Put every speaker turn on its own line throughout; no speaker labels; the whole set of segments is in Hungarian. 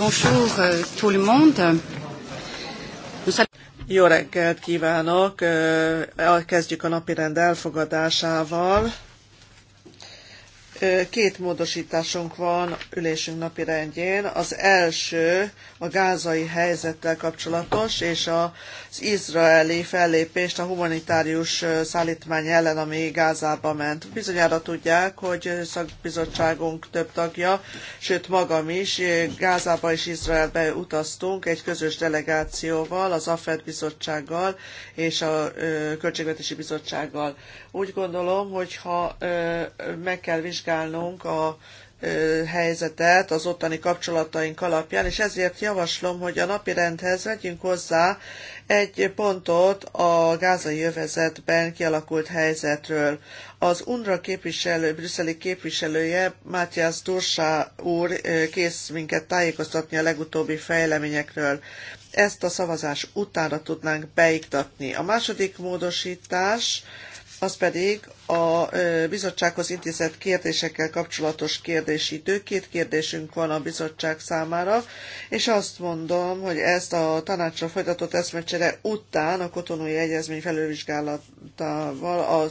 Bonjour euh, tout le monde.
Jó reggelt kívánok! Elkezdjük a napirend elfogadásával. Két módosításunk van ülésünk napi rendjén. Az első a gázai helyzettel kapcsolatos, és az izraeli fellépést a humanitárius szállítmány ellen, ami Gázába ment. Bizonyára tudják, hogy szakbizottságunk több tagja, sőt magam is, Gázába és Izraelbe utaztunk egy közös delegációval, az AFED bizottsággal és a Költségvetési Bizottsággal. Úgy gondolom, hogy ha meg kell vizsgálnunk a helyzetet az ottani kapcsolataink alapján, és ezért javaslom, hogy a napi rendhez vegyünk hozzá egy pontot a gázai jövezetben kialakult helyzetről. Az Unra képviselő, brüsszeli képviselője, Mátyás Dursa úr kész minket tájékoztatni a legutóbbi fejleményekről. Ezt a szavazás utána tudnánk beiktatni. A második módosítás, az pedig a bizottsághoz intézett kérdésekkel kapcsolatos kérdésítő. Két kérdésünk van a bizottság számára, és azt mondom, hogy ezt a tanácsra folytatott eszmecsere után a kotonói egyezmény felülvizsgálatával a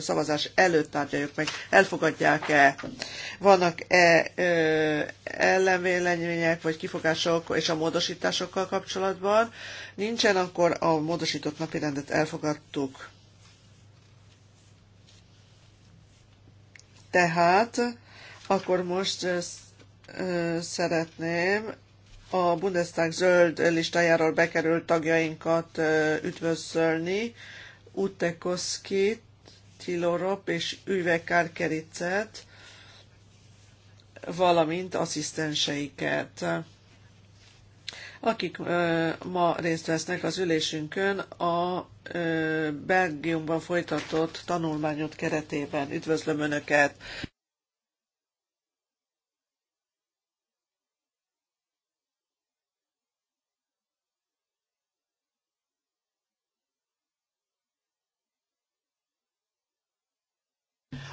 szavazás előtt tárgyaljuk meg. Elfogadják-e? Vannak-e ellenvélemények vagy kifogások és a módosításokkal kapcsolatban? Nincsen, akkor a módosított napirendet elfogadtuk. Tehát akkor most szeretném a Bundestag zöld listájáról bekerült tagjainkat üdvözölni, Utekoszkit, Tilorop és Üve Kárkericet, valamint asszisztenseiket, akik ma részt vesznek az ülésünkön a Belgiumban folytatott tanulmányod keretében. Üdvözlöm Önöket!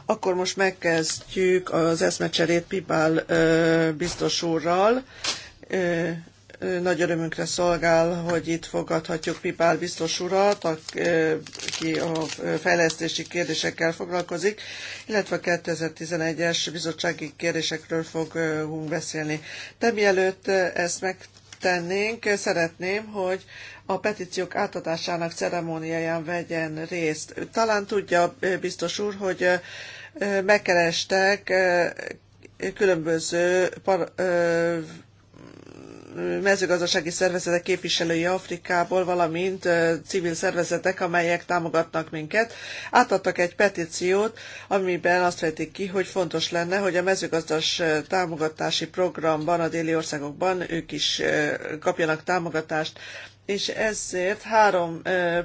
Akkor most megkezdjük az eszmecserét Pibál biztos úrral nagy örömünkre szolgál, hogy itt fogadhatjuk Pipál biztos urat, aki a fejlesztési kérdésekkel foglalkozik, illetve a 2011-es bizottsági kérdésekről fogunk beszélni. De mielőtt ezt megtennénk, szeretném, hogy a petíciók átadásának ceremóniáján vegyen részt. Talán tudja biztos úr, hogy megkerestek különböző par, mezőgazdasági szervezetek képviselői Afrikából, valamint civil szervezetek, amelyek támogatnak minket, átadtak egy petíciót, amiben azt vetik ki, hogy fontos lenne, hogy a mezőgazdas támogatási programban a déli országokban ők is kapjanak támogatást és ezért három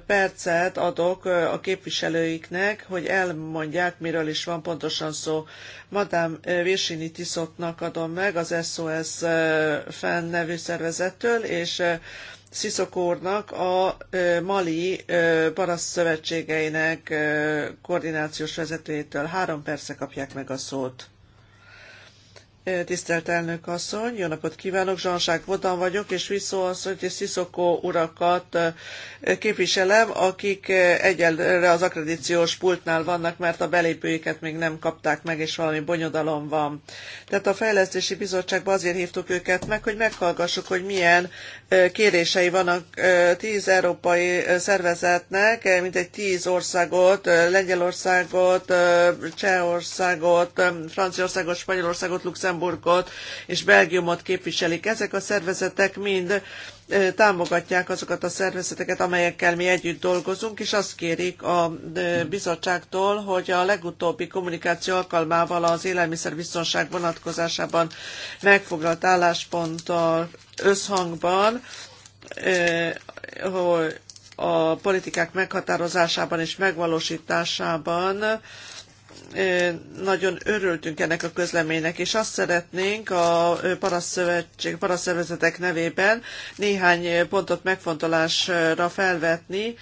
percet adok a képviselőiknek, hogy elmondják, miről is van pontosan szó. Madám Vésini Tiszotnak adom meg az SOS FEN nevű szervezettől, és Sziszokórnak a Mali Paraszt Szövetségeinek koordinációs vezetőjétől. Három perce kapják meg a szót. Tisztelt elnök asszony, jó napot kívánok, Zsanság Vodan vagyok, és Viszó asszonyt és Sziszokó urakat képviselem, akik egyelőre az akredíciós pultnál vannak, mert a belépőiket még nem kapták meg, és valami bonyodalom van. Tehát a Fejlesztési Bizottságba azért hívtuk őket meg, hogy meghallgassuk, hogy milyen kérései vannak tíz európai szervezetnek, mintegy tíz országot, Lengyelországot, Csehországot, Franciaországot, Spanyolországot, Luxemburgot és Belgiumot képviselik. Ezek a szervezetek mind támogatják azokat a szervezeteket, amelyekkel mi együtt dolgozunk, és azt kérik a bizottságtól, hogy a legutóbbi kommunikáció alkalmával az élelmiszerbiztonság vonatkozásában megfoglalt állásponttal összhangban a politikák meghatározásában és megvalósításában nagyon örültünk ennek a közleménynek, és azt szeretnénk a paraszszövetség, paraszszervezetek nevében néhány pontot megfontolásra felvetni,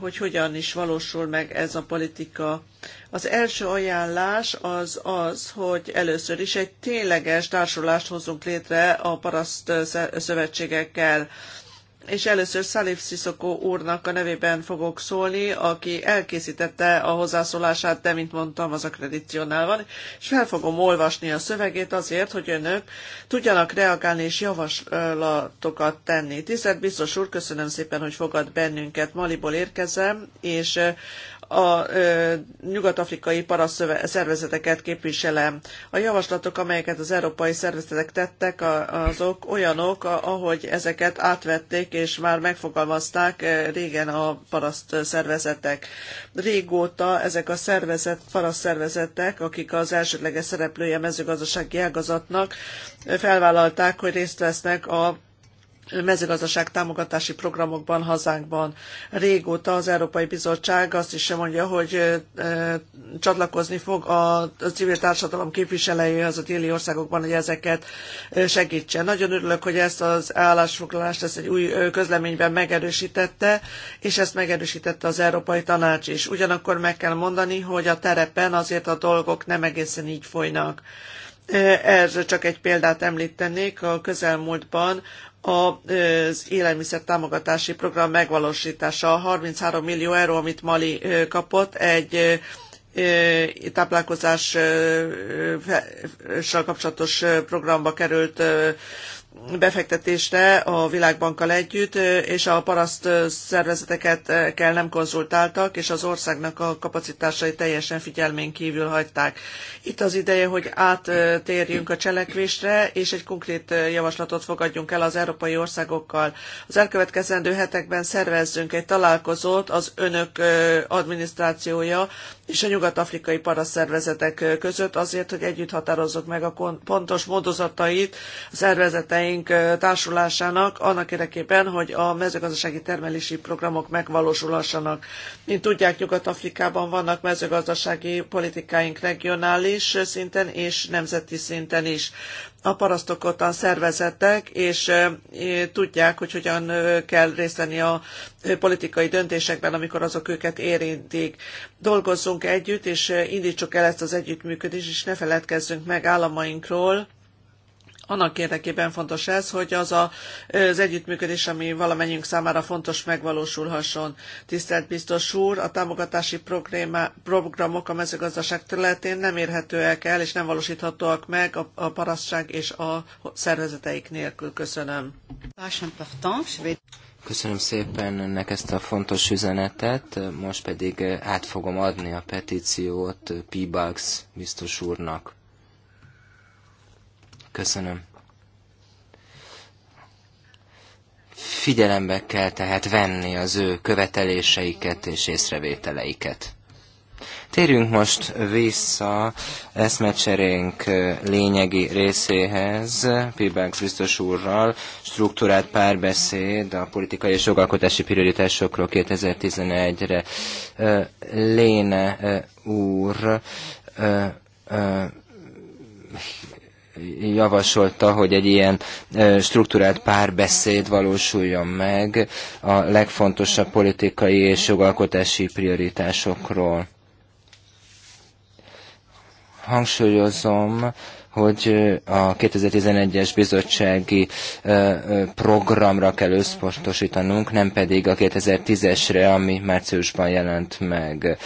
hogy hogyan is valósul meg ez a politika. Az első ajánlás az az, hogy először is egy tényleges társulást hozunk létre a paraszt szövetségekkel és először Salif Sziszokó úrnak a nevében fogok szólni, aki elkészítette a hozzászólását, de mint mondtam, az akkrediciónál van, és fel fogom olvasni a szövegét azért, hogy önök tudjanak reagálni és javaslatokat tenni. Tisztelt biztos úr, köszönöm szépen, hogy fogad bennünket. Maliból érkezem, és a nyugat-afrikai paraszervezeteket képviselem. A javaslatok, amelyeket az európai szervezetek tettek, azok olyanok, ahogy ezeket átvették és már megfogalmazták régen a paraszt szervezetek. Régóta ezek a szervezet, paraszszervezetek, akik az elsődleges szereplője mezőgazdasági ágazatnak, felvállalták, hogy részt vesznek a mezőgazdaság támogatási programokban hazánkban. Régóta az Európai Bizottság azt is mondja, hogy csatlakozni fog a civil társadalom képviselői az a déli országokban, hogy ezeket segítse. Nagyon örülök, hogy ezt az állásfoglalást ezt egy új közleményben megerősítette, és ezt megerősítette az Európai Tanács is. Ugyanakkor meg kell mondani, hogy a terepen azért a dolgok nem egészen így folynak. Ez csak egy példát említenék. A közelmúltban az élelmiszer támogatási program megvalósítása. 33 millió euró, amit Mali kapott, egy táplálkozással kapcsolatos programba került befektetésre a Világbankkal együtt, és a paraszt szervezeteket kell nem konzultáltak, és az országnak a kapacitásai teljesen figyelmén kívül hagyták. Itt az ideje, hogy áttérjünk a cselekvésre, és egy konkrét javaslatot fogadjunk el az európai országokkal. Az elkövetkezendő hetekben szervezzünk egy találkozót az önök adminisztrációja és a nyugat-afrikai parasztszervezetek között azért, hogy együtt határozzuk meg a pontos módozatait a szervezeteink partnereink társulásának annak érdekében, hogy a mezőgazdasági termelési programok megvalósulhassanak. Mint tudják, Nyugat-Afrikában vannak mezőgazdasági politikáink regionális szinten és nemzeti szinten is. A parasztok ottan szervezettek, és tudják, hogy hogyan kell részt venni a politikai döntésekben, amikor azok őket érintik. Dolgozzunk együtt, és indítsuk el ezt az együttműködést, és ne feledkezzünk meg államainkról, annak érdekében fontos ez, hogy az a, az együttműködés, ami valamennyünk számára fontos, megvalósulhasson. Tisztelt biztos úr, a támogatási programok a mezőgazdaság területén nem érhetőek el, és nem valósíthatóak meg a, a parasztság és a szervezeteik nélkül. Köszönöm.
Köszönöm szépen önnek ezt a fontos üzenetet, most pedig át fogom adni a petíciót Pibax biztos úrnak. Köszönöm. Figyelembe kell tehát venni az ő követeléseiket és észrevételeiket. Térjünk most vissza eszmecserénk lényegi részéhez, Pibax biztos úrral, struktúrált párbeszéd a politikai és jogalkotási prioritásokról 2011-re. Léne úr javasolta, hogy egy ilyen struktúrált párbeszéd valósuljon meg a legfontosabb politikai és jogalkotási prioritásokról. Hangsúlyozom, hogy a 2011-es bizottsági programra kell összpontosítanunk, nem pedig a 2010-esre, ami márciusban jelent meg.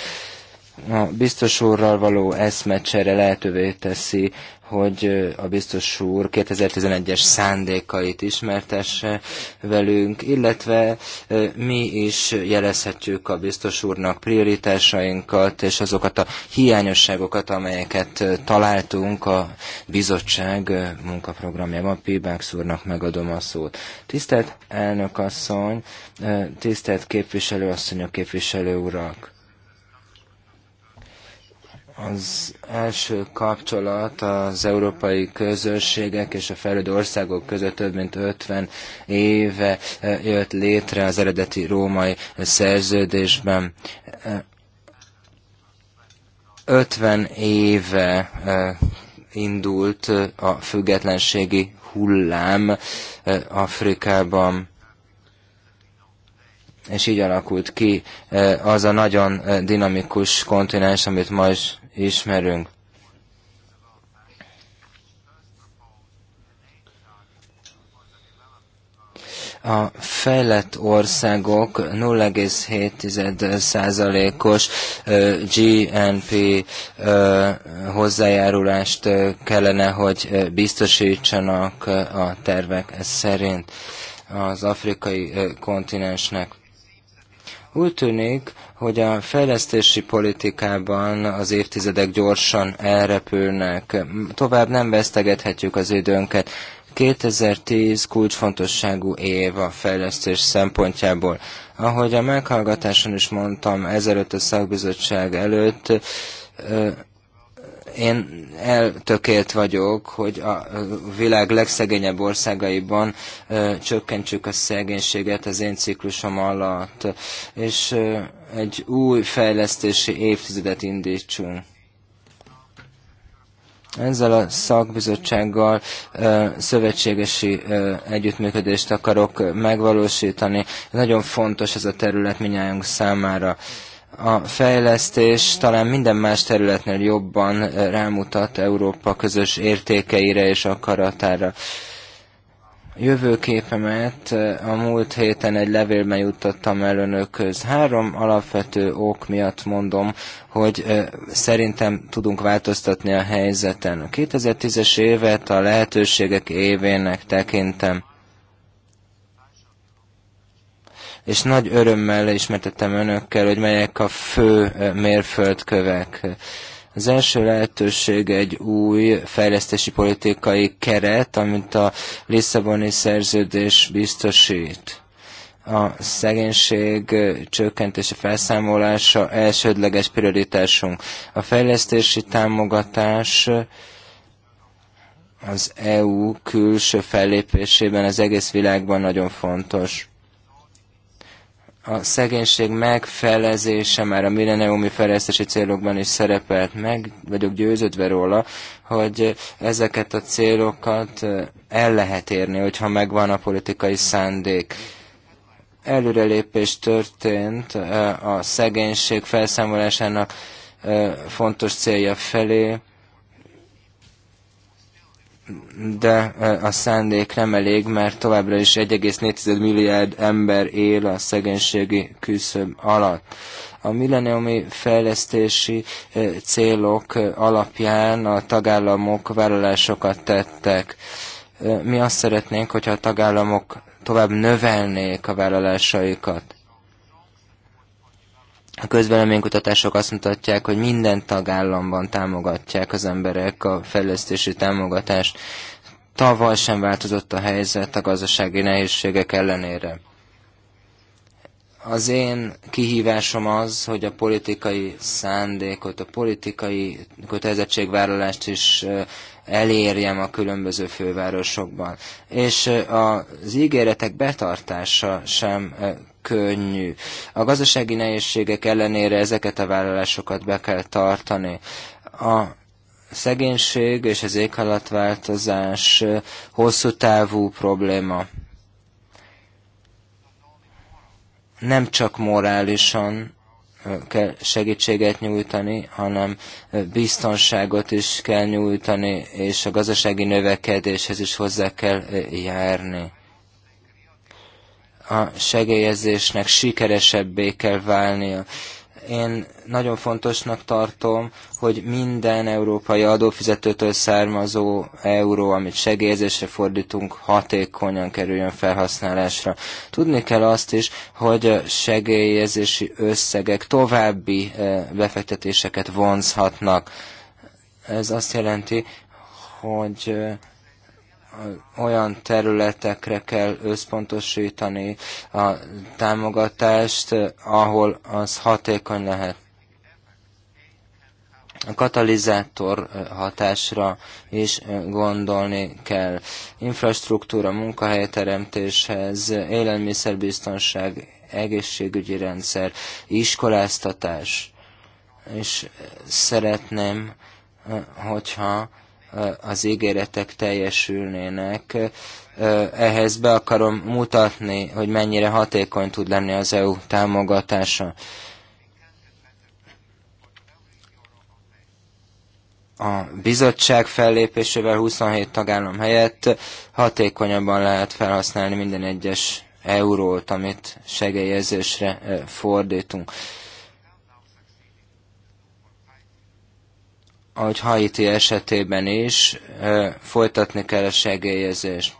A biztos úrral való eszmecsere lehetővé teszi, hogy a biztos úr 2011-es szándékait ismertesse velünk, illetve mi is jelezhetjük a biztos úrnak prioritásainkat és azokat a hiányosságokat, amelyeket találtunk a bizottság munkaprogramjában. Pibáks úrnak megadom a szót. Tisztelt elnök asszony, tisztelt képviselő asszonyok, képviselő urak! Az első kapcsolat az európai közösségek és a fejlődő országok között több mint 50 éve eh, jött létre az eredeti római szerződésben. 50 eh, éve eh, indult a függetlenségi hullám Afrikában és így alakult ki az a nagyon dinamikus kontinens, amit ma is ismerünk. a fejlett országok 0,7%-os GNP hozzájárulást kellene, hogy biztosítsanak a tervek szerint az afrikai kontinensnek. Úgy tűnik, hogy a fejlesztési politikában az évtizedek gyorsan elrepülnek, tovább nem vesztegethetjük az időnket. 2010 kulcsfontosságú év a fejlesztés szempontjából. Ahogy a meghallgatáson is mondtam, ezelőtt a szakbizottság előtt én eltökélt vagyok, hogy a világ legszegényebb országaiban csökkentsük a szegénységet az én ciklusom alatt, és egy új fejlesztési évtizedet indítsunk ezzel a szakbizottsággal ö, szövetségesi ö, együttműködést akarok megvalósítani. Nagyon fontos ez a terület minnyájunk számára. Ö, a fejlesztés talán minden más területnél jobban eh, rámutat Európa közös értékeire és akaratára. Jövőképemet eh, a múlt héten egy levélben juttattam el önökhöz. Három alapvető ok miatt mondom, hogy eh, szerintem tudunk változtatni a helyzeten. A 2010-es évet a lehetőségek évének tekintem. és nagy örömmel ismertettem önökkel, hogy melyek a fő mérföldkövek. Az első lehetőség egy új fejlesztési politikai keret, amit a Lisszaboni szerződés biztosít a szegénység csökkentése felszámolása elsődleges prioritásunk. A fejlesztési támogatás az EU külső fellépésében az egész világban nagyon fontos. A szegénység megfelezése már a milleniumi fejlesztési célokban is szerepelt meg, vagyok győződve róla, hogy ezeket a célokat el lehet érni, hogyha megvan a politikai szándék előrelépés történt a szegénység felszámolásának fontos célja felé de e, a szándék nem elég, mert továbbra is 1,4 milliárd ember él a szegénységi küszöb alatt. A milleniumi fejlesztési e, célok e, alapján a tagállamok vállalásokat tettek. Mi azt szeretnénk, hogyha a tagállamok tovább növelnék a vállalásaikat. A közvéleménykutatások azt mutatják, hogy minden tagállamban támogatják az emberek a fejlesztési támogatást. Tavaly sem változott a helyzet a gazdasági nehézségek ellenére. Az én kihívásom az, hogy a politikai szándékot, a politikai kötelezettségvállalást is elérjem a különböző fővárosokban. És az ígéretek betartása sem könnyű. A gazdasági nehézségek ellenére ezeket a vállalásokat be kell tartani. A szegénység és az éghajlatváltozás hosszú távú probléma. Nem csak morálisan kell segítséget nyújtani, hanem biztonságot is kell nyújtani, és a gazdasági növekedéshez is hozzá kell járni a segélyezésnek sikeresebbé kell válnia. Én nagyon fontosnak tartom, hogy minden európai adófizetőtől származó euró, amit segélyezésre fordítunk, hatékonyan kerüljön felhasználásra. Tudni kell azt is, hogy a segélyezési összegek további eh, befektetéseket vonzhatnak. Ez azt jelenti, hogy eh, olyan területekre kell összpontosítani a támogatást, ahol az hatékony lehet. A katalizátor hatásra is gondolni kell. Infrastruktúra munkahelyteremtéshez, élelmiszerbiztonság, egészségügyi rendszer, iskoláztatás. És szeretném, hogyha az ígéretek teljesülnének. Ehhez be akarom mutatni, hogy mennyire hatékony tud lenni az EU támogatása. A bizottság fellépésével 27 tagállam helyett hatékonyabban lehet felhasználni minden egyes eurót, amit segélyezésre fordítunk. ahogy Haiti esetében is folytatni kell a segélyezést.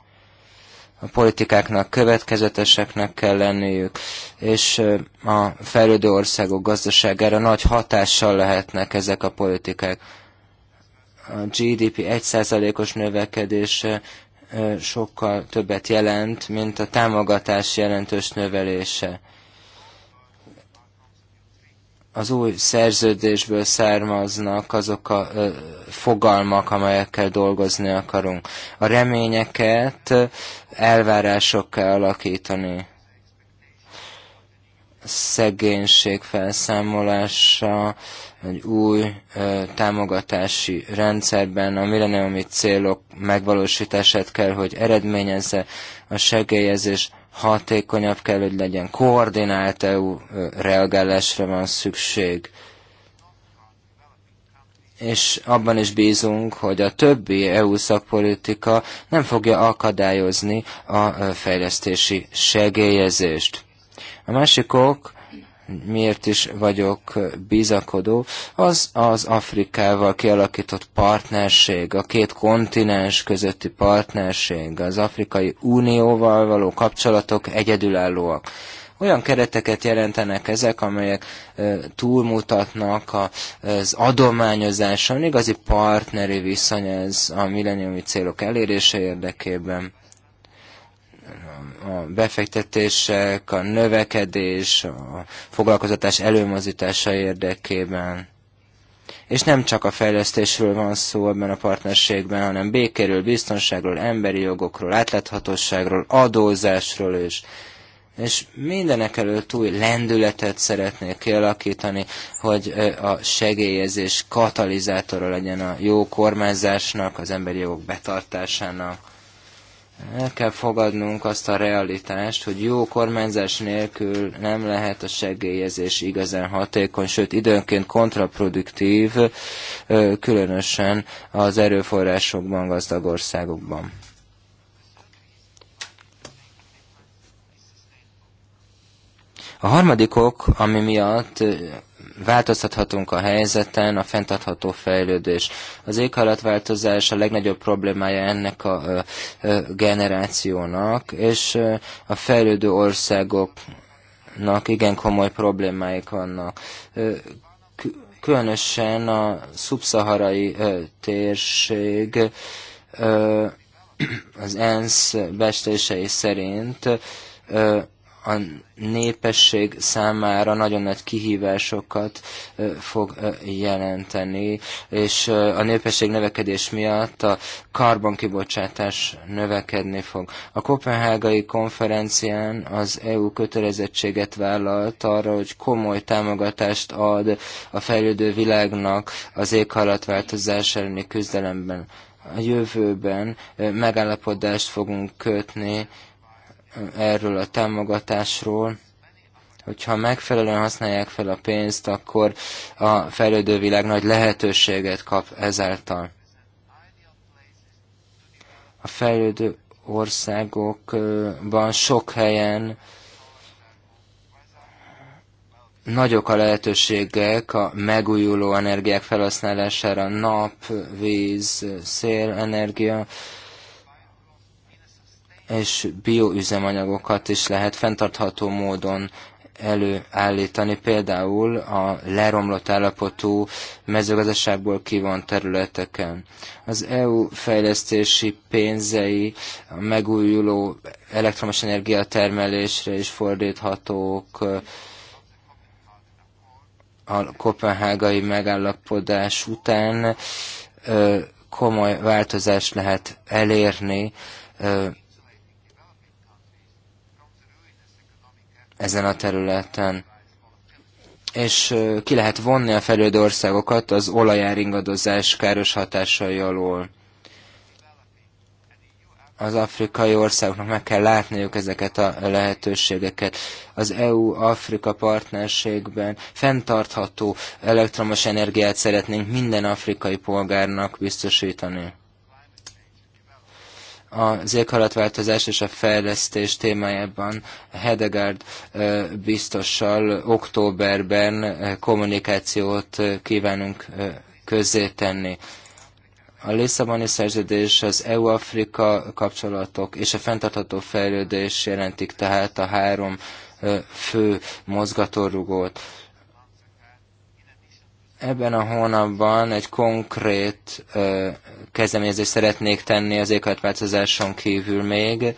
A politikáknak következeteseknek kell lenniük, és a fejlődő országok gazdaságára nagy hatással lehetnek ezek a politikák. A GDP 1%-os növekedése sokkal többet jelent, mint a támogatás jelentős növelése az új szerződésből származnak azok a ö, fogalmak, amelyekkel dolgozni akarunk. A reményeket elvárások kell alakítani. Szegénység felszámolása, egy új ö, támogatási rendszerben a milleniumi célok megvalósítását kell, hogy eredményezze a segélyezés hatékonyabb kell, hogy legyen, koordinált EU reagálásra van szükség. És abban is bízunk, hogy a többi EU szakpolitika nem fogja akadályozni a fejlesztési segélyezést. A másik ok, miért is vagyok bizakodó, az az Afrikával kialakított partnerség, a két kontinens közötti partnerség, az Afrikai Unióval való kapcsolatok egyedülállóak. Olyan kereteket jelentenek ezek, amelyek túlmutatnak az adományozáson, igazi partneri viszony ez a milleniumi célok elérése érdekében a befektetések, a növekedés, a foglalkoztatás előmozítása érdekében. És nem csak a fejlesztésről van szó ebben a partnerségben, hanem békéről, biztonságról, emberi jogokról, átláthatóságról, adózásról is és mindenek előtt új lendületet szeretnék kialakítani, hogy a segélyezés katalizátora legyen a jó kormányzásnak, az emberi jogok betartásának. El kell fogadnunk azt a realitást, hogy jó kormányzás nélkül nem lehet a segélyezés igazán hatékony, sőt időnként kontraproduktív, különösen az erőforrásokban, gazdag országokban. A harmadik ok, ami miatt változtathatunk a helyzeten, a fenntartható fejlődés. Az éghajlatváltozás a legnagyobb problémája ennek a generációnak, és a fejlődő országoknak igen komoly problémáik vannak. Különösen a szubszaharai térség az ENSZ bestései szerint a népesség számára nagyon nagy kihívásokat fog jelenteni, és a népesség növekedés miatt a karbonkibocsátás növekedni fog. A Kopenhágai konferencián az EU kötelezettséget vállalt arra, hogy komoly támogatást ad a fejlődő világnak az éghajlatváltozás elleni küzdelemben. A jövőben megállapodást fogunk kötni, erről a támogatásról, hogyha megfelelően használják fel a pénzt, akkor a fejlődő világ nagy lehetőséget kap ezáltal. A fejlődő országokban sok helyen nagyok a lehetőségek a megújuló energiák felhasználására, nap, víz, szélenergia, energia, és bioüzemanyagokat is lehet fenntartható módon előállítani, például a leromlott állapotú mezőgazdaságból kivont területeken. Az EU fejlesztési pénzei a megújuló elektromos energiatermelésre is fordíthatók, a kopenhágai megállapodás után komoly változást lehet elérni ezen a területen. És ki lehet vonni a fejlődő országokat az olajáringadozás káros hatásai alól. Az afrikai országoknak meg kell látniuk ezeket a lehetőségeket. Az EU-Afrika partnerségben fenntartható elektromos energiát szeretnénk minden afrikai polgárnak biztosítani az éghajlatváltozás és a fejlesztés témájában Hedegard biztossal októberben kommunikációt kívánunk közzétenni. A Lisszaboni szerződés, az EU-Afrika kapcsolatok és a fenntartható fejlődés jelentik tehát a három fő mozgatórugót. Ebben a hónapban egy konkrét ö, kezdeményezést szeretnék tenni az éghajlatváltozáson kívül még.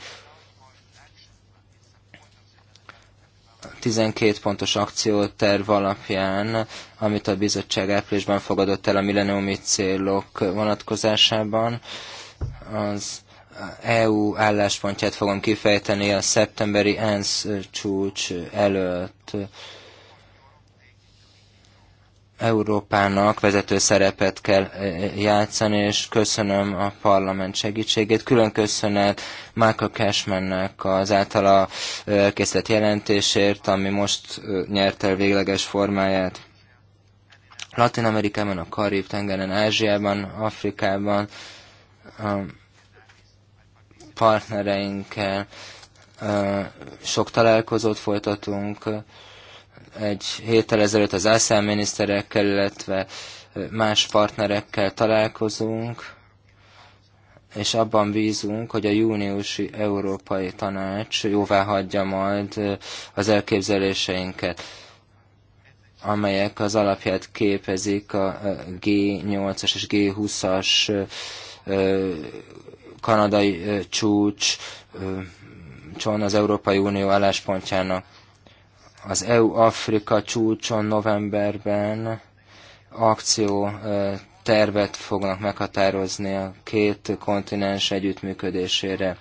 12 pontos akcióterv alapján, amit a bizottság áprilisban fogadott el a milleniumi célok vonatkozásában, az EU álláspontját fogom kifejteni a szeptemberi ENSZ csúcs előtt. Európának vezető szerepet kell e, e, játszani, és köszönöm a parlament segítségét. Külön köszönet Michael Cashmannek az általa e, készített jelentésért, ami most nyert el végleges formáját. Latin Amerikában, a Karib tengeren, Ázsiában, Afrikában a partnereinkkel sok találkozót folytatunk, egy héttel ezelőtt az ASEAN miniszterekkel, illetve más partnerekkel találkozunk, és abban bízunk, hogy a júniusi Európai Tanács jóvá hagyja majd az elképzeléseinket, amelyek az alapját képezik a G8-as és G20-as kanadai csúcs az Európai Unió álláspontjának. Az EU-Afrika csúcson novemberben akció tervet fognak meghatározni a két kontinens együttműködésére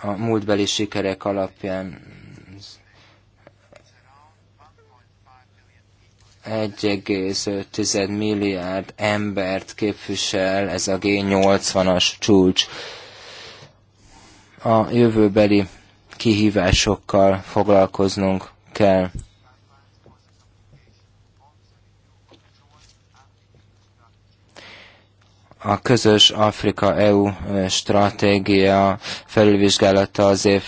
a múltbeli sikerek alapján 1,5 milliárd embert képvisel ez a G80-as csúcs. A jövőbeli kihívásokkal foglalkoznunk kell. a közös Afrika-EU stratégia felülvizsgálata az év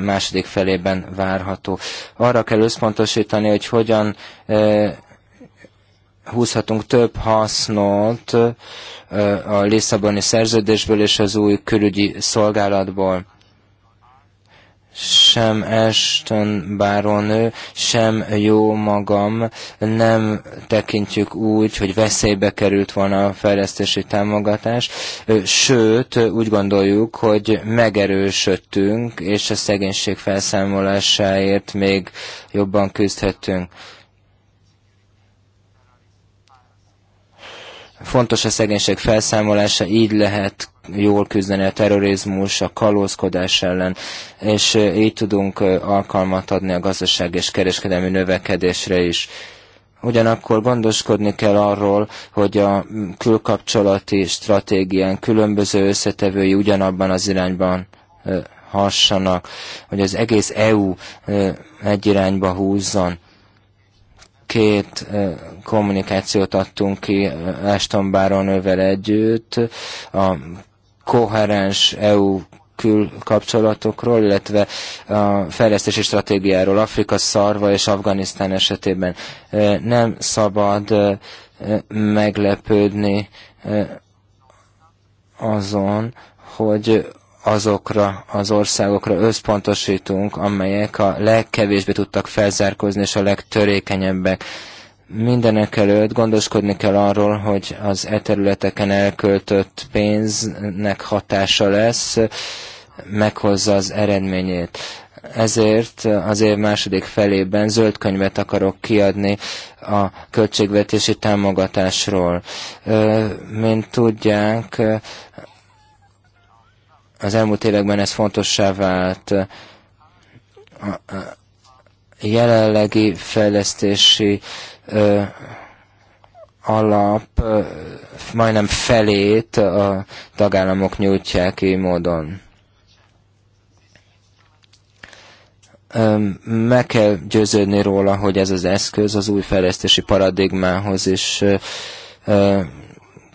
második felében várható. Arra kell összpontosítani, hogy hogyan húzhatunk több hasznot a Lisszaboni szerződésből és az új külügyi szolgálatból sem Ashton báronő, sem jó magam nem tekintjük úgy, hogy veszélybe került volna a fejlesztési támogatás, sőt úgy gondoljuk, hogy megerősödtünk, és a szegénység felszámolásáért még jobban küzdhetünk. Fontos a szegénység felszámolása, így lehet jól küzdeni a terrorizmus, a kalózkodás ellen, és így tudunk alkalmat adni a gazdaság és kereskedelmi növekedésre is. Ugyanakkor gondoskodni kell arról, hogy a külkapcsolati stratégián különböző összetevői ugyanabban az irányban hassanak, hogy az egész EU egy irányba húzzon két kommunikációt adtunk ki Ashton ővel együtt, a koherens EU külkapcsolatokról, illetve a fejlesztési stratégiáról Afrika szarva és Afganisztán esetében nem szabad meglepődni azon, hogy azokra az országokra összpontosítunk, amelyek a legkevésbé tudtak felzárkózni, és a legtörékenyebbek. Mindenek előtt gondoskodni kell arról, hogy az e területeken elköltött pénznek hatása lesz, meghozza az eredményét. Ezért az év második felében zöld könyvet akarok kiadni a költségvetési támogatásról. Mint tudják, az elmúlt években ez fontossá vált. A jelenlegi fejlesztési alap majdnem felét a tagállamok nyújtják így módon. meg kell győződni róla, hogy ez az eszköz az új fejlesztési paradigmához is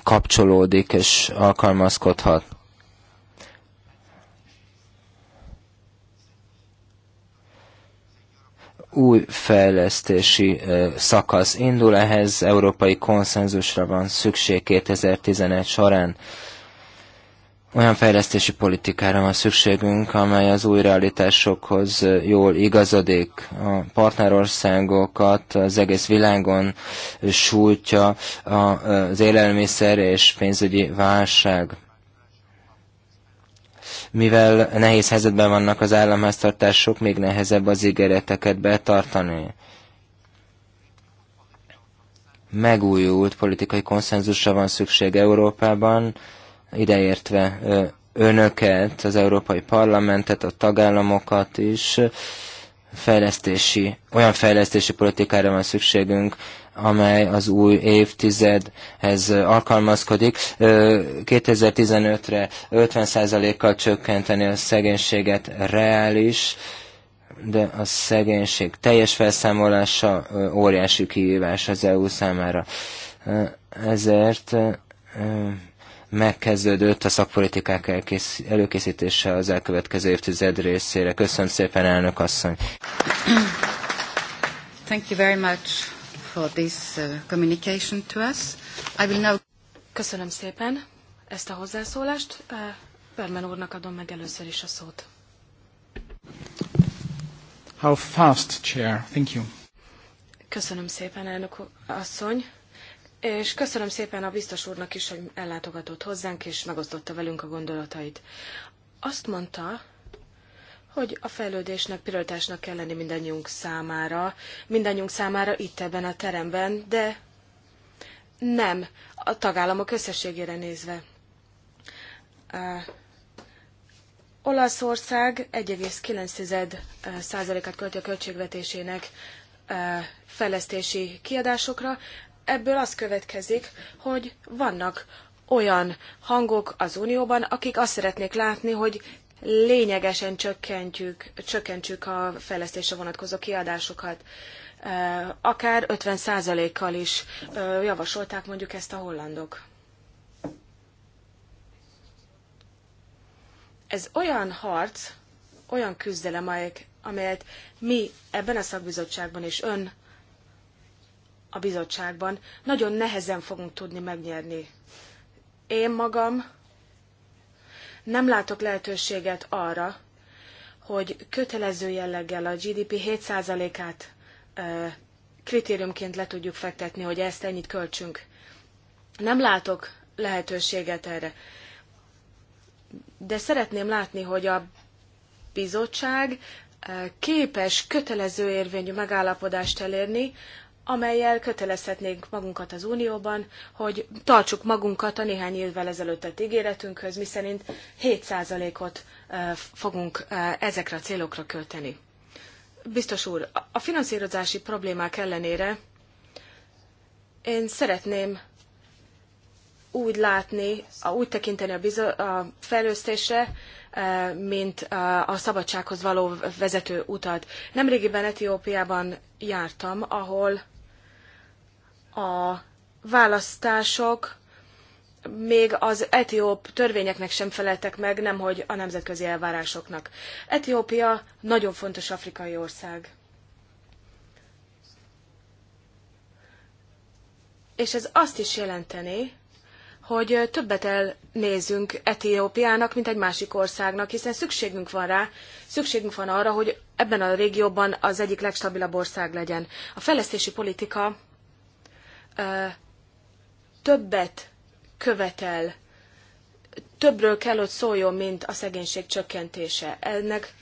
kapcsolódik és alkalmazkodhat. új fejlesztési szakasz indul, ehhez európai konszenzusra van szükség 2011 során. Olyan fejlesztési politikára van szükségünk, amely az új realitásokhoz jól igazodik. A partnerországokat az egész világon sújtja az élelmiszer és pénzügyi válság. Mivel nehéz helyzetben vannak az államháztartások, még nehezebb az ígéreteket betartani. Megújult politikai konszenzusra van szükség Európában, ideértve önöket, az Európai Parlamentet, a tagállamokat is, fejlesztési, olyan fejlesztési politikára van szükségünk, amely az új évtizedhez alkalmazkodik. 2015-re 50%-kal csökkenteni a szegénységet reális, de a szegénység teljes felszámolása óriási kihívás az EU számára. Ezért megkezdődött a szakpolitikák előkészítése az elkövetkező évtized részére. Köszönöm szépen, elnök asszony!
Thank you very much for this uh, communication to us. I will now...
Köszönöm szépen ezt a hozzászólást. Uh, Berman úrnak adom meg először is a szót.
How fast, Chair. Thank
you.
Köszönöm szépen, elnök asszony. És köszönöm szépen a biztos úrnak is, hogy ellátogatott hozzánk, és megosztotta velünk a gondolatait. Azt mondta, hogy a fejlődésnek prioritásnak kell lenni mindannyiunk számára, mindannyiunk számára itt ebben a teremben, de nem a tagállamok összességére nézve. Uh, Olaszország 1,9%-át költi a költségvetésének fejlesztési kiadásokra. Ebből az következik, hogy vannak olyan hangok az Unióban, akik azt szeretnék látni, hogy lényegesen csökkentjük, csökkentjük a fejlesztésre vonatkozó kiadásokat. Akár 50%-kal is javasolták mondjuk ezt a hollandok. Ez olyan harc, olyan küzdelem, amelyet mi ebben a szakbizottságban és ön a bizottságban nagyon nehezen fogunk tudni megnyerni. Én magam nem látok lehetőséget arra, hogy kötelező jelleggel a GDP 7%-át kritériumként le tudjuk fektetni, hogy ezt ennyit költsünk. Nem látok lehetőséget erre. De szeretném látni, hogy a bizottság képes kötelező érvényű megállapodást elérni amelyel kötelezhetnénk magunkat az Unióban, hogy tartsuk magunkat a néhány évvel ezelőtt tett ígéretünkhöz, miszerint 7%-ot fogunk ezekre a célokra költeni. Biztos úr, a finanszírozási problémák ellenére én szeretném úgy látni, úgy tekinteni a, bizo- a fejlesztésre, mint a szabadsághoz való vezető utat. Nemrégiben Etiópiában jártam, ahol a választások még az etióp törvényeknek sem feleltek meg, nemhogy a nemzetközi elvárásoknak. Etiópia nagyon fontos afrikai ország. És ez azt is jelenteni, hogy többet elnézünk Etiópiának, mint egy másik országnak, hiszen szükségünk van rá, szükségünk van arra, hogy ebben a régióban az egyik legstabilabb ország legyen. A fejlesztési politika többet követel, többről kell, hogy szóljon, mint a szegénység csökkentése. Ennek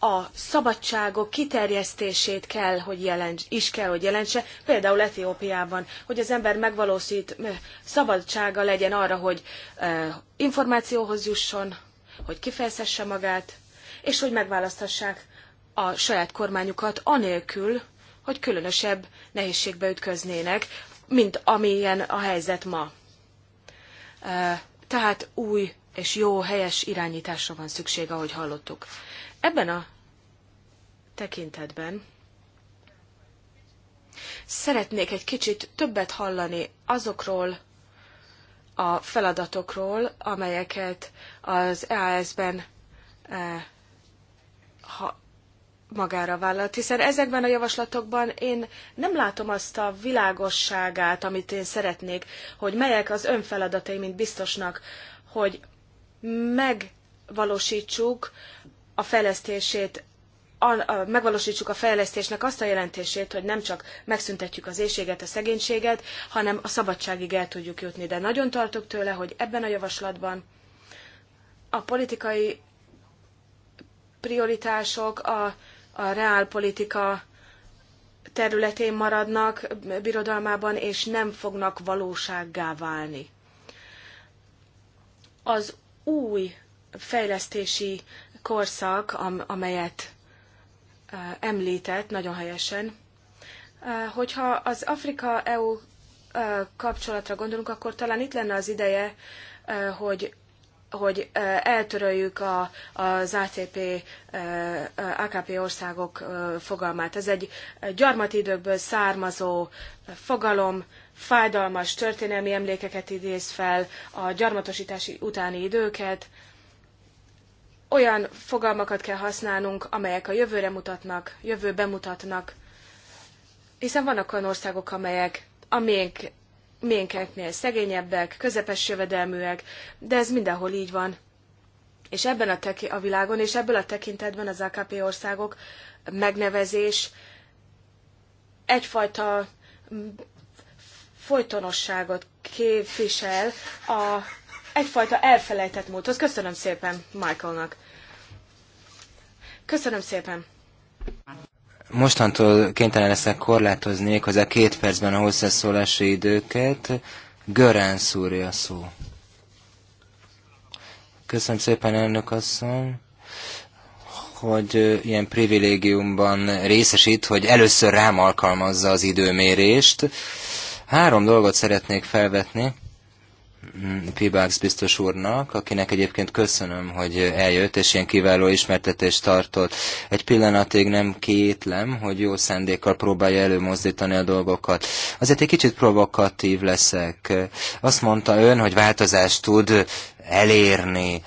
a szabadságok kiterjesztését kell, hogy jelents, is kell, hogy jelentse, például Etiópiában, hogy az ember megvalósít, szabadsága legyen arra, hogy információhoz jusson, hogy kifejezhesse magát, és hogy megválaszthassák a saját kormányukat anélkül, hogy különösebb nehézségbe ütköznének, mint amilyen a helyzet ma. Tehát új és jó, helyes irányításra van szükség, ahogy hallottuk. Ebben a tekintetben szeretnék egy kicsit többet hallani azokról a feladatokról, amelyeket az EAS-ben magára vállalt, hiszen ezekben a javaslatokban én nem látom azt a világosságát, amit én szeretnék, hogy melyek az önfeladatai, mint biztosnak, hogy megvalósítsuk a fejlesztését a, a, megvalósítsuk a fejlesztésnek azt a jelentését, hogy nem csak megszüntetjük az éjséget, a szegénységet, hanem a szabadságig el tudjuk jutni. De nagyon tartok tőle, hogy ebben a javaslatban a politikai prioritások, a a reálpolitika területén maradnak birodalmában, és nem fognak valósággá válni. Az új fejlesztési korszak, amelyet említett nagyon helyesen, hogyha az Afrika-EU kapcsolatra gondolunk, akkor talán itt lenne az ideje, hogy hogy eltöröljük a, az ACP, AKP országok fogalmát. Ez egy gyarmati időkből származó fogalom, fájdalmas történelmi emlékeket idéz fel, a gyarmatosítási utáni időket. Olyan fogalmakat kell használnunk, amelyek a jövőre mutatnak, jövőbe mutatnak, hiszen vannak olyan országok, amelyek, amelyek miénkeknél szegényebbek, közepes jövedelműek, de ez mindenhol így van. És ebben a, teki, a világon, és ebből a tekintetben az AKP országok megnevezés egyfajta mm, folytonosságot képvisel a egyfajta elfelejtett múlthoz. Köszönöm szépen Michaelnak. Köszönöm szépen.
Mostantól kénytelen leszek korlátozni hozzá két percben a hozzászólási időket. Görán szúrja szó. Köszönöm szépen, elnök asszony hogy ilyen privilégiumban részesít, hogy először rám alkalmazza az időmérést. Három dolgot szeretnék felvetni. Pibax biztos úrnak, akinek egyébként köszönöm, hogy eljött, és ilyen kiváló ismertetést tartott. Egy pillanatig nem kétlem, hogy jó szándékkal próbálja előmozdítani a dolgokat. Azért egy kicsit provokatív leszek. Azt mondta ön, hogy változást tud elérni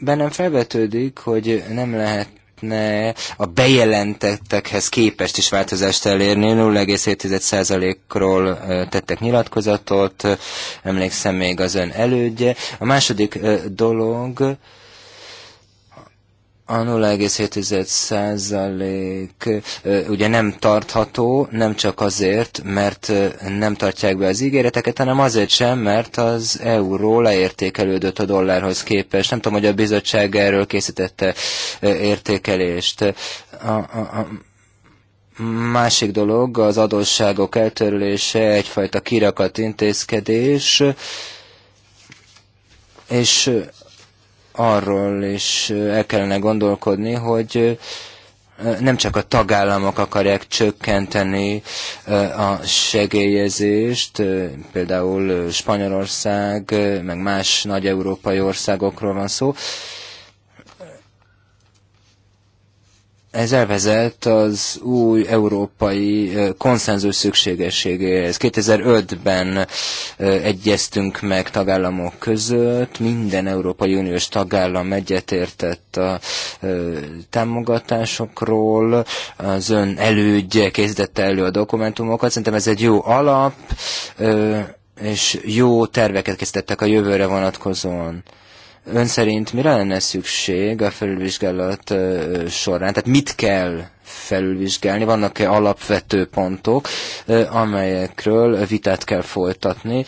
bennem felvetődik, hogy nem lehet lehetne a bejelentettekhez képest is változást elérni. 0,7%-ról tettek nyilatkozatot, emlékszem még az ön elődje. A második dolog, a 0,7% ugye nem tartható, nem csak azért, mert nem tartják be az ígéreteket, hanem azért sem, mert az euró leértékelődött a dollárhoz képest. Nem tudom, hogy a bizottság erről készítette értékelést. A, a, a másik dolog az adósságok eltörlése, egyfajta kirakat intézkedés, és arról is el kellene gondolkodni, hogy nem csak a tagállamok akarják csökkenteni a segélyezést, például Spanyolország, meg más nagy európai országokról van szó, Ez elvezet az új európai konszenzus szükségességéhez. 2005-ben egyeztünk meg tagállamok között, minden Európai Uniós tagállam egyetértett a támogatásokról, az ön elődje kezdette elő a dokumentumokat, szerintem ez egy jó alap, és jó terveket készítettek a jövőre vonatkozóan. Ön szerint mire lenne szükség a felülvizsgálat során? Tehát mit kell felülvizsgálni? Vannak-e alapvető pontok, amelyekről vitát kell folytatni?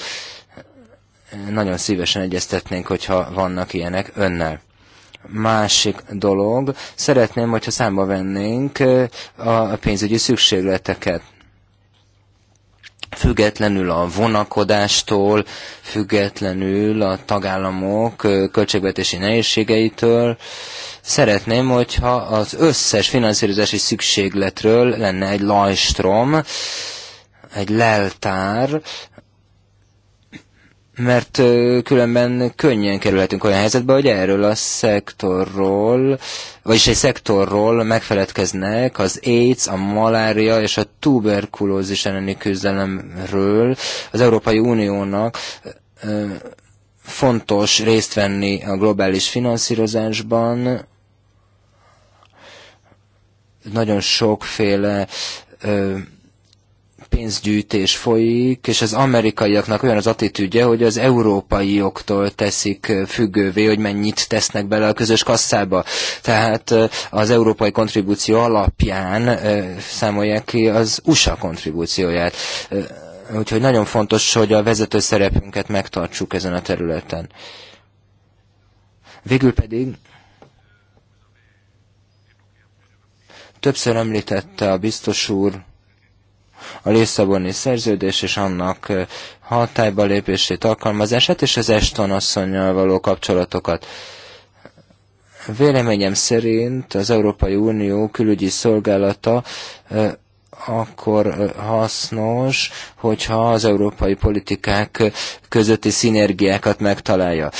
Nagyon szívesen egyeztetnénk, hogyha vannak ilyenek önnel másik dolog. Szeretném, hogyha számba vennénk a pénzügyi szükségleteket függetlenül a vonakodástól, függetlenül a tagállamok költségvetési nehézségeitől. Szeretném, hogyha az összes finanszírozási szükségletről lenne egy lajstrom, egy leltár, mert különben könnyen kerülhetünk olyan helyzetbe, hogy erről a szektorról, vagyis egy szektorról megfeledkeznek az AIDS, a malária és a tuberkulózis elleni küzdelemről. Az Európai Uniónak fontos részt venni a globális finanszírozásban, nagyon sokféle pénzgyűjtés folyik, és az amerikaiaknak olyan az attitűdje, hogy az európaioktól teszik függővé, hogy mennyit tesznek bele a közös kasszába. Tehát az európai kontribúció alapján számolják ki az USA kontribúcióját. Úgyhogy nagyon fontos, hogy a vezető szerepünket megtartsuk ezen a területen. Végül pedig többször említette a biztos úr a Lisszaboni szerződés és annak hatályba lépését, alkalmazását és az Eston asszonynal való kapcsolatokat. Véleményem szerint az Európai Unió külügyi szolgálata akkor hasznos, hogyha az európai politikák közötti szinergiákat megtalálja.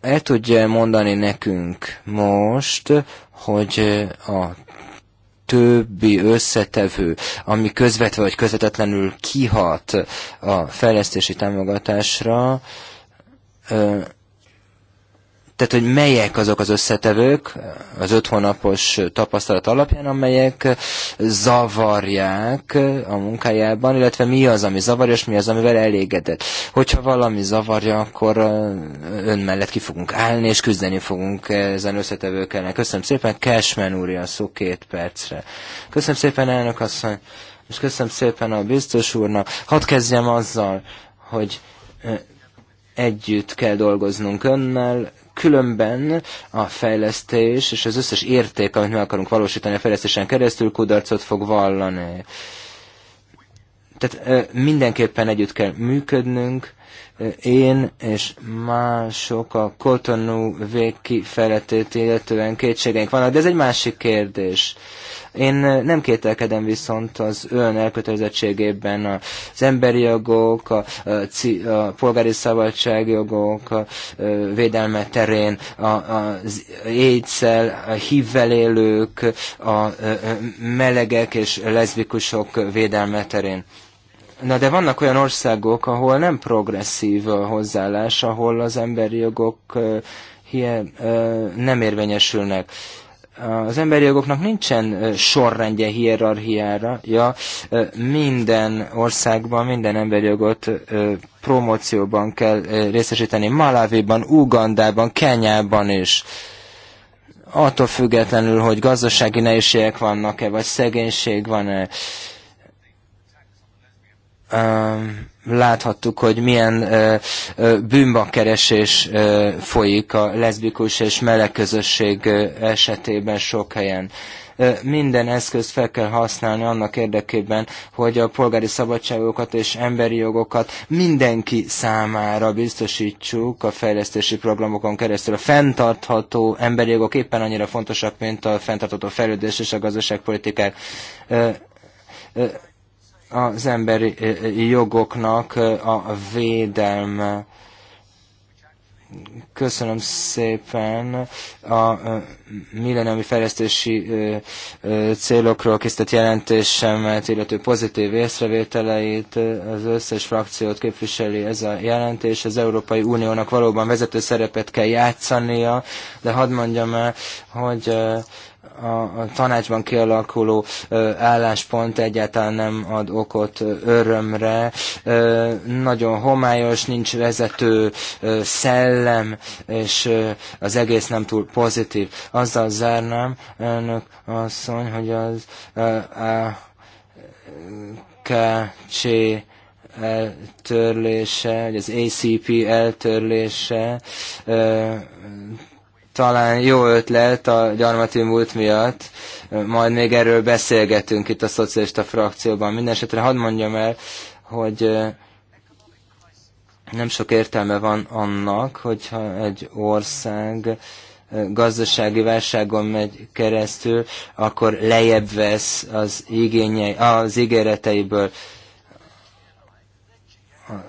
El tudja mondani nekünk most, hogy a többi összetevő, ami közvetve vagy közvetetlenül kihat a fejlesztési támogatásra, tehát, hogy melyek azok az összetevők az öt hónapos tapasztalat alapján, amelyek zavarják a munkájában, illetve mi az, ami zavarja, és mi az, amivel elégedett. Hogyha valami zavarja, akkor ön mellett ki fogunk állni, és küzdeni fogunk ezen összetevőkkel. Köszönöm szépen, Cashman úr, a szó két percre. Köszönöm szépen, elnök asszony, és köszönöm szépen a biztos úrnak. Hadd kezdjem azzal, hogy együtt kell dolgoznunk önnel, különben a fejlesztés és az összes érték, amit meg akarunk valósítani a fejlesztésen keresztül, kudarcot fog vallani. Tehát mindenképpen együtt kell működnünk, én és mások a Cotonou végkifejletét illetően kétségeink vannak, de ez egy másik kérdés. Én nem kételkedem viszont az ön elkötelezettségében az emberi jogok, a, a, a polgári szabadságjogok a, a védelme terén, a, az éjszel, a hívvel élők, a, a melegek és leszbikusok védelme terén. Na de vannak olyan országok, ahol nem progresszív a hozzáállás, ahol az emberi jogok ilyen, nem érvényesülnek az emberi jogoknak nincsen sorrendje hierarchiára, ja, minden országban minden emberi jogot promócióban kell részesíteni, Malávéban, Ugandában, Kenyában is. Attól függetlenül, hogy gazdasági nehézségek vannak-e, vagy szegénység van-e láthattuk, hogy milyen bűnbakkeresés folyik a leszbikus és meleg közösség esetében sok helyen. Minden eszközt fel kell használni annak érdekében, hogy a polgári szabadságokat és emberi jogokat mindenki számára biztosítsuk a fejlesztési programokon keresztül. A fenntartható emberi jogok éppen annyira fontosak, mint a fenntartható fejlődés és a gazdaságpolitikák az emberi eh, eh, jogoknak eh, a védelme. Köszönöm szépen a millenniumi fejlesztési célokról készített jelentésemet, illető pozitív észrevételeit. Az összes frakciót képviseli ez a jelentés. Az Európai Uniónak valóban vezető szerepet kell játszania, de hadd mondjam el, hogy a tanácsban kialakuló álláspont egyáltalán nem ad okot örömre. Nagyon homályos, nincs vezető szellem, és az egész nem túl pozitív. Azzal zárnám, önök asszony, hogy az KC eltörlése, vagy az ACP eltörlése talán jó ötlet a gyarmati múlt miatt, majd még erről beszélgetünk itt a szocialista frakcióban. Mindenesetre hadd mondjam el, hogy nem sok értelme van annak, hogyha egy ország gazdasági válságon megy keresztül, akkor lejjebb vesz az, igényei, az ígéreteiből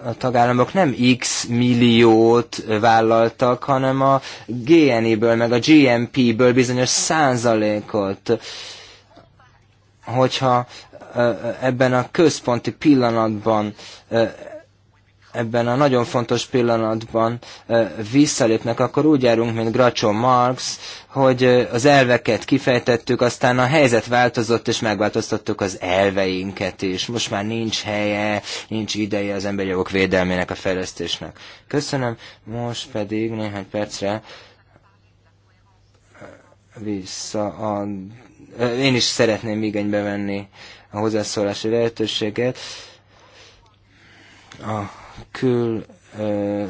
a tagállamok nem x milliót vállaltak, hanem a GNI-ből, meg a GMP-ből bizonyos százalékot. Hogyha ebben a központi pillanatban ebben a nagyon fontos pillanatban visszalépnek, akkor úgy járunk, mint Gracho Marx, hogy az elveket kifejtettük, aztán a helyzet változott, és megváltoztattuk az elveinket is. Most már nincs helye, nincs ideje az emberi jogok védelmének, a fejlesztésnek. Köszönöm, most pedig néhány percre vissza a... Én is szeretném igénybe venni a hozzászólási lehetőséget. A kül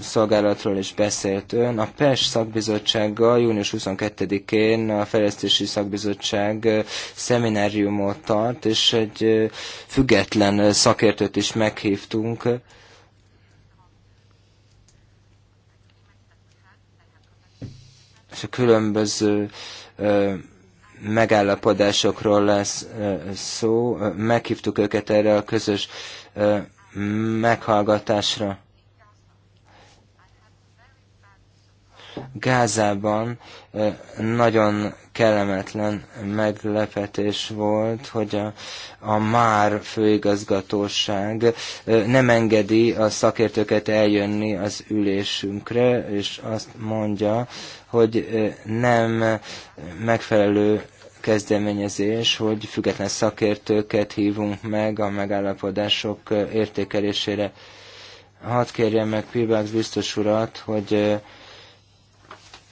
szolgálatról is beszélt ön. A PES szakbizottsággal június 22-én a Fejlesztési Szakbizottság szemináriumot tart, és egy független szakértőt is meghívtunk. És a különböző megállapodásokról lesz szó. Meghívtuk őket erre a közös meghallgatásra. Gázában nagyon kellemetlen meglepetés volt, hogy a, a MÁR főigazgatóság nem engedi a szakértőket eljönni az ülésünkre, és azt mondja, hogy nem megfelelő kezdeményezés, hogy független szakértőket hívunk meg a megállapodások értékelésére. Hadd kérjem meg Pibax biztos urat, hogy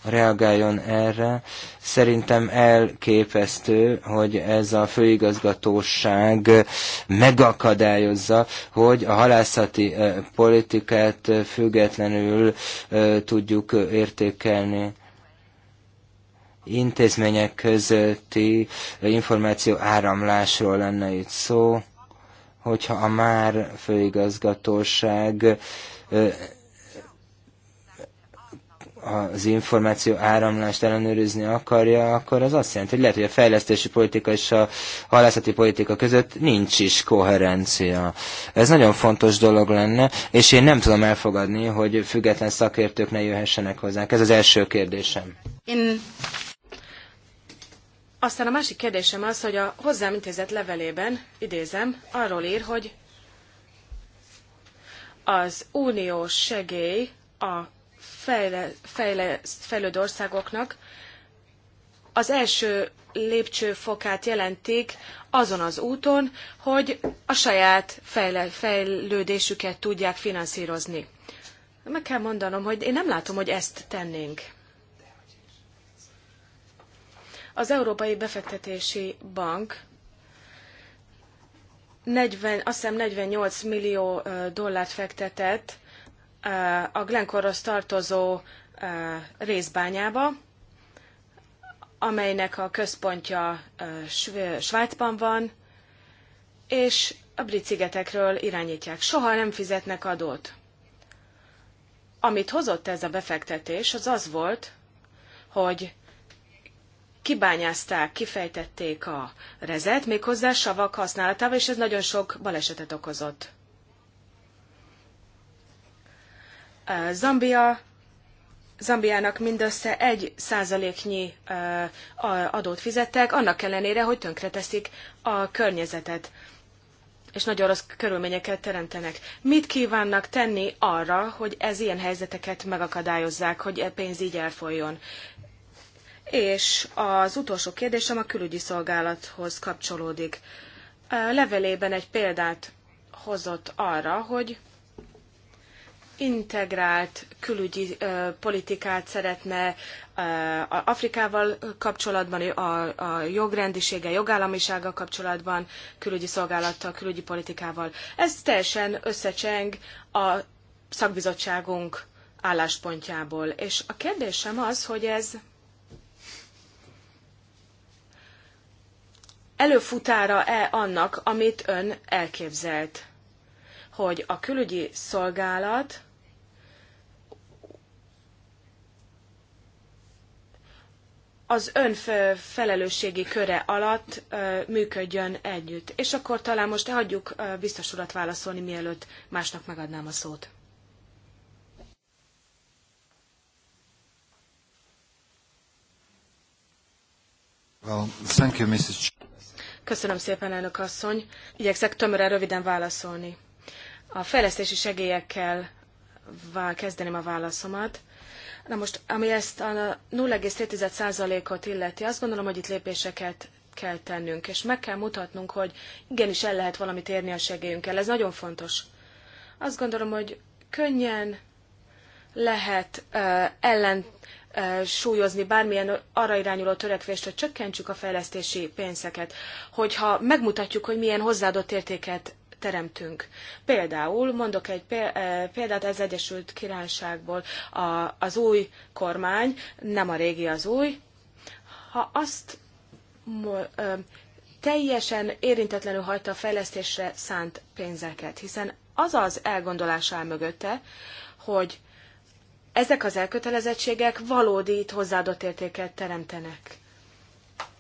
reagáljon erre. Szerintem elképesztő, hogy ez a főigazgatóság megakadályozza, hogy a halászati politikát függetlenül tudjuk értékelni intézmények közötti információ áramlásról lenne itt szó, hogyha a már főigazgatóság az információ áramlást ellenőrizni akarja, akkor az azt jelenti, hogy lehet, hogy a fejlesztési politika és a halászati politika között nincs is koherencia. Ez nagyon fontos dolog lenne, és én nem tudom elfogadni, hogy független szakértők ne jöhessenek hozzánk. Ez az első kérdésem.
Én aztán a másik kérdésem az, hogy a hozzám intézett levelében, idézem, arról ír, hogy az uniós segély a fejle, fejle, fejlődő országoknak az első lépcsőfokát jelentik azon az úton, hogy a saját fejle, fejlődésüket tudják finanszírozni. Meg kell mondanom, hogy én nem látom, hogy ezt tennénk. Az Európai Befektetési Bank 40, azt hiszem 48 millió dollárt fektetett a Glencore-hoz tartozó részbányába, amelynek a központja Svájcban van, és a brit szigetekről irányítják. Soha nem fizetnek adót. Amit hozott ez a befektetés, az az volt, hogy kibányázták, kifejtették a rezet, méghozzá savak használatával, és ez nagyon sok balesetet okozott. Zambia Zambiának mindössze egy százaléknyi adót fizettek, annak ellenére, hogy tönkreteszik a környezetet és nagyon rossz körülményeket teremtenek. Mit kívánnak tenni arra, hogy ez ilyen helyzeteket megakadályozzák, hogy a e pénz így elfolyjon? És az utolsó kérdésem a külügyi szolgálathoz kapcsolódik. A levelében egy példát hozott arra, hogy integrált külügyi ö, politikát szeretne ö, Afrikával kapcsolatban, a, a jogrendisége, jogállamisága kapcsolatban, külügyi szolgálattal, külügyi politikával. Ez teljesen összecseng a szakbizottságunk álláspontjából. És a kérdésem az, hogy ez előfutára-e annak, amit ön elképzelt? Hogy a külügyi szolgálat az ön felelősségi köre alatt működjön együtt. És akkor talán most hagyjuk biztos urat válaszolni, mielőtt másnak megadnám a szót. Köszönöm szépen, elnök asszony. Igyekszek tömören, röviden válaszolni. A fejlesztési segélyekkel kezdeném a válaszomat. Na most, ami ezt a 0,7%-ot illeti, azt gondolom, hogy itt lépéseket kell tennünk, és meg kell mutatnunk, hogy igenis el lehet valamit érni a segélyünkkel. Ez nagyon fontos. Azt gondolom, hogy könnyen lehet uh, ellent súlyozni bármilyen arra irányuló törekvést, hogy csökkentsük a fejlesztési pénzeket, hogyha megmutatjuk, hogy milyen hozzáadott értéket teremtünk. Például, mondok egy példát az Egyesült Királyságból, a, az új kormány, nem a régi az új, ha azt teljesen érintetlenül hagyta a fejlesztésre szánt pénzeket, hiszen az az elgondolás áll mögötte, hogy ezek az elkötelezettségek valódi itt hozzáadott értéket teremtenek.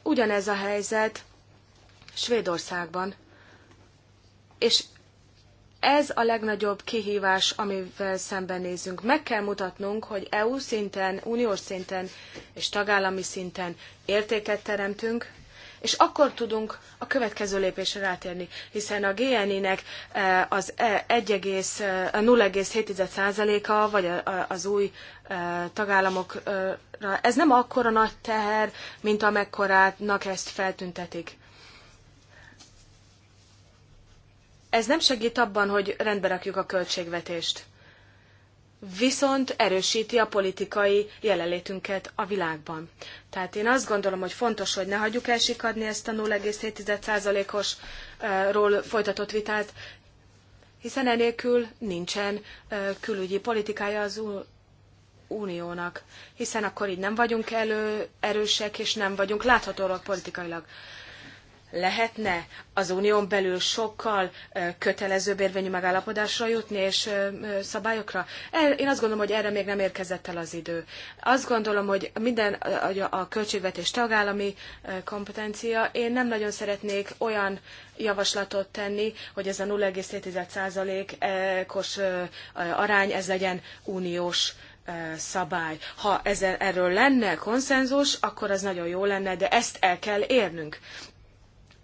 Ugyanez a helyzet Svédországban. És ez a legnagyobb kihívás, amivel szembenézünk. Meg kell mutatnunk, hogy EU szinten, uniós szinten és tagállami szinten értéket teremtünk, és akkor tudunk a következő lépésre rátérni, hiszen a GNI-nek eh, az 0,7%-a, eh, eh, vagy az új tagállamokra, ez nem akkora nagy teher, mint amekkorának ezt feltüntetik. Ez nem segít abban, hogy rendbe rakjuk a költségvetést viszont erősíti a politikai jelenlétünket a világban. Tehát én azt gondolom, hogy fontos, hogy ne hagyjuk elsikadni ezt a 0,7%-os ról folytatott vitát, hiszen enélkül nincsen külügyi politikája az uniónak, hiszen akkor így nem vagyunk elő erősek, és nem vagyunk láthatóak politikailag lehetne az unión belül sokkal kötelezőbb érvényű megállapodásra jutni és szabályokra? E, én azt gondolom, hogy erre még nem érkezett el az idő. Azt gondolom, hogy minden a költségvetés tagállami kompetencia. Én nem nagyon szeretnék olyan javaslatot tenni, hogy ez a 0,7%-os arány, ez legyen uniós szabály. Ha ezzel, erről lenne konszenzus, akkor az nagyon jó lenne, de ezt el kell érnünk.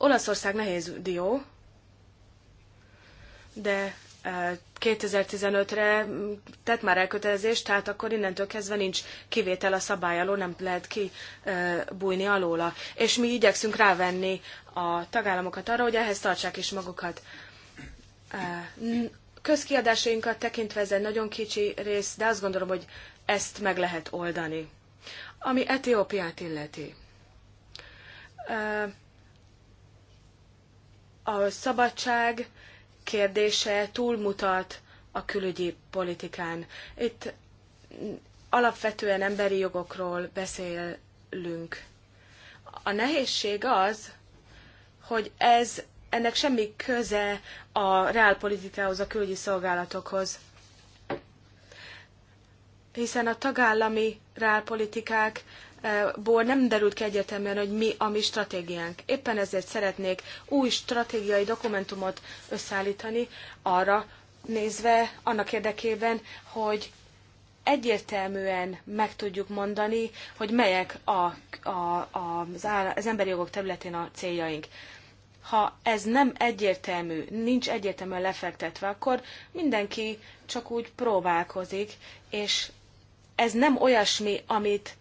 Olaszország nehéz dió, de 2015-re tett már elkötelezést, tehát akkor innentől kezdve nincs kivétel a szabály alól, nem lehet kibújni alóla. És mi igyekszünk rávenni a tagállamokat arra, hogy ehhez tartsák is magukat. Közkiadásainkat tekintve ez egy nagyon kicsi rész, de azt gondolom, hogy ezt meg lehet oldani. Ami Etiópiát illeti a szabadság kérdése túlmutat a külügyi politikán. Itt alapvetően emberi jogokról beszélünk. A nehézség az, hogy ez ennek semmi köze a reálpolitikához, a külügyi szolgálatokhoz. Hiszen a tagállami reálpolitikák ból nem derült ki egyértelműen, hogy mi a mi stratégiánk. Éppen ezért szeretnék új stratégiai dokumentumot összeállítani arra nézve, annak érdekében, hogy egyértelműen meg tudjuk mondani, hogy melyek a, a, az, áll, az emberi jogok területén a céljaink. Ha ez nem egyértelmű, nincs egyértelműen lefektetve, akkor mindenki csak úgy próbálkozik, és ez nem olyasmi, amit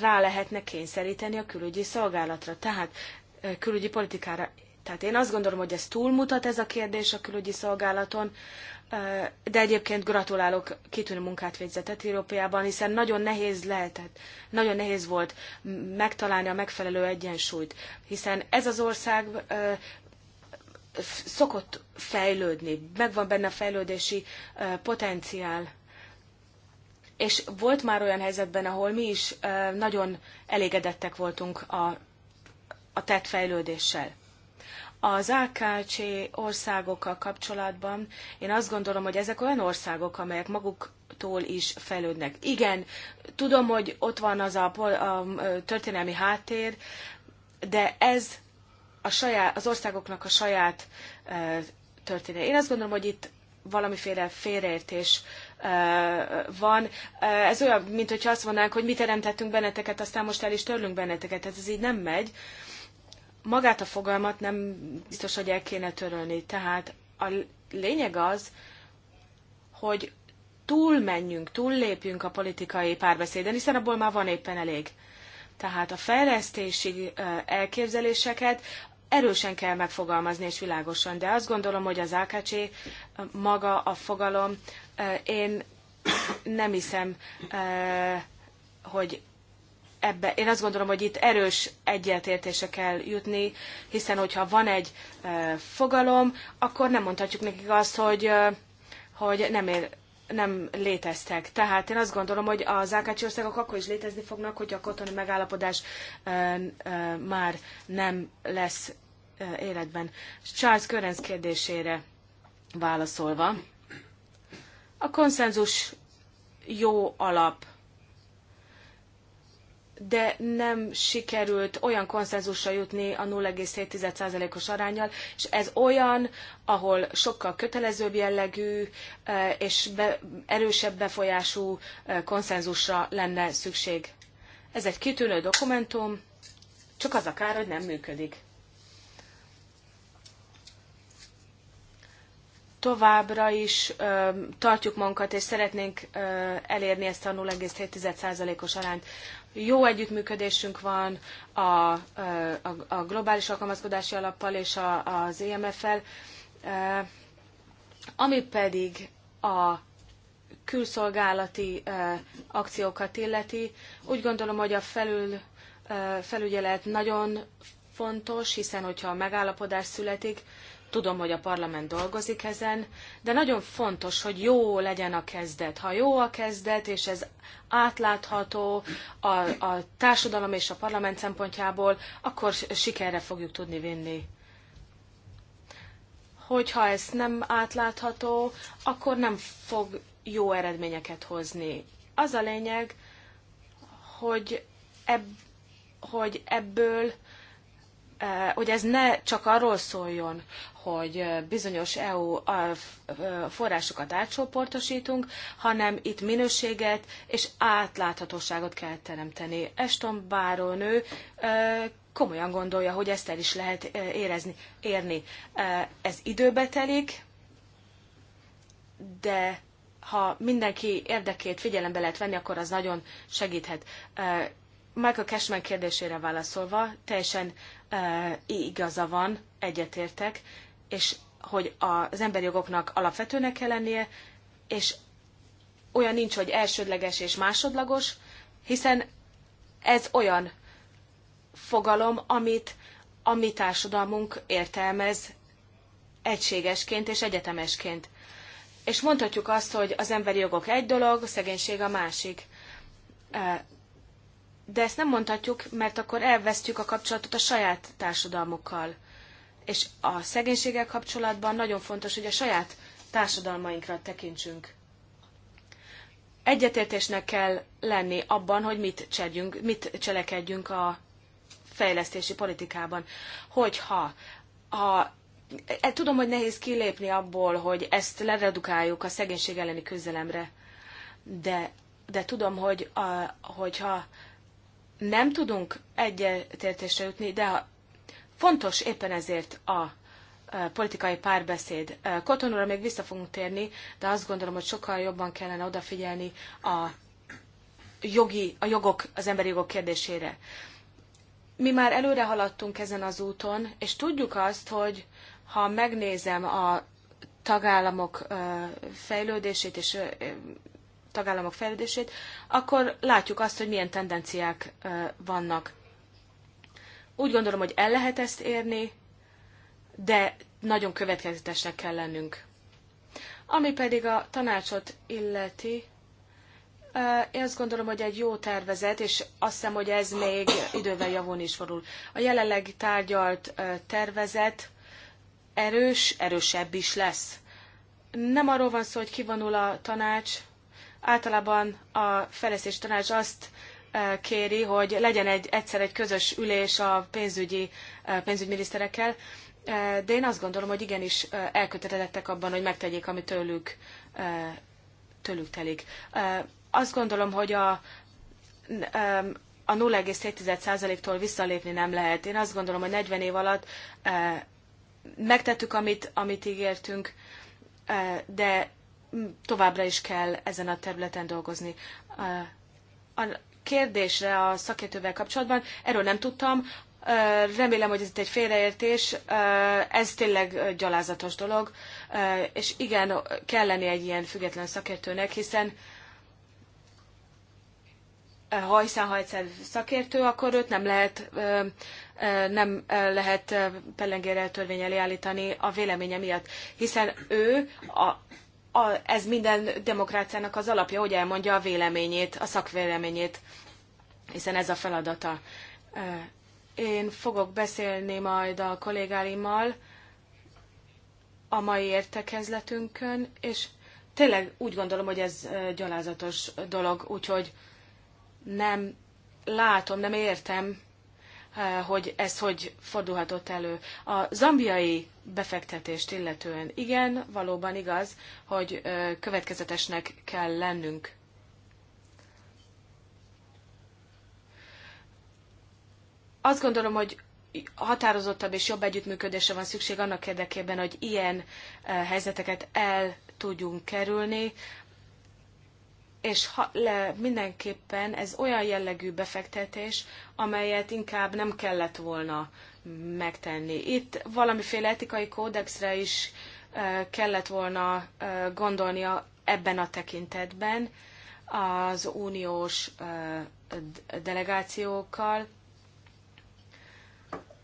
rá lehetne kényszeríteni a külügyi szolgálatra, tehát külügyi politikára. Tehát én azt gondolom, hogy ez túlmutat ez a kérdés a külügyi szolgálaton, de egyébként gratulálok, kitűnő munkát végzett Európában, hiszen nagyon nehéz lehetett, nagyon nehéz volt megtalálni a megfelelő egyensúlyt, hiszen ez az ország szokott fejlődni, megvan benne a fejlődési potenciál és volt már olyan helyzetben, ahol mi is nagyon elégedettek voltunk a, a tett fejlődéssel. Az AKC országokkal kapcsolatban én azt gondolom, hogy ezek olyan országok, amelyek maguktól is fejlődnek. Igen, tudom, hogy ott van az a, a történelmi háttér, de ez a saját, az országoknak a saját történet. Én azt gondolom, hogy itt valamiféle félreértés van. Eh, ez olyan, mint hogyha azt mondanánk, hogy mi teremtettünk benneteket, aztán most el is törlünk benneteket. Ez, hát ez így nem megy. Magát a fogalmat nem biztos, hogy el kéne törölni. Tehát a lényeg az, hogy túlmenjünk, túllépjünk a politikai párbeszéden, hiszen abból már van éppen elég. Tehát a fejlesztési eh, elképzeléseket erősen kell megfogalmazni és világosan, de azt gondolom, hogy az AKC eh, maga a fogalom Eh, én nem hiszem, eh, hogy ebbe, én azt gondolom, hogy itt erős egyetértése kell jutni, hiszen hogyha van egy eh, fogalom, akkor nem mondhatjuk nekik azt, hogy, hogy nem ér, nem léteztek. Tehát én azt gondolom, hogy az Ákácsi országok akkor is létezni fognak, hogy a kotoni megállapodás már nem lesz életben. Charles Körenc kérdésére válaszolva a konszenzus jó alap, de nem sikerült olyan konszenzusra jutni a 0,7%-os arányal, és ez olyan, ahol sokkal kötelezőbb jellegű és be, erősebb befolyású konszenzusra lenne szükség. Ez egy kitűnő dokumentum, csak az a kár, hogy nem működik. továbbra is ö, tartjuk magunkat, és szeretnénk ö, elérni ezt a 0,7%-os arányt. Jó együttműködésünk van a, a, a globális alkalmazkodási alappal és a, az EMF-el, ami pedig a külszolgálati akciókat illeti. Úgy gondolom, hogy a felül, felügyelet nagyon fontos, hiszen hogyha a megállapodás születik, Tudom, hogy a parlament dolgozik ezen, de nagyon fontos, hogy jó legyen a kezdet. Ha jó a kezdet, és ez átlátható a, a társadalom és a parlament szempontjából, akkor sikerre fogjuk tudni vinni hogyha ez nem átlátható, akkor nem fog jó eredményeket hozni. Az a lényeg, hogy, ebb, hogy ebből hogy ez ne csak arról szóljon, hogy bizonyos EU forrásokat átcsoportosítunk, hanem itt minőséget és átláthatóságot kell teremteni. Eston bárónő komolyan gondolja, hogy ezt el is lehet érezni, érni. Ez időbe telik, de ha mindenki érdekét figyelembe lehet venni, akkor az nagyon segíthet. Michael Cashman kérdésére válaszolva, teljesen e, igaza van, egyetértek, és hogy az emberi jogoknak alapvetőnek kell lennie, és olyan nincs, hogy elsődleges és másodlagos, hiszen ez olyan fogalom, amit a mi társadalmunk értelmez egységesként és egyetemesként. És mondhatjuk azt, hogy az emberi jogok egy dolog, a szegénység a másik de ezt nem mondhatjuk, mert akkor elvesztjük a kapcsolatot a saját társadalmokkal, És a szegénységgel kapcsolatban nagyon fontos, hogy a saját társadalmainkra tekintsünk. Egyetértésnek kell lenni abban, hogy mit, cserjünk, mit cselekedjünk a fejlesztési politikában. Hogyha ha e, tudom, hogy nehéz kilépni abból, hogy ezt leredukáljuk a szegénység elleni küzdelemre, de, de tudom, hogy a, hogyha nem tudunk egyetértésre jutni, de fontos éppen ezért a politikai párbeszéd. Kotonúra még vissza fogunk térni, de azt gondolom, hogy sokkal jobban kellene odafigyelni a, jogi, a jogok, az emberi jogok kérdésére. Mi már előre haladtunk ezen az úton, és tudjuk azt, hogy ha megnézem a tagállamok fejlődését, és tagállamok fejlődését, akkor látjuk azt, hogy milyen tendenciák vannak. Úgy gondolom, hogy el lehet ezt érni, de nagyon következetesnek kell lennünk. Ami pedig a tanácsot illeti, én azt gondolom, hogy egy jó tervezet, és azt hiszem, hogy ez még idővel javulni is fordul. A jelenleg tárgyalt tervezet erős, erősebb is lesz. Nem arról van szó, hogy kivonul a tanács, Általában a fejlesztési tanács azt e, kéri, hogy legyen egy, egyszer egy közös ülés a pénzügyi, e, pénzügyminiszterekkel, e, de én azt gondolom, hogy igenis elkötelezettek abban, hogy megtegyék, ami tőlük, tőlük telik. Azt gondolom, hogy a, a 0,7%-tól visszalépni nem lehet. Én azt gondolom, hogy 40 év alatt megtettük, amit, amit ígértünk, de továbbra is kell ezen a területen dolgozni. A kérdésre a szakértővel kapcsolatban erről nem tudtam, remélem, hogy ez itt egy félreértés, ez tényleg gyalázatos dolog, és igen, kell lenni egy ilyen független szakértőnek, hiszen ha hiszen ha egyszer szakértő, akkor őt nem lehet, nem lehet pellengére törvény elé állítani a véleménye miatt, hiszen ő a a, ez minden demokráciának az alapja, hogy elmondja a véleményét, a szakvéleményét, hiszen ez a feladata. Én fogok beszélni majd a kollégáimmal a mai értekezletünkön, és tényleg úgy gondolom, hogy ez gyalázatos dolog, úgyhogy nem látom, nem értem, Eh, hogy ez hogy fordulhatott elő. A zambiai befektetést illetően igen, valóban igaz, hogy eh, következetesnek kell lennünk. Azt gondolom, hogy határozottabb és jobb együttműködésre van szükség annak érdekében, hogy ilyen eh, helyzeteket el tudjunk kerülni, és ha, le, mindenképpen ez olyan jellegű befektetés, amelyet inkább nem kellett volna megtenni. Itt valamiféle etikai kódexre is e, kellett volna e, gondolnia ebben a tekintetben az uniós e, delegációkkal.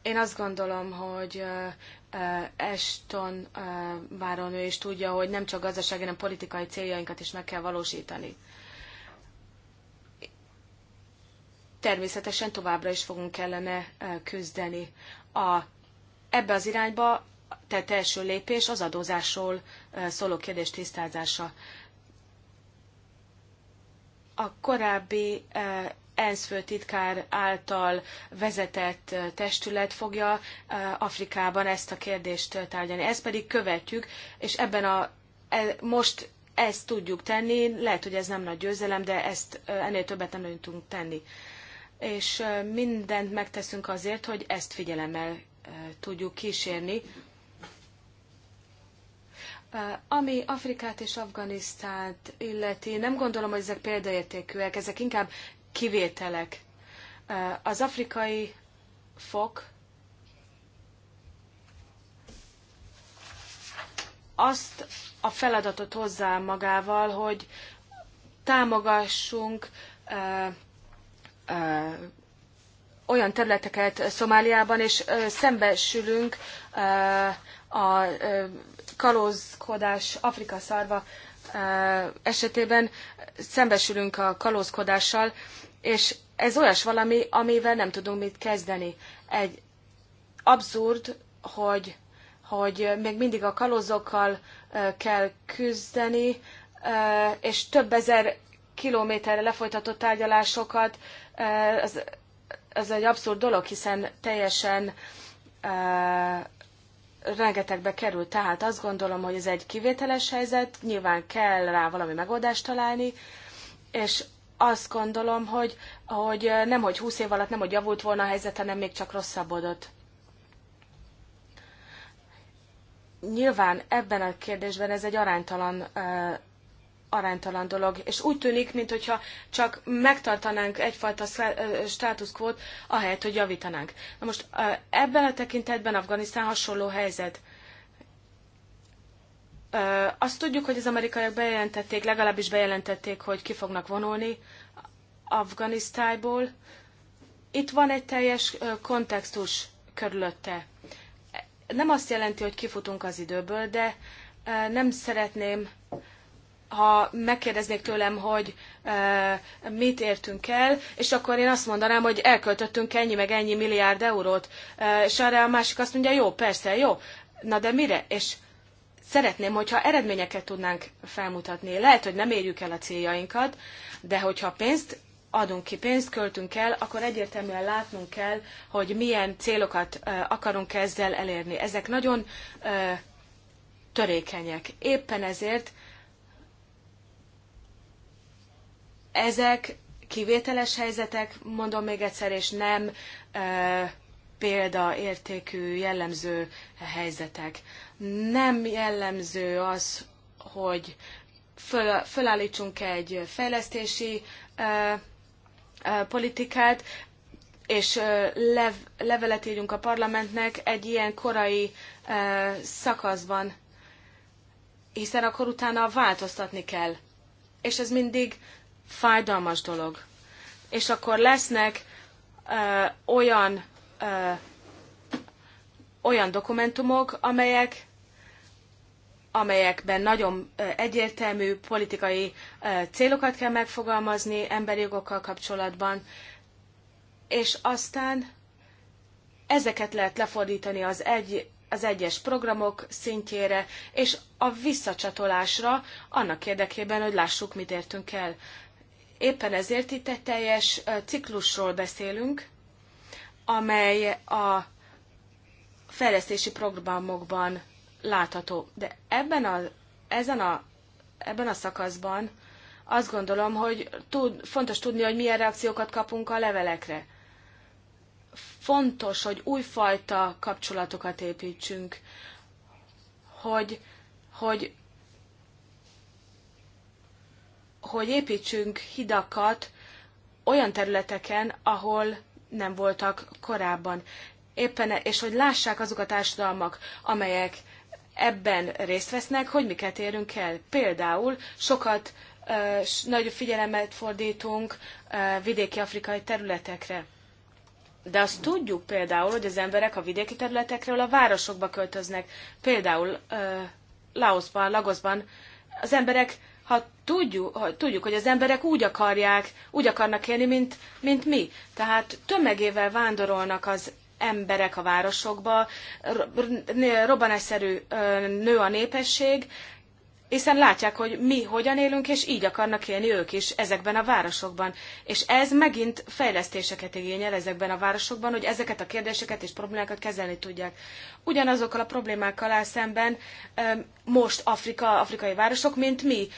Én azt gondolom, hogy Eston báronő is tudja, hogy nem csak gazdasági, hanem politikai céljainkat is meg kell valósítani. természetesen továbbra is fogunk kellene küzdeni. A, ebbe az irányba tett első lépés az adózásról szóló kérdés tisztázása. A korábbi ENSZ főtitkár által vezetett testület fogja Afrikában ezt a kérdést tárgyalni. Ezt pedig követjük, és ebben a e, most ezt tudjuk tenni, lehet, hogy ez nem nagy győzelem, de ezt ennél többet nem tudunk tenni és mindent megteszünk azért, hogy ezt figyelemmel tudjuk kísérni. Ami Afrikát és Afganisztánt illeti, nem gondolom, hogy ezek példaértékűek, ezek inkább kivételek. Az afrikai fok azt a feladatot hozzá magával, hogy támogassunk olyan területeket Szomáliában, és szembesülünk a kalózkodás Afrika szarva esetében szembesülünk a kalózkodással, és ez olyas valami, amivel nem tudunk mit kezdeni. Egy abszurd, hogy, hogy még mindig a kalózokkal kell küzdeni, és több ezer kilométerre lefolytatott tárgyalásokat Eh, ez, ez egy abszurd dolog, hiszen teljesen eh, rengetegbe kerül. Tehát azt gondolom, hogy ez egy kivételes helyzet, nyilván kell rá valami megoldást találni, és azt gondolom, hogy, hogy eh, nem, hogy 20 év alatt nem, hogy javult volna a helyzet, hanem még csak rosszabbodott. Nyilván ebben a kérdésben ez egy aránytalan aránytalan dolog. És úgy tűnik, mintha csak megtartanánk egyfajta státuszkvót, ahelyett, hogy javítanánk. Na most ebben a tekintetben Afganisztán hasonló helyzet. Azt tudjuk, hogy az amerikaiak bejelentették, legalábbis bejelentették, hogy ki fognak vonulni Afganisztájból. Itt van egy teljes kontextus körülötte. Nem azt jelenti, hogy kifutunk az időből, de nem szeretném ha megkérdeznék tőlem, hogy e, mit értünk el, és akkor én azt mondanám, hogy elköltöttünk ennyi meg ennyi milliárd eurót, e, és arra a másik azt mondja, jó, persze, jó, na de mire? És szeretném, hogyha eredményeket tudnánk felmutatni. Lehet, hogy nem érjük el a céljainkat, de hogyha pénzt adunk ki, pénzt költünk el, akkor egyértelműen látnunk kell, hogy milyen célokat akarunk ezzel elérni. Ezek nagyon törékenyek. Éppen ezért Ezek kivételes helyzetek, mondom még egyszer, és nem e, példaértékű, jellemző helyzetek. Nem jellemző az, hogy föl, fölállítsunk egy fejlesztési politikát, és lev, levelet írjunk a parlamentnek egy ilyen korai szakaszban, hiszen akkor utána változtatni kell. És ez mindig fájdalmas dolog. És akkor lesznek ö, olyan, ö, olyan dokumentumok, amelyek amelyekben nagyon egyértelmű politikai célokat kell megfogalmazni emberi jogokkal kapcsolatban, és aztán ezeket lehet lefordítani az, egy, az egyes programok szintjére, és a visszacsatolásra annak érdekében, hogy lássuk, mit értünk el. Éppen ezért itt egy teljes ciklusról beszélünk, amely a fejlesztési programokban látható. De ebben a, ezen a, ebben a szakaszban azt gondolom, hogy tud, fontos tudni, hogy milyen reakciókat kapunk a levelekre. Fontos, hogy újfajta kapcsolatokat építsünk, hogy, hogy hogy építsünk hidakat olyan területeken, ahol nem voltak korábban. Éppen, e, és hogy lássák azok a társadalmak, amelyek ebben részt vesznek, hogy miket érünk el. Például sokat nagyobb figyelemet fordítunk vidéki afrikai területekre. De azt tudjuk például, hogy az emberek a vidéki területekről a városokba költöznek. Például ö, Laosban, Lagosban az emberek ha tudjuk, ha tudjuk, hogy az emberek úgy akarják, úgy akarnak élni, mint, mint mi. Tehát tömegével vándorolnak az emberek a városokba, robbanásszerű nő a népesség, hiszen látják, hogy mi hogyan élünk, és így akarnak élni ők is ezekben a városokban. És ez megint fejlesztéseket igényel ezekben a városokban, hogy ezeket a kérdéseket és problémákat kezelni tudják. Ugyanazokkal a problémákkal áll szemben most Afrika, afrikai városok, mint mi,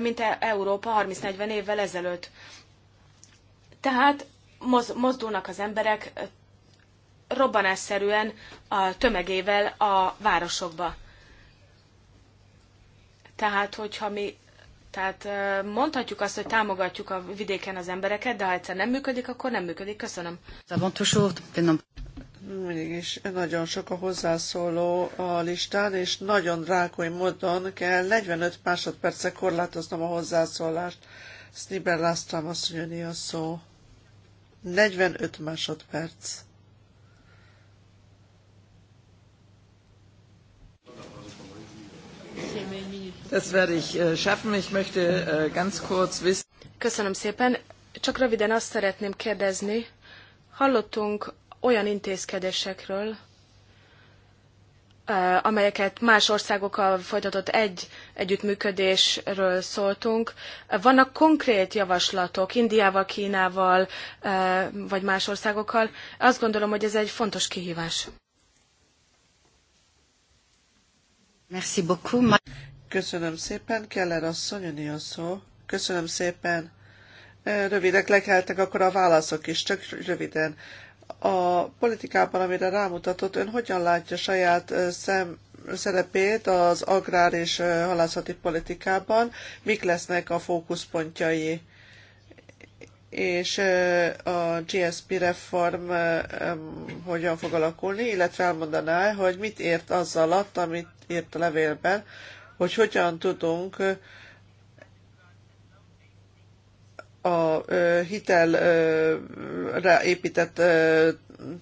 mint e- Európa 30-40 évvel ezelőtt. Tehát mozdulnak az emberek robbanásszerűen a tömegével a városokba tehát, hogyha mi tehát mondhatjuk azt, hogy támogatjuk a vidéken az embereket, de ha egyszer nem működik, akkor nem működik. Köszönöm.
Mégis is nagyon sok a hozzászóló a listán, és nagyon rákony módon kell 45 másodperce korlátoznom a hozzászólást. Sniber Lászlám asszonyoni a szó. 45 másodperc. Személy. Das werde ich äh, schaffen. Ich möchte äh, ganz kurz
wissen. Köszönöm szépen. Csak röviden azt szeretném kérdezni, hallottunk olyan intézkedésekről, amelyeket más országokkal folytatott egy együttműködésről szóltunk. Vannak konkrét javaslatok Indiával, Kínával, vagy más országokkal. Azt gondolom, hogy ez egy fontos kihívás.
Köszönöm szépen, Keller asszony, öné a szó. Köszönöm szépen. Rövidek lekeltek akkor a válaszok is, csak röviden. A politikában, amire rámutatott, ön hogyan látja saját szem, szerepét az agrár és halászati politikában, mik lesznek a fókuszpontjai? és a GSP reform hogyan fog alakulni, illetve elmondaná, hogy mit ért az alatt, amit írt a levélben, hogy hogyan tudunk a hitelre épített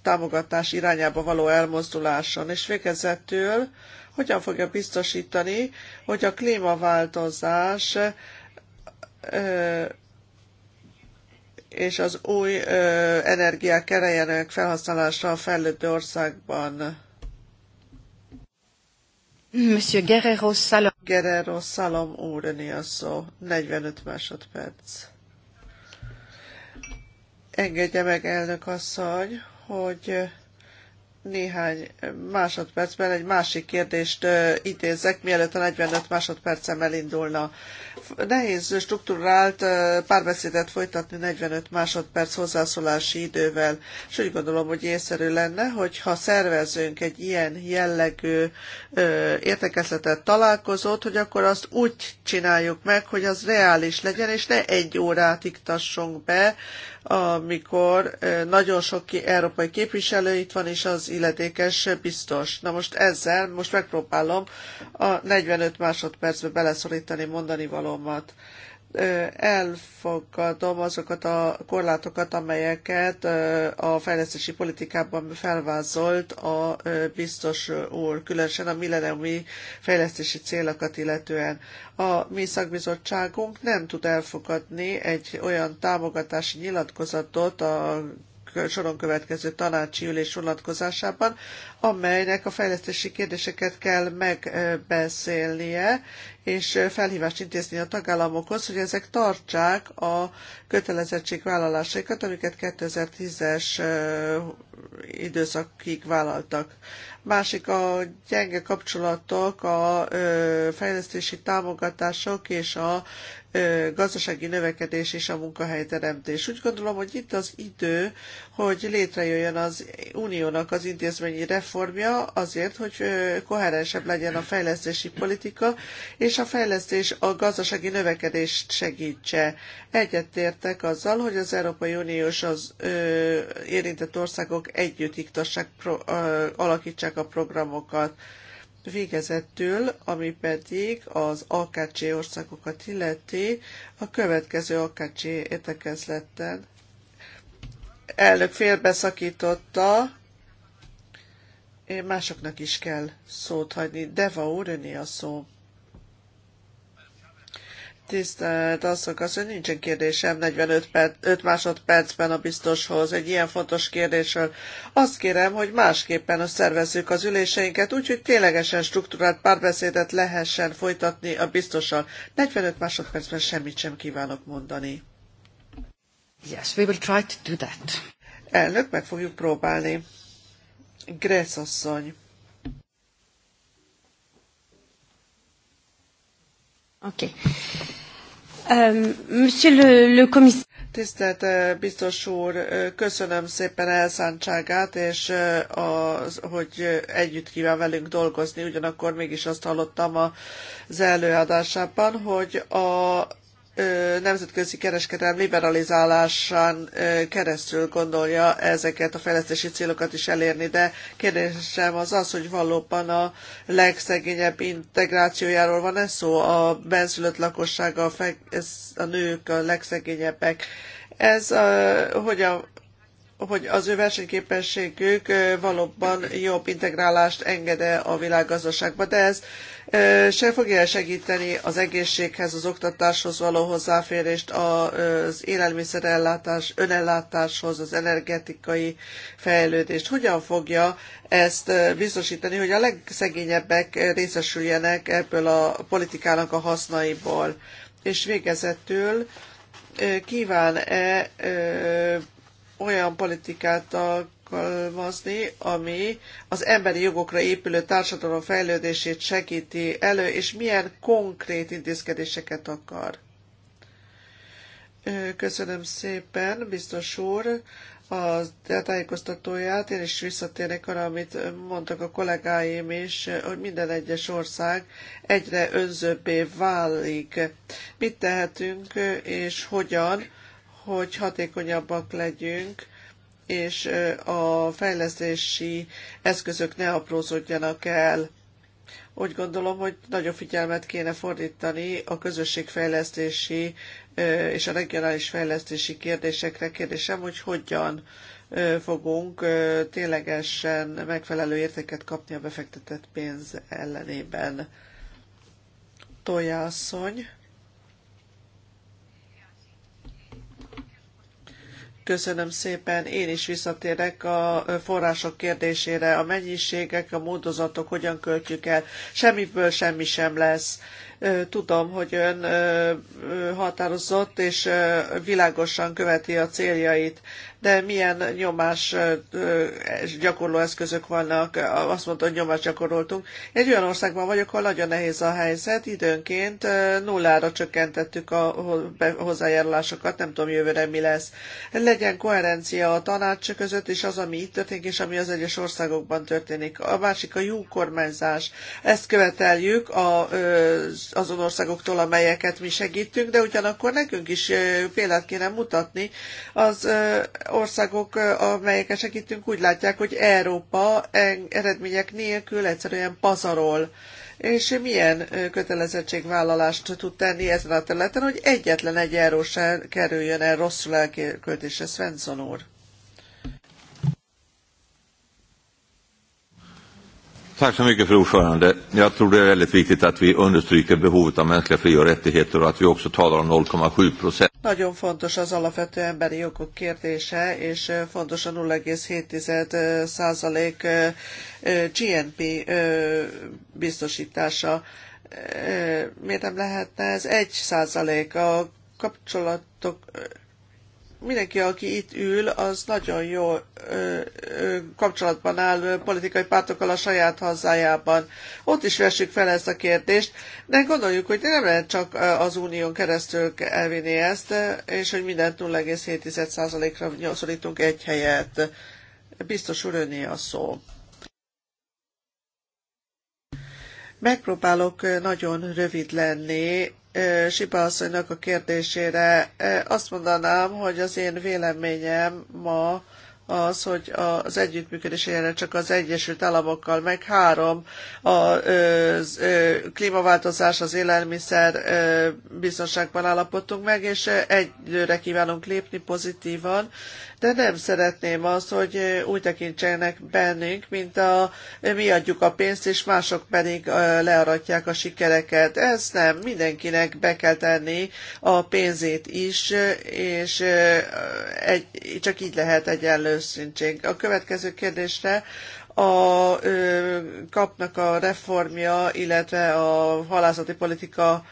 támogatás irányába való elmozduláson, és végezetül hogyan fogja biztosítani, hogy a klímaváltozás és az új energiák kereljenek felhasználása a fejlődő országban. Monsieur Guerrero Salom. Guerrero Salom úr, a szó. 45 másodperc. Engedje meg, elnök asszony, hogy néhány másodpercben egy másik kérdést intézek, mielőtt a 45 másodpercem elindulna. Nehéz struktúrált párbeszédet folytatni 45 másodperc hozzászólási idővel, és úgy gondolom, hogy észszerű lenne, hogyha szervezünk egy ilyen jellegű értekezletet találkozót, hogy akkor azt úgy csináljuk meg, hogy az reális legyen, és ne egy órát iktassunk be, amikor nagyon sok európai képviselő itt van, és az illetékes biztos. Na most ezzel most megpróbálom a 45 másodpercbe beleszorítani mondani valómat elfogadom azokat a korlátokat, amelyeket a fejlesztési politikában felvázolt a biztos úr, különösen a milleniumi fejlesztési célokat illetően. A mi szakbizottságunk nem tud elfogadni egy olyan támogatási nyilatkozatot a soron következő tanácsi ülés vonatkozásában, amelynek a fejlesztési kérdéseket kell megbeszélnie, és felhívást intézni a tagállamokhoz, hogy ezek tartsák a kötelezettségvállalásaikat, amiket 2010-es időszakig vállaltak. Másik a gyenge kapcsolatok, a fejlesztési támogatások és a gazdasági növekedés és a munkahelyteremtés. Úgy gondolom, hogy itt az idő, hogy létrejöjjön az uniónak az intézményi reformja azért, hogy koherensebb legyen a fejlesztési politika, és a fejlesztés a gazdasági növekedést segítse. Egyetértek azzal, hogy az Európai Unió és az érintett országok együtt iktassák, alakítsák a programokat. Végezetül, ami pedig az AKC országokat illeti, a következő AKC értekezletten. Elnök félbeszakította, másoknak is kell szót hagyni. Deva úr, öné a szó. Tisztelt asszok, azt, hogy nincsen kérdésem 45 perc, 5 másodpercben a biztoshoz egy ilyen fontos kérdésről. Azt kérem, hogy másképpen szervezzük az üléseinket, úgyhogy ténylegesen struktúrált párbeszédet lehessen folytatni a biztossal. 45 másodpercben semmit sem kívánok mondani. Yes, we will try to do that. Elnök, meg fogjuk próbálni. Grész asszony.
Okay.
Euh, monsieur le, le commissaire.
Tisztelt euh, biztos úr, köszönöm szépen elszántságát, és az, hogy együtt kíván velünk dolgozni, ugyanakkor mégis azt hallottam az előadásában, hogy a nemzetközi kereskedelem liberalizálásán keresztül gondolja ezeket a fejlesztési célokat is elérni, de kérdésem az az, hogy valóban a legszegényebb integrációjáról van ez szó, a benszülött lakosság, a, feg, ez, a nők a legszegényebbek. Ez hogy a hogy az ő versenyképességük valóban jobb integrálást engede a világgazdaságba, de ez se fogja segíteni az egészséghez, az oktatáshoz való hozzáférést, az élelmiszerellátás, önellátáshoz, az energetikai fejlődést. Hogyan fogja ezt biztosítani, hogy a legszegényebbek részesüljenek ebből a politikának a hasznaiból? És végezetül kíván-e olyan politikát a alkalmazni, ami az emberi jogokra épülő társadalom fejlődését segíti elő, és milyen konkrét intézkedéseket akar. Köszönöm szépen, biztos úr, a tájékoztatóját. Én is visszatérnék arra, amit mondtak a kollégáim is, hogy minden egyes ország egyre önzőbbé válik. Mit tehetünk és hogyan, hogy hatékonyabbak legyünk és a fejlesztési eszközök ne aprózódjanak el. Úgy gondolom, hogy nagyobb figyelmet kéne fordítani a közösségfejlesztési és a regionális fejlesztési kérdésekre. Kérdésem, hogy hogyan fogunk ténylegesen megfelelő értéket kapni a befektetett pénz ellenében. Tolja asszony. Köszönöm szépen. Én is visszatérek a források kérdésére. A mennyiségek, a módozatok, hogyan költjük el. Semmiből semmi sem lesz. Tudom, hogy ön határozott és világosan követi a céljait de milyen nyomás gyakorló eszközök vannak, azt mondta, hogy nyomást gyakoroltunk. Egy olyan országban vagyok, ahol nagyon nehéz a helyzet, időnként nullára csökkentettük a hozzájárulásokat, nem tudom jövőre mi lesz. Legyen koherencia a tanács között, és az, ami itt történik, és ami az egyes országokban történik. A másik a jó kormányzás. Ezt követeljük a, azon országoktól, amelyeket mi segítünk, de ugyanakkor nekünk is példát kéne mutatni az országok, eh, amelyeket segítünk, úgy látják, hogy Európa eredmények nélkül egyszerűen pazarol. És milyen eh, kötelezettségvállalást tud tenni ezen a területen, hogy egyetlen egy euró sem kerüljön el rosszul elköltésre, Svensson úr? Tack så mycket, fru ordförande. Jag tror det är väldigt viktigt att vi understryker behovet av mänskliga fri- och rättigheter och att vi också talar om 0,7 procent. Nagyon fontos az alapvető emberi jogok kérdése, és fontos a 0,7 százalék GNP biztosítása. Miért nem lehetne ez 1 százalék a kapcsolatok mindenki, aki itt ül, az nagyon jó kapcsolatban áll politikai pártokkal a saját hazájában. Ott is vessük fel ezt a kérdést, de gondoljuk, hogy nem lehet csak az unión keresztül elvinni ezt, és hogy mindent 0,7%-ra nyorsítunk egy helyet. Biztos úr, öné a szó. Megpróbálok nagyon rövid lenni, Sipa asszonynak a kérdésére azt mondanám, hogy az én véleményem ma az, hogy az együttműködés jelenleg csak az Egyesült Államokkal, meg három az klímaváltozás, az élelmiszer biztonságban állapodtunk meg, és egyőre kívánunk lépni pozitívan, de nem szeretném az, hogy úgy tekintsenek bennünk, mint a, mi adjuk a pénzt, és mások pedig learatják a sikereket. Ez nem, mindenkinek be kell tenni a pénzét is, és egy, csak így lehet egy előszintség. A következő kérdésre a kapnak a reformja, illetve a halászati politika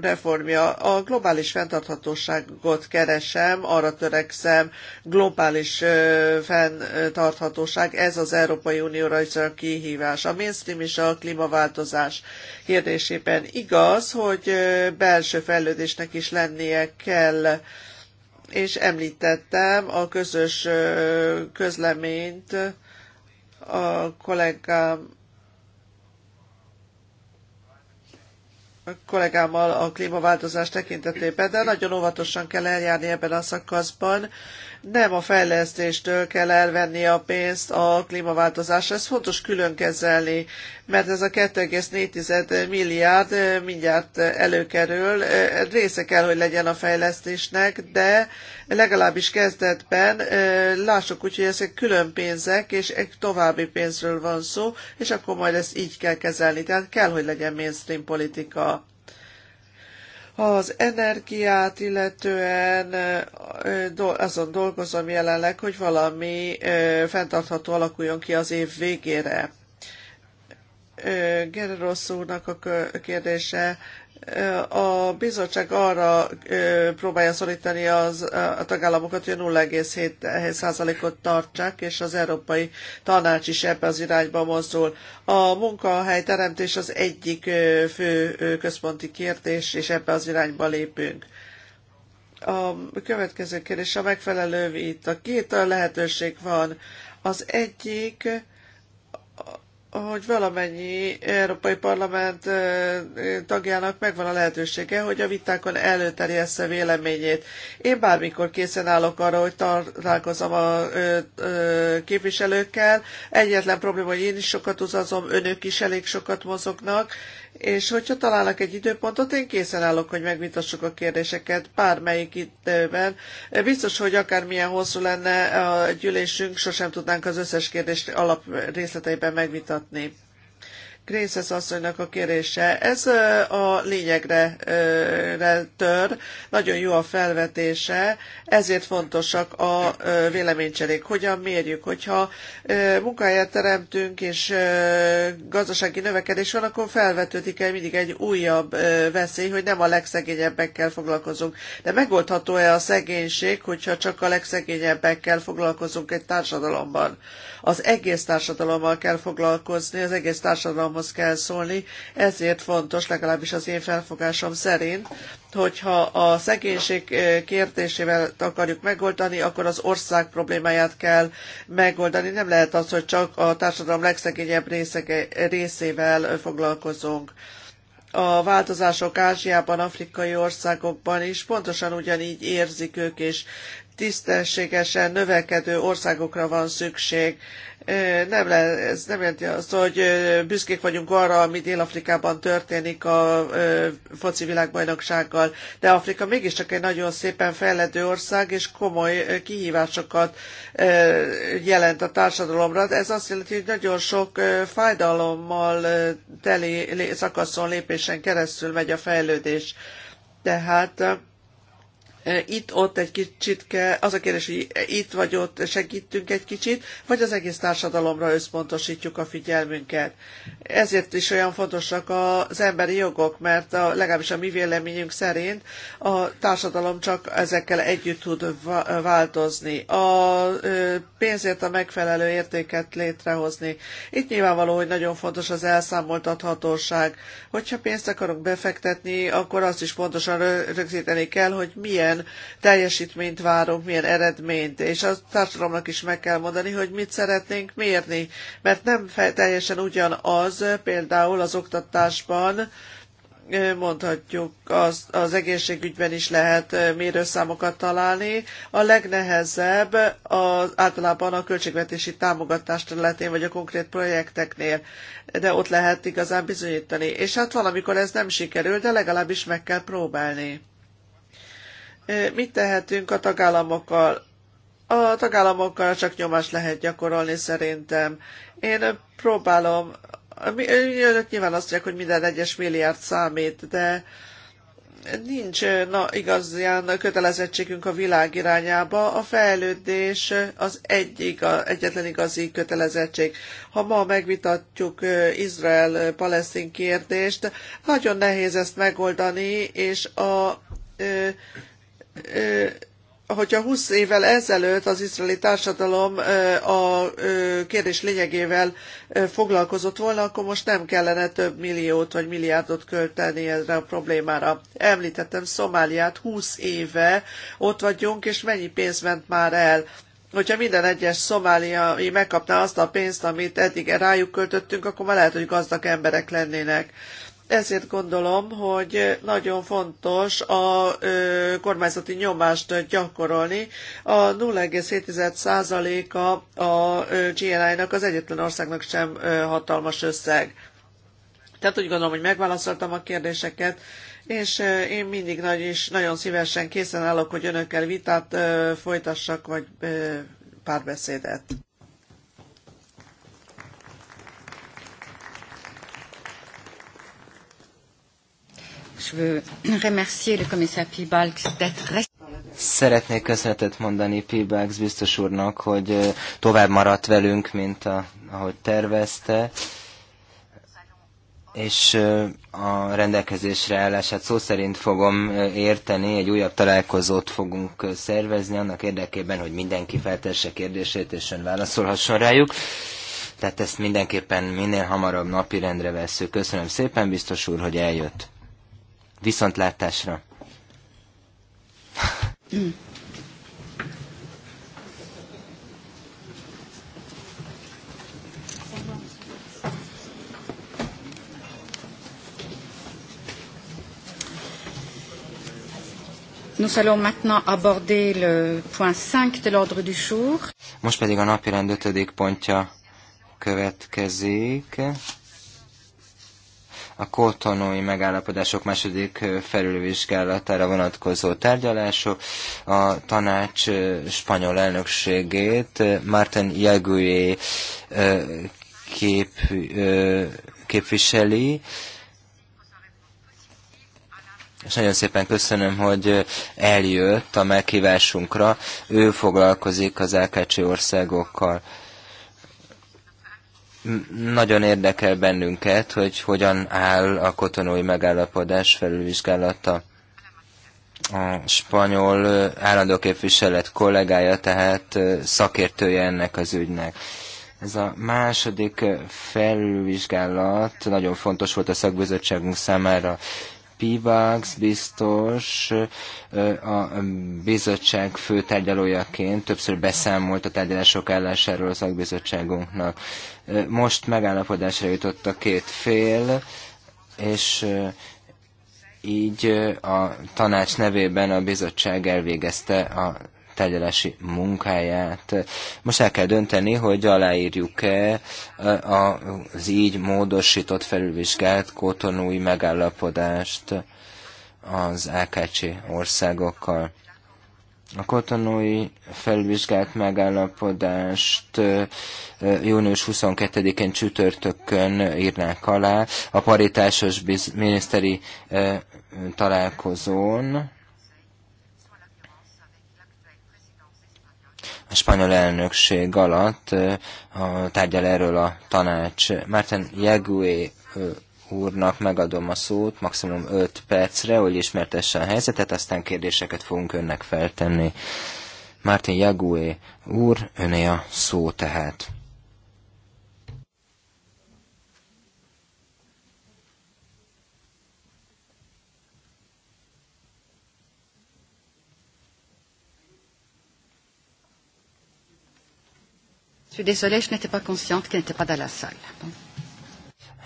reformja. A globális fenntarthatóságot keresem, arra törekszem, globális fenntarthatóság, ez az Európai Unióra is a kihívás. A mainstream és a klímaváltozás kérdésében igaz, hogy belső fejlődésnek is lennie kell és említettem a közös közleményt a kollégám kollégámmal a klímaváltozás tekintetében, de nagyon óvatosan kell eljárni ebben a szakaszban, nem a fejlesztéstől kell elvenni a pénzt a klímaváltozás ez fontos külön kezelni, mert ez a 2,4 milliárd eh, mindjárt előkerül, eh, része kell, hogy legyen a fejlesztésnek, de legalábbis kezdetben eh, lássuk úgy, hogy ezek külön pénzek, és egy további pénzről van szó, és akkor majd ezt így kell kezelni, tehát kell, hogy legyen mainstream politika. Az energiát illetően azon dolgozom jelenleg, hogy valami fenntartható alakuljon ki az év végére. Generosz úrnak a kérdése a bizottság arra próbálja szorítani az, a tagállamokat, hogy 0,7%-ot tartsák, és az Európai Tanács is ebbe az irányba mozdul. A munkahelyteremtés az egyik fő központi kérdés, és ebbe az irányba lépünk. A következő kérdés a megfelelő a Két lehetőség van. Az egyik, hogy valamennyi Európai Parlament tagjának megvan a lehetősége, hogy a vitákon előterjessze véleményét. Én bármikor készen állok arra, hogy találkozom a képviselőkkel. Egyetlen probléma, hogy én is sokat utazom, önök is elég sokat mozognak, és hogyha találnak egy időpontot, én készen állok, hogy megvitassuk a kérdéseket bármelyik időben. Biztos, hogy akármilyen hosszú lenne a gyűlésünk, sosem tudnánk az összes kérdést alap részleteiben megvitatni. Grészes asszonynak a kérése. Ez a lényegre tör, nagyon jó a felvetése, ezért fontosak a véleménycserék. Hogyan mérjük? Hogyha munkáját teremtünk, és gazdasági növekedés van, akkor felvetődik el mindig egy újabb veszély, hogy nem a legszegényebbekkel foglalkozunk. De megoldható-e a szegénység, hogyha csak a legszegényebbekkel foglalkozunk egy társadalomban? Az egész társadalommal kell foglalkozni, az egész társadalomhoz kell szólni, ezért fontos, legalábbis az én felfogásom szerint, hogyha a szegénység eh, kérdésével akarjuk megoldani, akkor az ország problémáját kell megoldani. Nem lehet az, hogy csak a társadalom legszegényebb részege, részével foglalkozunk a változások Ázsiában, afrikai országokban is pontosan ugyanígy érzik ők, és tisztességesen növekedő országokra van szükség. Nem le, ez nem jelenti azt, hogy büszkék vagyunk arra, ami Dél-Afrikában történik a foci világbajnoksággal, de Afrika mégiscsak egy nagyon szépen fejledő ország, és komoly kihívásokat jelent a társadalomra. Ez azt jelenti, hogy nagyon sok fájdalommal teli szakaszon lépésen keresztül megy a fejlődés. Tehát itt-ott egy kicsit kell, az a kérdés, hogy itt vagy ott segítünk egy kicsit, vagy az egész társadalomra összpontosítjuk a figyelmünket. Ezért is olyan fontosak az emberi jogok, mert a, legalábbis a mi véleményünk szerint a társadalom csak ezekkel együtt tud változni. A pénzért a megfelelő értéket létrehozni. Itt nyilvánvaló, hogy nagyon fontos az elszámoltathatóság. Hogyha pénzt akarunk befektetni, akkor azt is pontosan rögzíteni kell, hogy milyen milyen teljesítményt várunk, milyen eredményt, és a társadalomnak is meg kell mondani, hogy mit szeretnénk mérni, mert nem teljesen ugyanaz például az oktatásban, mondhatjuk, az, az egészségügyben is lehet mérőszámokat találni. A legnehezebb az, általában a költségvetési támogatás területén, vagy a konkrét projekteknél, de ott lehet igazán bizonyítani. És hát valamikor ez nem sikerül, de legalábbis meg kell próbálni. Mit tehetünk a tagállamokkal? A tagállamokkal csak nyomást lehet gyakorolni szerintem. Én próbálom, önök nyilván azt mondják, hogy minden egyes milliárd számít, de nincs na, igazán kötelezettségünk a világ irányába. A fejlődés az egyik, egyetlen igazi kötelezettség. Ha ma megvitatjuk Izrael-Palesztin kérdést, nagyon nehéz ezt megoldani, és a hogyha 20 évvel ezelőtt az izraeli társadalom a kérdés lényegével foglalkozott volna, akkor most nem kellene több milliót vagy milliárdot költeni erre a problémára. Említettem Szomáliát, 20 éve ott vagyunk, és mennyi pénz ment már el? hogyha minden egyes szomáliai megkapná azt a pénzt, amit eddig rájuk költöttünk, akkor már lehet, hogy gazdag emberek lennének ezért gondolom, hogy nagyon fontos a kormányzati nyomást gyakorolni. A 0,7%-a a GNI-nak az egyetlen országnak sem hatalmas összeg. Tehát úgy gondolom, hogy megválaszoltam a kérdéseket, és én mindig nagy és nagyon szívesen készen állok, hogy önökkel vitát folytassak, vagy párbeszédet.
Szeretnék köszönetet mondani Pibalks biztos úrnak, hogy tovább maradt velünk, mint a, ahogy tervezte, és a rendelkezésre állását szó szerint fogom érteni, egy újabb találkozót fogunk szervezni annak érdekében, hogy mindenki feltesse kérdését, és ön válaszolhasson rájuk tehát ezt mindenképpen minél hamarabb napirendre vesszük. Köszönöm szépen, biztos úr, hogy eljött. Viszontlátásra!
Nous allons maintenant aborder le point 5 de l'ordre du jour.
Most pedig a napirend ötödik pontja következik a kotonói megállapodások második felülvizsgálatára vonatkozó tárgyalások, a tanács spanyol elnökségét Martin Jagüé kép, képviseli, és nagyon szépen köszönöm, hogy eljött a meghívásunkra. Ő foglalkozik az LKC országokkal nagyon érdekel bennünket, hogy hogyan áll a kotonói megállapodás felülvizsgálata. A spanyol állandó képviselet kollégája, tehát szakértője ennek az ügynek. Ez a második felülvizsgálat nagyon fontos volt a szakbizottságunk számára. Pivax biztos a bizottság főtárgyalójaként többször beszámolt a tárgyalások állásáról a szakbizottságunknak. Most megállapodásra jutott a két fél, és így a tanács nevében a bizottság elvégezte a tárgyalási munkáját. Most el kell dönteni, hogy aláírjuk-e eh, az így módosított felülvizsgált kotonúi megállapodást az AKC országokkal. A kotonói felvizsgált megállapodást eh, június 22-én csütörtökön írnák alá a paritásos miniszteri eh, találkozón, a spanyol elnökség alatt a tárgyal erről a tanács. Márten Jegué úrnak megadom a szót maximum 5 percre, hogy ismertesse a helyzetet, aztán kérdéseket fogunk önnek feltenni. Mártin Jagué úr, öné a szó tehát.
Je suis désolée, je n'étais pas consciente n'était pas dans la salle.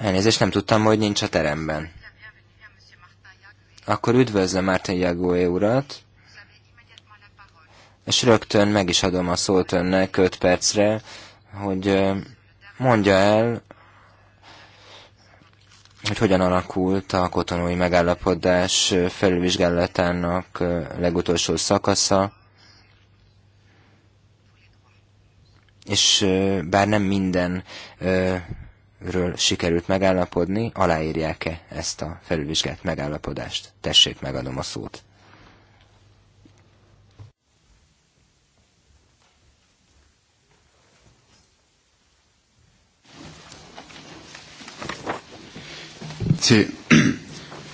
Elnézést, nem tudtam, hogy nincs a teremben. Akkor üdvözlöm Martin Jagué urat, és rögtön meg is adom a szót önnek 5 percre, hogy mondja el, hogy hogyan alakult a kotonói megállapodás felülvizsgálatának legutolsó szakasza, és bár nem mindenről sikerült megállapodni, aláírják-e ezt a felülvizsgált megállapodást? Tessék, megadom a szót. Sí.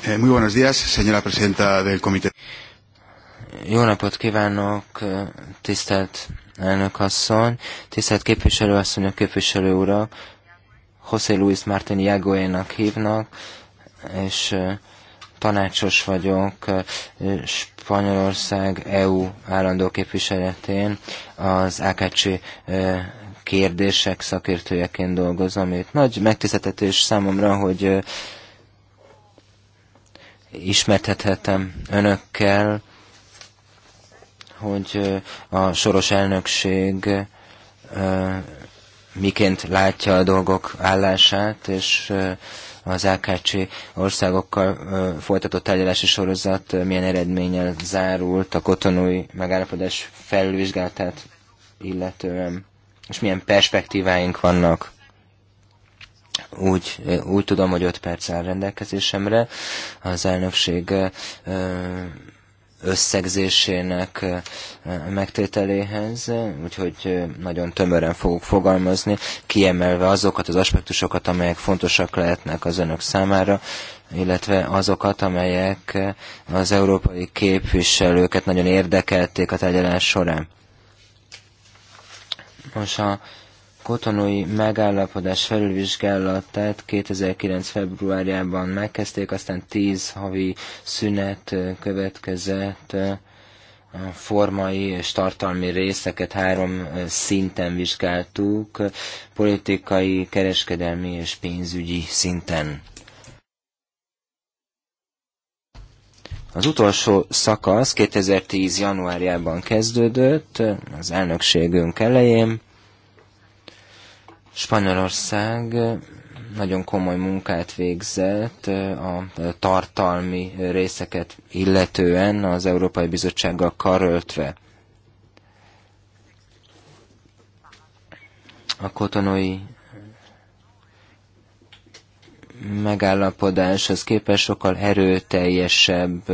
Eh, muy buenos días, señora presidenta del comité. Jó napot kívánok, tisztelt elnök asszony, tisztelt képviselő asszony, a képviselő ura, José Luis Martín Jagoénak hívnak, és tanácsos vagyok Spanyolország EU állandó képviseletén az AKC kérdések szakértőjeként dolgozom. Itt nagy megtiszteltetés számomra, hogy ismerthethetem önökkel hogy a soros elnökség miként látja a dolgok állását, és az AKC országokkal folytatott tárgyalási sorozat milyen eredménnyel zárult a kotonói megállapodás felvizsgálatát illetően, és milyen perspektíváink vannak. Úgy, úgy tudom, hogy 5 perc áll rendelkezésemre. Az elnökség összegzésének megtételéhez, úgyhogy nagyon tömören fogok fogalmazni, kiemelve azokat az aspektusokat, amelyek fontosak lehetnek az önök számára, illetve azokat, amelyek az európai képviselőket nagyon érdekelték a tárgyalás során. Most a kotonói megállapodás felülvizsgálatát 2009. februárjában megkezdték, aztán 10 havi szünet következett, formai és tartalmi részeket három szinten vizsgáltuk, politikai, kereskedelmi és pénzügyi szinten. Az utolsó szakasz 2010. januárjában kezdődött, az elnökségünk elején, Spanyolország nagyon komoly munkát végzett a tartalmi részeket illetően az Európai Bizottsággal karöltve. A kotonói megállapodáshoz képest sokkal erőteljesebb,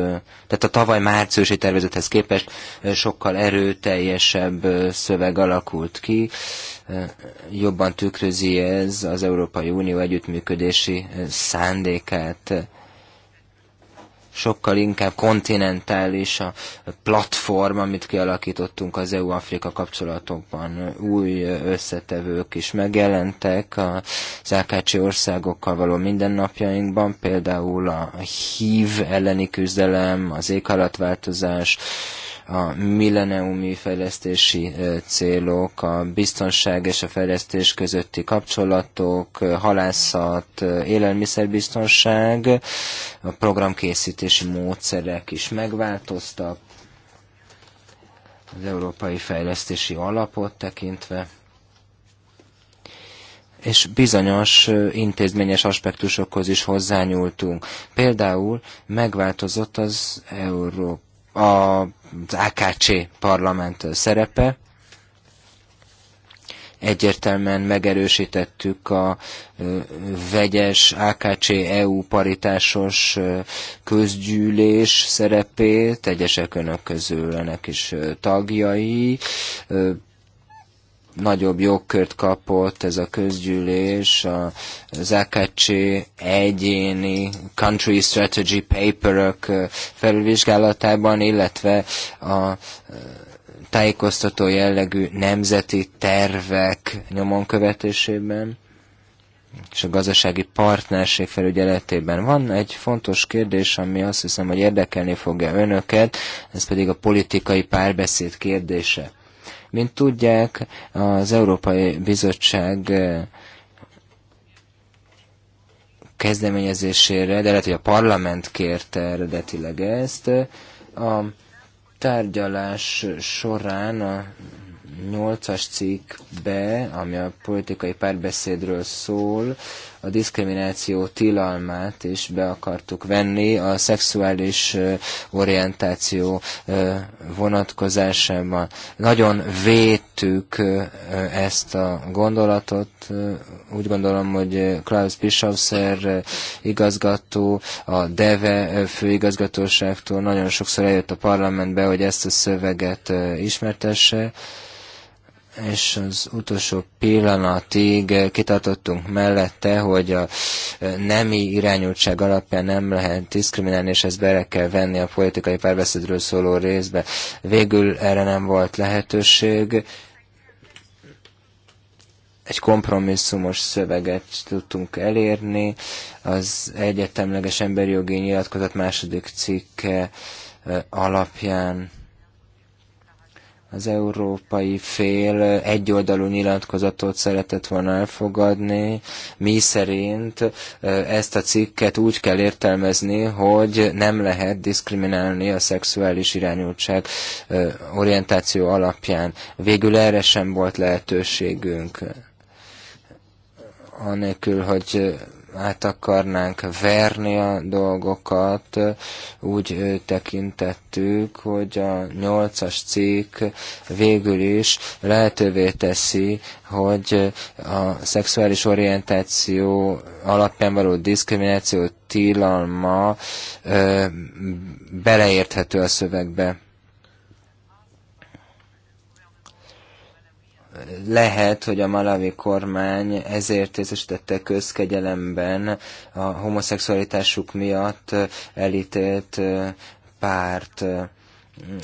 tehát a tavaly márciusi tervezethez képest sokkal erőteljesebb szöveg alakult ki, jobban tükrözi ez az Európai Unió együttműködési eh, szándékát. Sokkal inkább kontinentális a platform, amit kialakítottunk az EU-Afrika kapcsolatokban. Új eh, összetevők is megjelentek az AKC országokkal való mindennapjainkban, például a HIV elleni küzdelem, az éghajlatváltozás, a milleniumi fejlesztési célok, a biztonság és a fejlesztés közötti kapcsolatok, halászat, élelmiszerbiztonság, a programkészítési módszerek is megváltoztak, az Európai Fejlesztési Alapot tekintve és bizonyos intézményes aspektusokhoz is hozzányúltunk. Például megváltozott az Európa az AKC parlament szerepe. Egyértelműen megerősítettük a vegyes AKC-EU paritásos közgyűlés szerepét, egyesek önök közül ennek is tagjai nagyobb jogkört kapott ez a közgyűlés, a AKC egyéni Country Strategy Paperök felülvizsgálatában, illetve a tájékoztató jellegű nemzeti tervek nyomon követésében és a gazdasági partnerség felügyeletében. Van egy fontos kérdés, ami azt hiszem, hogy érdekelni fogja önöket, ez pedig a politikai párbeszéd kérdése. Mint tudják, az Európai Bizottság kezdeményezésére, de lehet, hogy a parlament kérte eredetileg ezt, a tárgyalás során a 8-as cikkbe, ami a politikai párbeszédről szól, a diszkrimináció tilalmát is be akartuk venni a szexuális orientáció vonatkozásában. Nagyon védtük ezt a gondolatot. Úgy gondolom, hogy Klaus Bischofszer igazgató, a DEVE főigazgatóságtól nagyon sokszor eljött a parlamentbe, hogy ezt a szöveget ismertesse és az utolsó pillanatig eh, kitartottunk mellette, hogy a eh, nemi irányultság alapján nem lehet diszkriminálni, és ezt bele kell venni a politikai párbeszédről szóló részbe. Végül erre nem volt lehetőség. Egy kompromisszumos szöveget tudtunk elérni. Az egyetemleges emberi jogi nyilatkozat második cikke eh, alapján az európai fél egyoldalú nyilatkozatot szeretett volna elfogadni, mi szerint ezt a cikket úgy kell értelmezni, hogy nem lehet diszkriminálni a szexuális irányultság orientáció alapján. Végül erre sem volt lehetőségünk anélkül, hogy át akarnánk verni a dolgokat, úgy tekintettük, hogy a nyolcas cikk végül is lehetővé teszi, hogy a szexuális orientáció alapján való diszkrimináció tilalma beleérthető a szövegbe. lehet, hogy a malavi kormány ezért részesítette közkegyelemben a homoszexualitásuk miatt elítélt párt.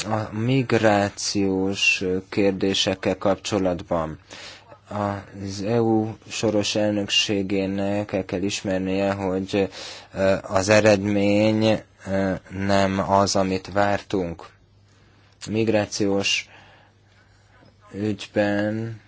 A migrációs kérdésekkel kapcsolatban az EU soros elnökségének el kell ismernie, hogy az eredmény nem az, amit vártunk. Migrációs ügyben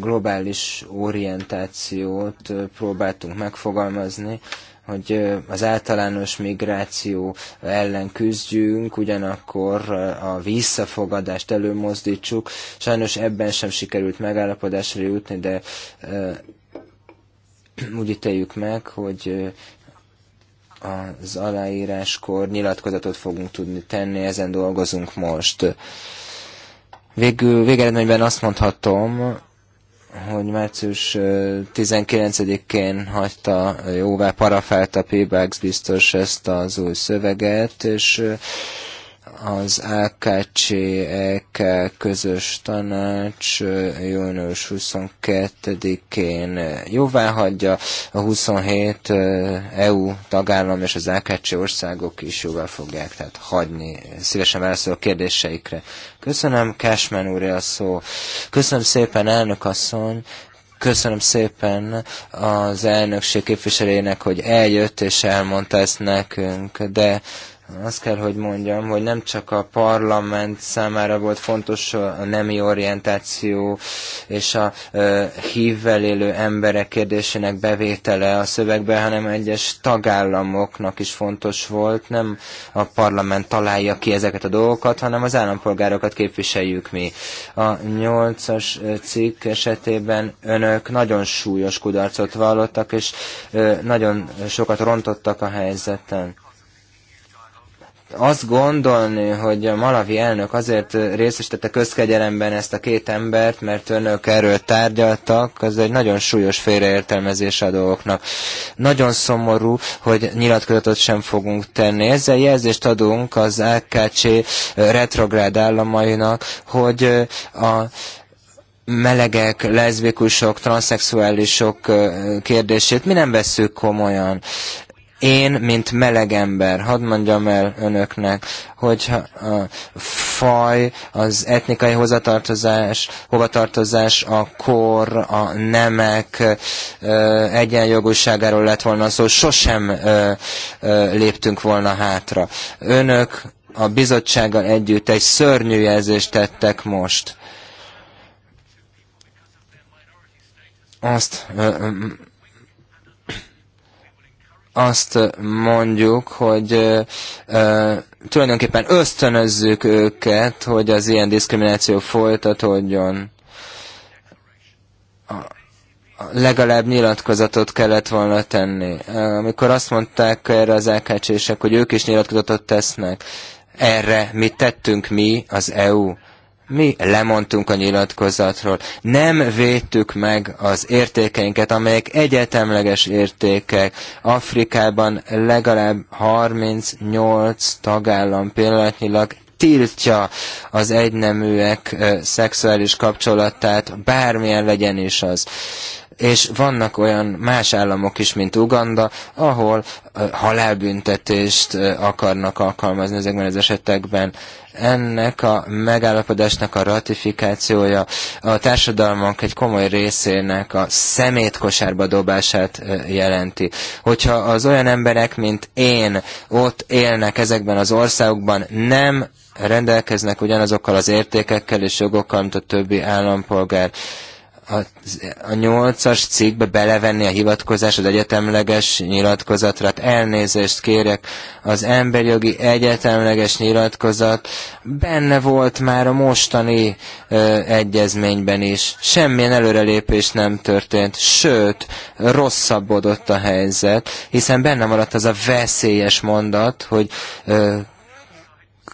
globális orientációt próbáltunk megfogalmazni, hogy az általános migráció ellen küzdjünk, ugyanakkor a visszafogadást előmozdítsuk. Sajnos ebben sem sikerült megállapodásra jutni, de úgy ítéljük meg, hogy az aláíráskor nyilatkozatot fogunk tudni tenni, ezen dolgozunk most. Végül végeredményben azt mondhatom, hogy március 19-én hagyta jóvá, a P-Bags biztos ezt az új szöveget, és az AKC-ek e közös tanács június 22-én jóvá hagyja, a 27 EU tagállam és az AKC e országok is jóvá fogják tehát hagyni. Szívesen válaszol a kérdéseikre. Köszönöm, Cashman úr, a szó. Köszönöm szépen, elnök asszony, köszönöm szépen az elnökség képviselőjének, hogy eljött és elmondta ezt nekünk, de azt kell, hogy mondjam, hogy nem csak a parlament számára volt fontos a nemi orientáció és a ö, hívvel élő emberek kérdésének bevétele a szövegbe, hanem egyes tagállamoknak is fontos volt. Nem a parlament találja ki ezeket a dolgokat, hanem az állampolgárokat képviseljük mi. A nyolcas cikk esetében önök nagyon súlyos kudarcot vallottak, és ö, nagyon sokat rontottak a helyzeten azt gondolni, hogy a malavi elnök azért részesítette közkegyelemben ezt a két embert, mert önök erről tárgyaltak, az egy nagyon súlyos félreértelmezés a dolgoknak. Nagyon szomorú, hogy nyilatkozatot sem fogunk tenni. Ezzel jelzést adunk az AKC retrográd államainak, hogy a melegek, leszbikusok, transzexuálisok kérdését mi nem veszük komolyan. Én, mint meleg ember, hadd mondjam el önöknek, hogyha a faj, az etnikai hozatartozás, hovatartozás, a kor, a nemek egyenjogúságáról lett volna szó, sosem léptünk volna hátra. Önök a bizottsággal együtt egy szörnyű jelzést tettek most. Azt azt mondjuk, hogy ö, ö, tulajdonképpen ösztönözzük őket, hogy az ilyen diszkrimináció folytatódjon. A, legalább nyilatkozatot kellett volna tenni. Amikor azt mondták erre az AKC-sek, hogy ők is nyilatkozatot tesznek, erre mit tettünk mi, az EU? Mi lemondtunk a nyilatkozatról. Nem védtük meg az értékeinket, amelyek egyetemleges értékek. Afrikában legalább 38 tagállam pillanatnyilag tiltja az egyneműek szexuális kapcsolatát, bármilyen legyen is az. És vannak olyan más államok is, mint Uganda, ahol halálbüntetést akarnak alkalmazni ezekben az esetekben ennek a megállapodásnak a ratifikációja a társadalmak egy komoly részének a szemétkosárba dobását jelenti. Hogyha az olyan emberek, mint én, ott élnek ezekben az országokban, nem rendelkeznek ugyanazokkal az értékekkel és jogokkal, mint a többi állampolgár, a, a nyolcas cikkbe belevenni a hivatkozás az egyetemleges nyilatkozatra. Hát elnézést kérek, az emberjogi egyetemleges nyilatkozat benne volt már a mostani ö, egyezményben is. Semmilyen előrelépés nem történt, sőt, rosszabbodott a helyzet, hiszen benne maradt az a veszélyes mondat, hogy ö,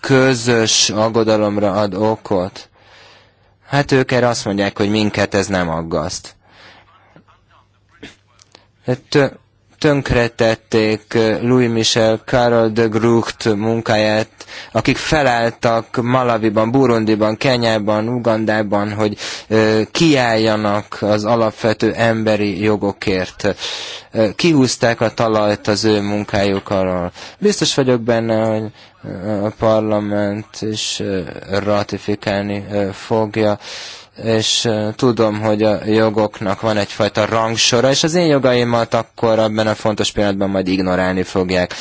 közös aggodalomra ad okot Hát ők erre azt mondják, hogy minket ez nem aggaszt. Hát, tönkretették Louis Michel, Karol de Grucht munkáját, akik felálltak Malaviban, Burundiban, Kenyában, Ugandában, hogy kiálljanak az alapvető emberi jogokért. Kihúzták a talajt az ő munkájuk arról. Biztos vagyok benne, hogy a parlament is ratifikálni fogja, és tudom, hogy a jogoknak van egyfajta rangsora, és az én jogaimat akkor abban a fontos pillanatban majd ignorálni fogják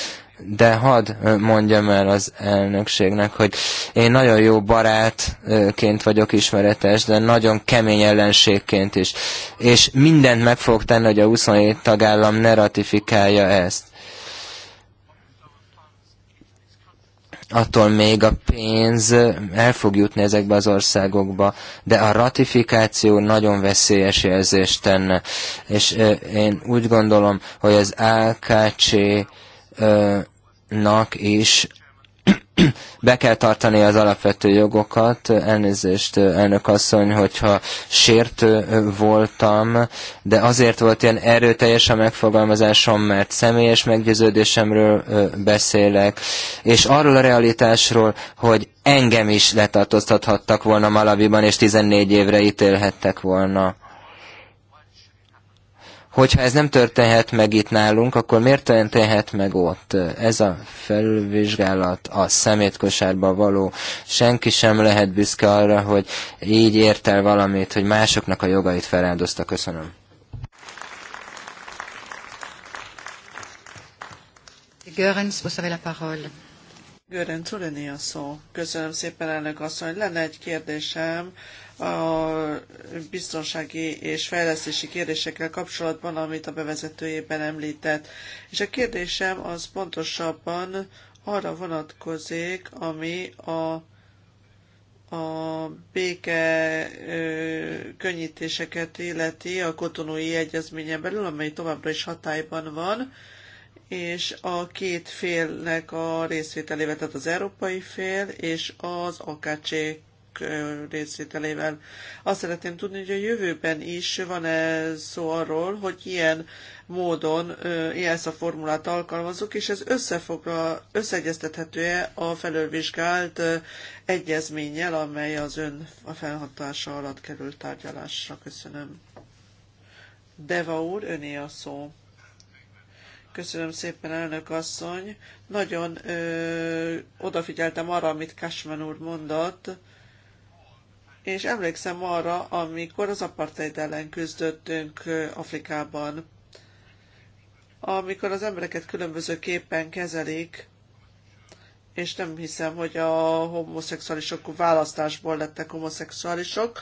de hadd mondjam el az elnökségnek, hogy én nagyon jó barátként vagyok ismeretes, de nagyon kemény ellenségként is. És mindent meg fogok tenni, hogy a 27 tagállam ne ratifikálja ezt. attól még a pénz el fog jutni ezekbe az országokba, de a ratifikáció nagyon veszélyes jelzést tenne. És én úgy gondolom, hogy az AKC nak is be kell tartani az alapvető jogokat. Elnézést, elnök asszony, hogyha sértő voltam, de azért volt ilyen erőteljes a megfogalmazásom, mert személyes meggyőződésemről beszélek, és arról a realitásról, hogy engem is letartóztathattak volna Malaviban, és 14 évre ítélhettek volna. Hogyha ez nem történhet meg itt nálunk, akkor miért történhet meg ott? Ez a felülvizsgálat a szemétkosárba való. Senki sem lehet büszke arra, hogy így ért el valamit, hogy másoknak a jogait feláldozta. Köszönöm.
Görens, vous avez la parole. Görens,
a szó. Köszönöm szépen, elnök asszony. Lenne egy kérdésem a biztonsági és fejlesztési kérdésekkel kapcsolatban, amit a bevezetőjében említett. És a kérdésem az pontosabban arra vonatkozik, ami a a béke ö, könnyítéseket illeti a kotonói egyezményen belül, amely továbbra is hatályban van, és a két félnek a részvételével, tehát az európai fél és az AKC részvételével. Azt szeretném tudni, hogy a jövőben is van-e szó arról, hogy ilyen módon ezt a formulát alkalmazzuk, és ez összefogla, összeegyeztethető-e a felülvizsgált egyezménnyel, amely az ön a felhatása alatt került tárgyalásra. Köszönöm. Deva úr, öné a szó. Köszönöm szépen, elnök asszony. Nagyon ö, odafigyeltem arra, amit Kasman úr mondott, és emlékszem arra, amikor az apartheid ellen küzdöttünk Afrikában, amikor az embereket különböző képen kezelik, és nem hiszem, hogy a homoszexuálisok választásból lettek homoszexuálisok,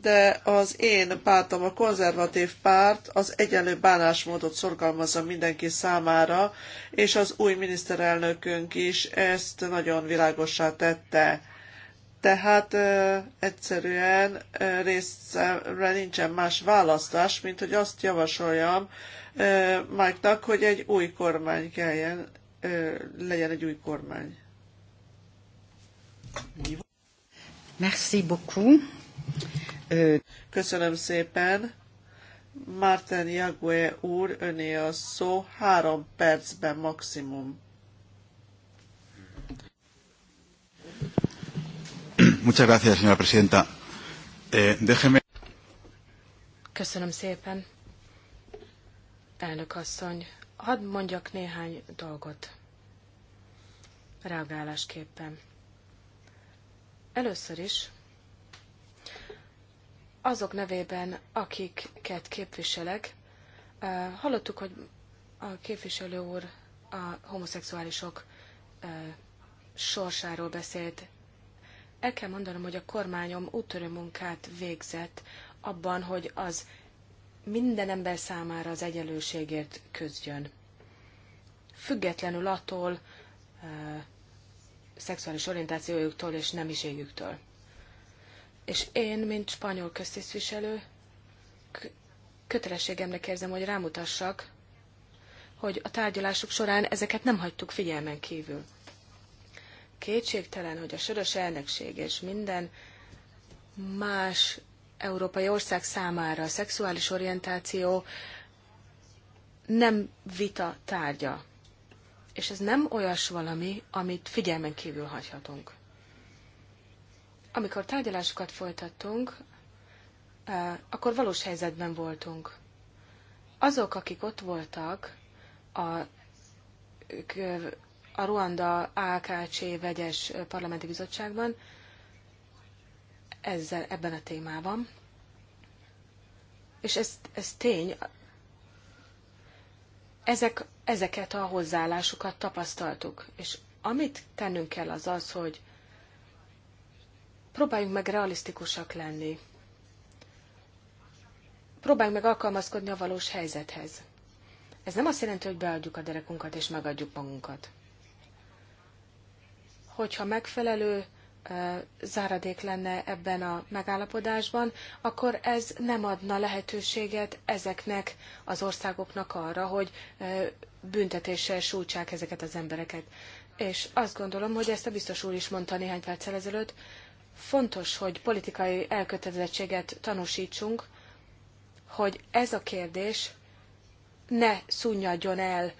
de az én pártom, a konzervatív párt az egyenlő bánásmódot szorgalmazza mindenki számára, és az új miniszterelnökünk is ezt nagyon világossá tette. Tehát ö, egyszerűen ö, részemre nincsen más választás, mint hogy azt javasoljam Mike-nak, hogy egy új kormány kelljen, ö, legyen egy új kormány.
Merci beaucoup.
Köszönöm szépen. Márten Jagué úr, öné a szó három percben maximum.
Muchas gracias, señora presidenta. Eh, déjeme...
Köszönöm szépen, elnök asszony. Hadd mondjak néhány dolgot reagálásképpen. Először is azok nevében, akiket képviselek, hallottuk, hogy a képviselő úr a homoszexuálisok sorsáról beszélt. El kell mondanom, hogy a kormányom úttörő munkát végzett abban, hogy az minden ember számára az egyenlőségért küzdjön. Függetlenül attól, szexuális orientációjuktól és nemiségüktől. És én, mint spanyol köztisztviselő, kötelességemnek érzem, hogy rámutassak, hogy a tárgyalások során ezeket nem hagytuk figyelmen kívül. Kétségtelen, hogy a sörös elnökség és minden más európai ország számára a szexuális orientáció nem vita tárgya. És ez nem olyas valami, amit figyelmen kívül hagyhatunk amikor tárgyalásokat folytattunk, akkor valós helyzetben voltunk. Azok, akik ott voltak, a, ők, a Ruanda AKC vegyes parlamenti bizottságban, ezzel, ebben a témában. És ez, ez tény, ezek, ezeket a hozzáállásukat tapasztaltuk. És amit tennünk kell az az, hogy Próbáljunk meg realisztikusak lenni. Próbáljunk meg alkalmazkodni a valós helyzethez. Ez nem azt jelenti, hogy beadjuk a derekunkat és megadjuk magunkat. Hogyha megfelelő záradék lenne ebben a megállapodásban, akkor ez nem adna lehetőséget ezeknek az országoknak arra, hogy büntetéssel sújtsák ezeket az embereket. És azt gondolom, hogy ezt a biztos úr is mondta néhány perccel ezelőtt, Fontos, hogy politikai elkötelezettséget tanúsítsunk, hogy ez a kérdés ne szunnyadjon el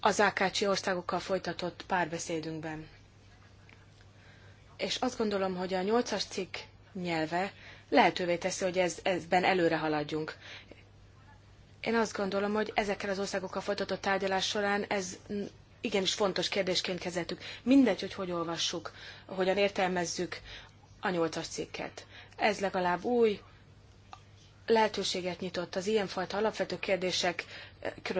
az ákácsi országokkal folytatott párbeszédünkben. És azt gondolom, hogy a nyolcas cikk nyelve lehetővé teszi, hogy ez, ezben előre haladjunk. Én azt gondolom, hogy ezekkel az országokkal folytatott tárgyalás során ez igenis fontos kérdésként kezeltük. Mindegy, hogy hogy olvassuk, hogyan értelmezzük a nyolcas cikket. Ez legalább új lehetőséget nyitott az ilyenfajta alapvető kérdések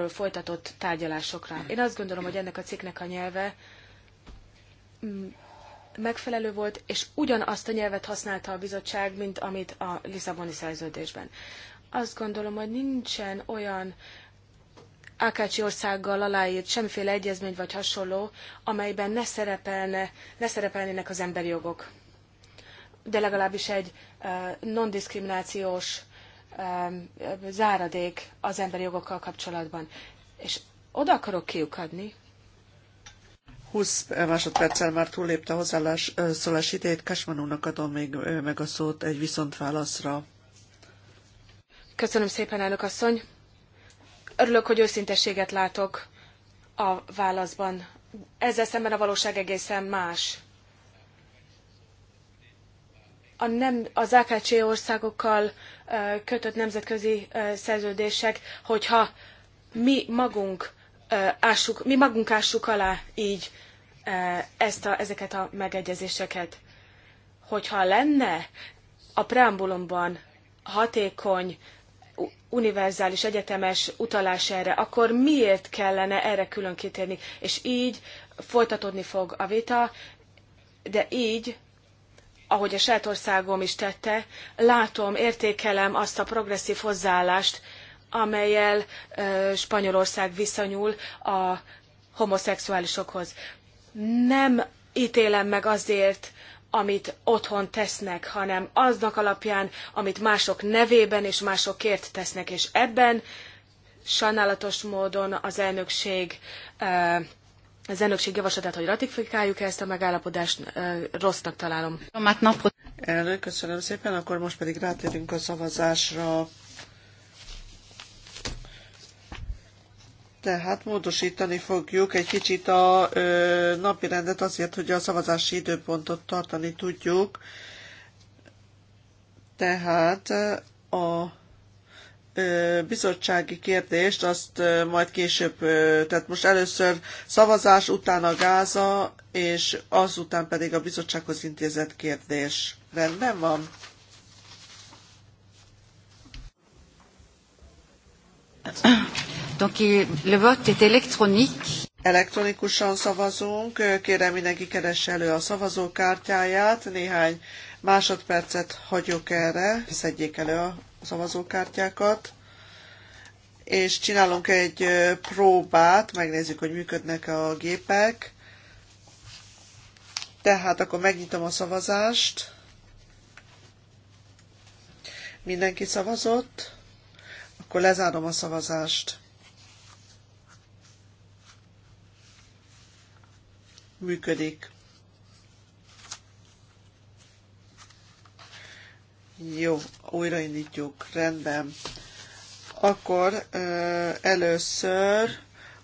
folytatott tárgyalásokra. Én azt gondolom, hogy ennek a cikknek a nyelve mm, megfelelő volt, és ugyanazt a nyelvet használta a bizottság, mint amit a Lisszaboni szerződésben. Azt gondolom, hogy nincsen olyan Ákácsi országgal aláírt semmiféle egyezmény vagy hasonló, amelyben ne, szerepelne, ne szerepelnének az emberi jogok de legalábbis egy non-diszkriminációs záradék az emberi jogokkal kapcsolatban. És oda akarok kiukadni.
20 másodperccel már túllépte a hozzáállás szólás idejét. Kasmanónak adom még meg a szót egy viszontválaszra.
Köszönöm szépen, elnök asszony. Örülök, hogy őszintességet látok a válaszban. Ezzel szemben a valóság egészen más a nem, az AKC országokkal kötött nemzetközi szerződések, hogyha mi magunk ássuk, mi magunk ássuk alá így ezt a, ezeket a megegyezéseket. Hogyha lenne a preambulumban hatékony, univerzális, egyetemes utalás erre, akkor miért kellene erre külön kitérni? És így folytatódni fog a vita, de így ahogy a saját országom is tette, látom, értékelem azt a progresszív hozzáállást, amelyel Spanyolország viszonyul a homoszexuálisokhoz. Nem ítélem meg azért, amit otthon tesznek, hanem aznak alapján, amit mások nevében és másokért tesznek, és ebben sajnálatos módon az elnökség az elnökség javaslatát, hogy ratifikáljuk -e ezt a megállapodást, rossznak találom.
Elnök, köszönöm szépen, akkor most pedig rátérünk a szavazásra. Tehát módosítani fogjuk egy kicsit a ö, napi rendet azért, hogy a szavazási időpontot tartani tudjuk. Tehát a bizottsági kérdést, azt majd később, tehát most először szavazás, utána Gáza, és azután pedig a bizottsághoz intézett kérdés.
Rendben van? Donc le vote est électronique. Elektronikusan
szavazunk, kérem mindenki keresse elő a szavazókártyáját, néhány másodpercet hagyok erre, szedjék elő a szavazókártyákat, és csinálunk egy próbát, megnézzük, hogy működnek a gépek. Tehát akkor megnyitom a szavazást. Mindenki szavazott? Akkor lezárom a szavazást. Működik. Jó, újraindítjuk, rendben. Akkor először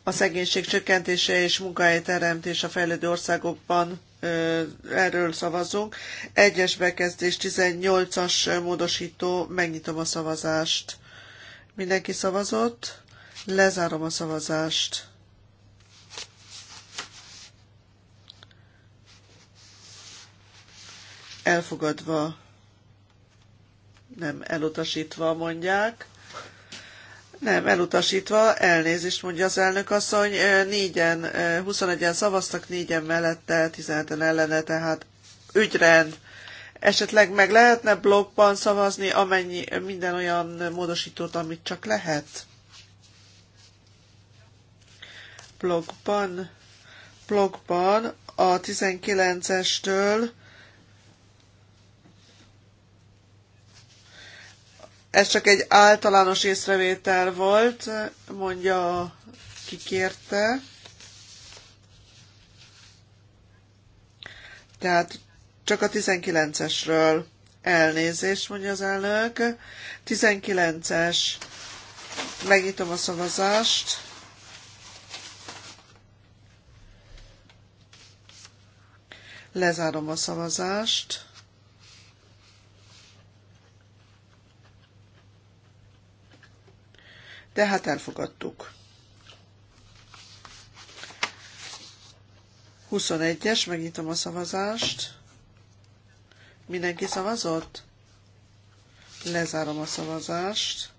a szegénység csökkentése és munkahelyteremtés a fejlődő országokban erről szavazunk. Egyes bekezdés 18-as módosító, megnyitom a szavazást. Mindenki szavazott? Lezárom a szavazást. Elfogadva nem elutasítva mondják. Nem, elutasítva, elnézést mondja az elnök asszony, négyen, 21-en szavaztak, négyen mellette, 17-en ellene, tehát ügyrend. Esetleg meg lehetne blogban szavazni amennyi, minden olyan módosítót, amit csak lehet? Blogban, blogban a 19-estől Ez csak egy általános észrevétel volt, mondja kikérte. Tehát csak a 19-esről elnézést, mondja az elnök. 19-es. Megnyitom a szavazást. Lezárom a szavazást. de hát elfogadtuk. 21-es, megnyitom a szavazást. Mindenki szavazott? Lezárom a szavazást.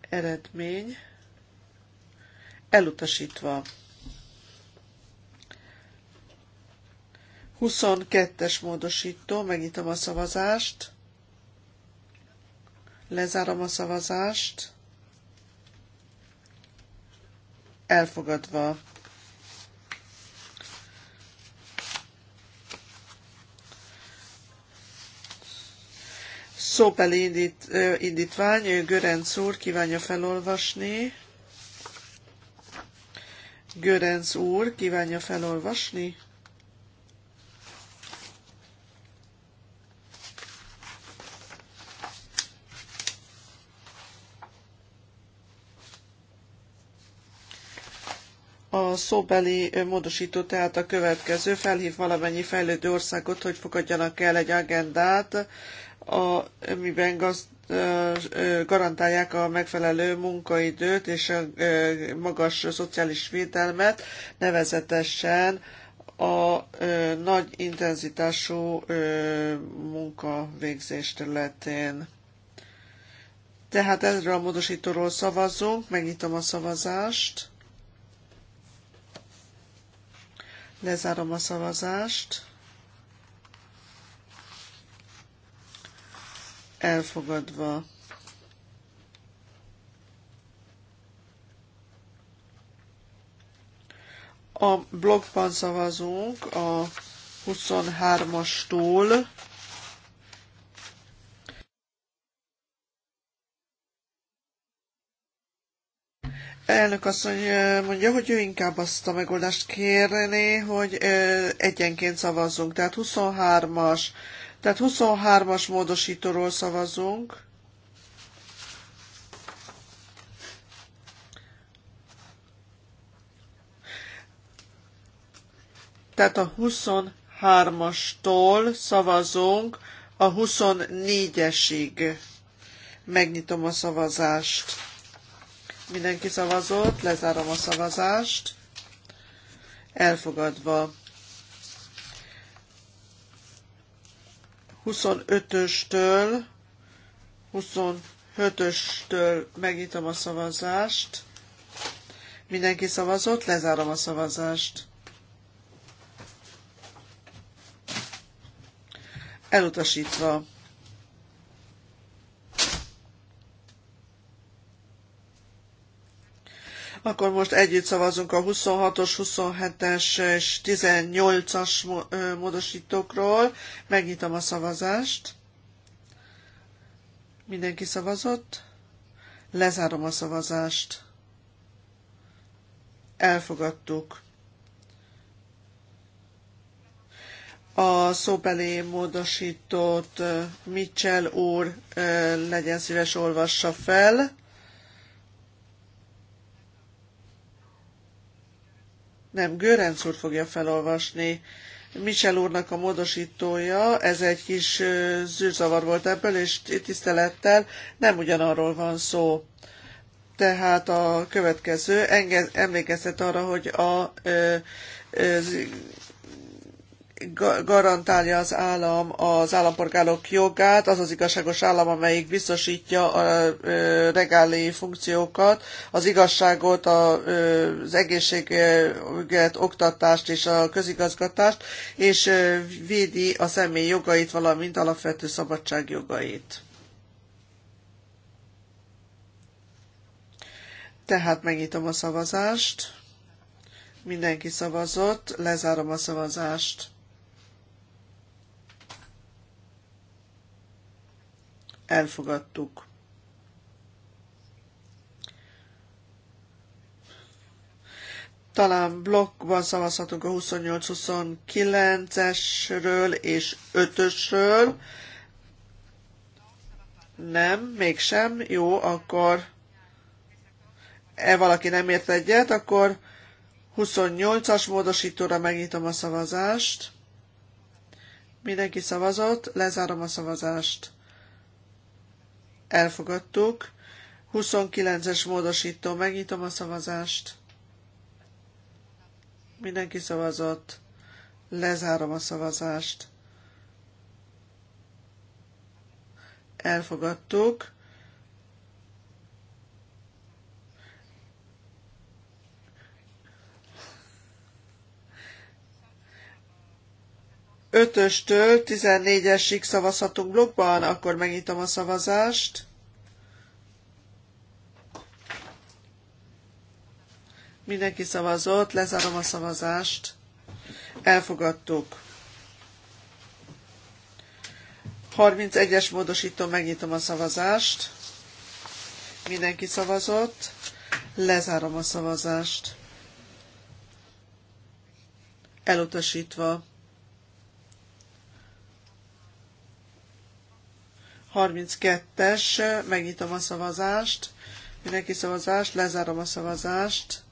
Eredmény. Elutasítva. 22-es módosító, megnyitom a szavazást, lezárom a szavazást, elfogadva. Szópeli indít, indítvány, Görenc úr kívánja felolvasni. Görenc úr kívánja felolvasni. szóbeli módosító tehát a következő, felhív valamennyi fejlődő országot, hogy fogadjanak el egy agendát, a, miben gaz garantálják a megfelelő munkaidőt és a magas szociális védelmet, nevezetesen a nagy intenzitású munkavégzés területén. Tehát erről a módosítóról szavazzunk, megnyitom a szavazást. Lezárom a szavazást. Elfogadva. A blogban szavazunk a 23-astól Elnök asszony mondja, hogy ő inkább azt a megoldást kérné, hogy egyenként szavazzunk, tehát 23-as, tehát 23-as módosítóról szavazunk. Tehát a 23-astól szavazunk a 24-esig. Megnyitom a szavazást. Mindenki szavazott, lezárom a szavazást. Elfogadva. 25-östől 25-östől megnyitom a szavazást. Mindenki szavazott, lezárom a szavazást. Elutasítva. Akkor most együtt szavazunk a 26-os, 27-es és 18-as módosítókról. Megnyitom a szavazást. Mindenki szavazott. Lezárom a szavazást. Elfogadtuk. a szóbeli módosított Mitchell úr legyen szíves olvassa fel. nem, Görenc úr fogja felolvasni. Michel úrnak a módosítója, ez egy kis zűrzavar volt ebből, és tisztelettel nem ugyanarról van szó. Tehát a következő enged, emlékeztet arra, hogy a ö, ö, garantálja az állam az állampolgárok jogát, az az igazságos állam, amelyik biztosítja a regáli funkciókat, az igazságot, az egészséget, oktatást és a közigazgatást, és védi a személy jogait, valamint alapvető szabadságjogait. Tehát megnyitom a szavazást. Mindenki szavazott, lezárom a szavazást. elfogadtuk. Talán blokkban szavazhatunk a 28-29-esről és 5-ösről. Nem, mégsem. Jó, akkor e valaki nem ért egyet, akkor 28-as módosítóra megnyitom a szavazást. Mindenki szavazott, lezárom a szavazást elfogadtuk. 29-es módosító, megnyitom a szavazást. Mindenki szavazott. Lezárom a szavazást. Elfogadtuk. 5-östől 14-esig szavazhatunk blokkban, akkor megnyitom a szavazást. Mindenki szavazott, lezárom a szavazást. Elfogadtuk. 31-es módosító, megnyitom a szavazást. Mindenki szavazott. Lezárom a szavazást. Elutasítva. 32-es, megnyitom a szavazást, mindenki szavazást, lezárom a szavazást.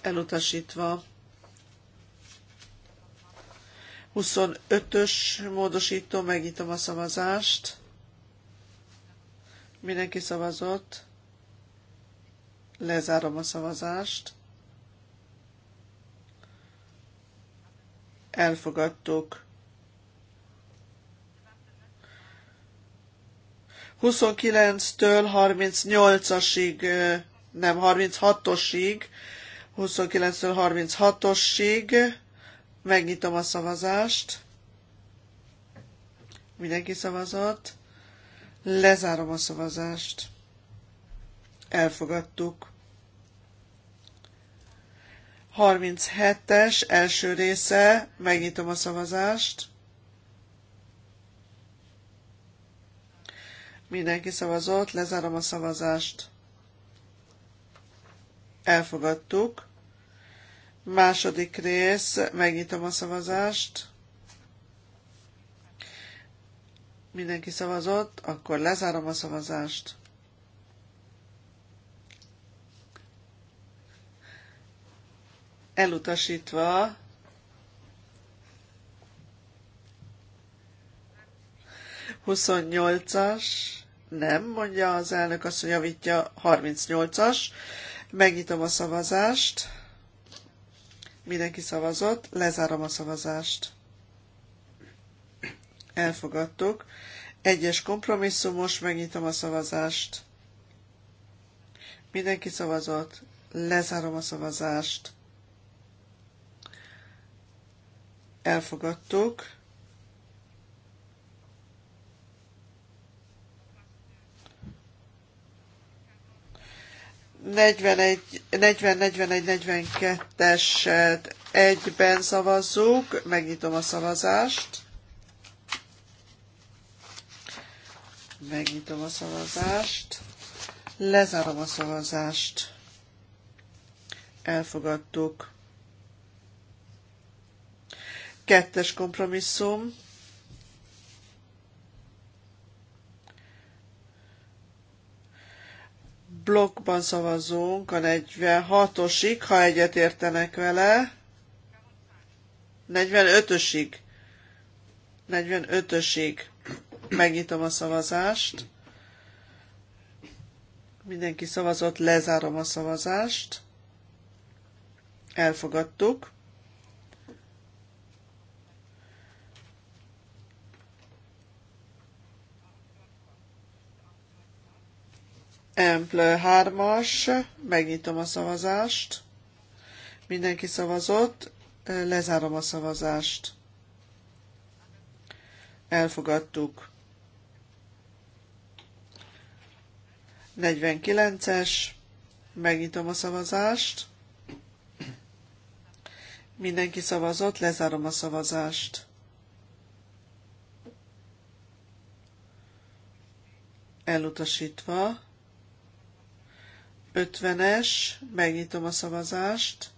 Elutasítva. 25-ös módosító, megnyitom a szavazást. Mindenki szavazott. Lezárom a szavazást. elfogadtuk. 29-től 38-asig, nem 36-osig, 29-től 36-osig, megnyitom a szavazást. Mindenki szavazott. Lezárom a szavazást. Elfogadtuk. 37-es első része, megnyitom a szavazást. Mindenki szavazott, lezárom a szavazást. Elfogadtuk. Második rész, megnyitom a szavazást. Mindenki szavazott, akkor lezárom a szavazást. elutasítva huszonnyolcas, nem, mondja az elnök azt, hogy javítja 38-as. Megnyitom a szavazást. Mindenki szavazott, lezárom a szavazást. Elfogadtuk. Egyes kompromisszum. Most megnyitom a szavazást. Mindenki szavazott, lezárom a szavazást. elfogadtuk. Negyvenegy, 40 41 42 egyben szavazzuk, megnyitom a szavazást. Megnyitom a szavazást. Lezárom a szavazást. Elfogadtuk. Kettes kompromisszum. Blokkban szavazunk a 46-osig, ha egyet értenek vele. 45-ösig. 45-ösig. Megnyitom a szavazást. Mindenki szavazott, lezárom a szavazást. Elfogadtuk. Emple 3-as, megnyitom a szavazást. Mindenki szavazott, lezárom a szavazást. Elfogadtuk. 49-es, megnyitom a szavazást. Mindenki szavazott, lezárom a szavazást. Elutasítva. 50-es, megnyitom a szavazást.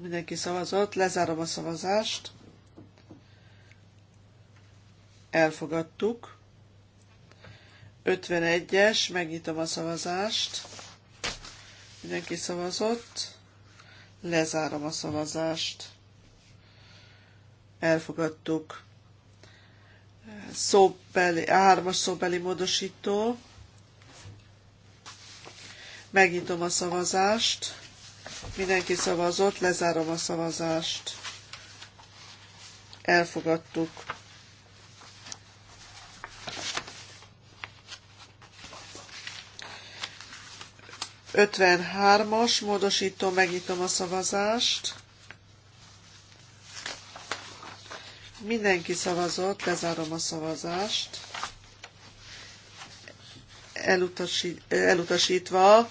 Mindenki szavazott, lezárom a szavazást. Elfogadtuk. 51-es, megnyitom a szavazást. Mindenki szavazott. Lezárom a szavazást. Elfogadtuk. Szóbeli, hármas szóbeli módosító. Megnyitom a szavazást. Mindenki szavazott, lezárom a szavazást. Elfogadtuk. Ötvenhármas módosító, megnyitom a szavazást. Mindenki szavazott, lezárom a szavazást elutasít, elutasítva.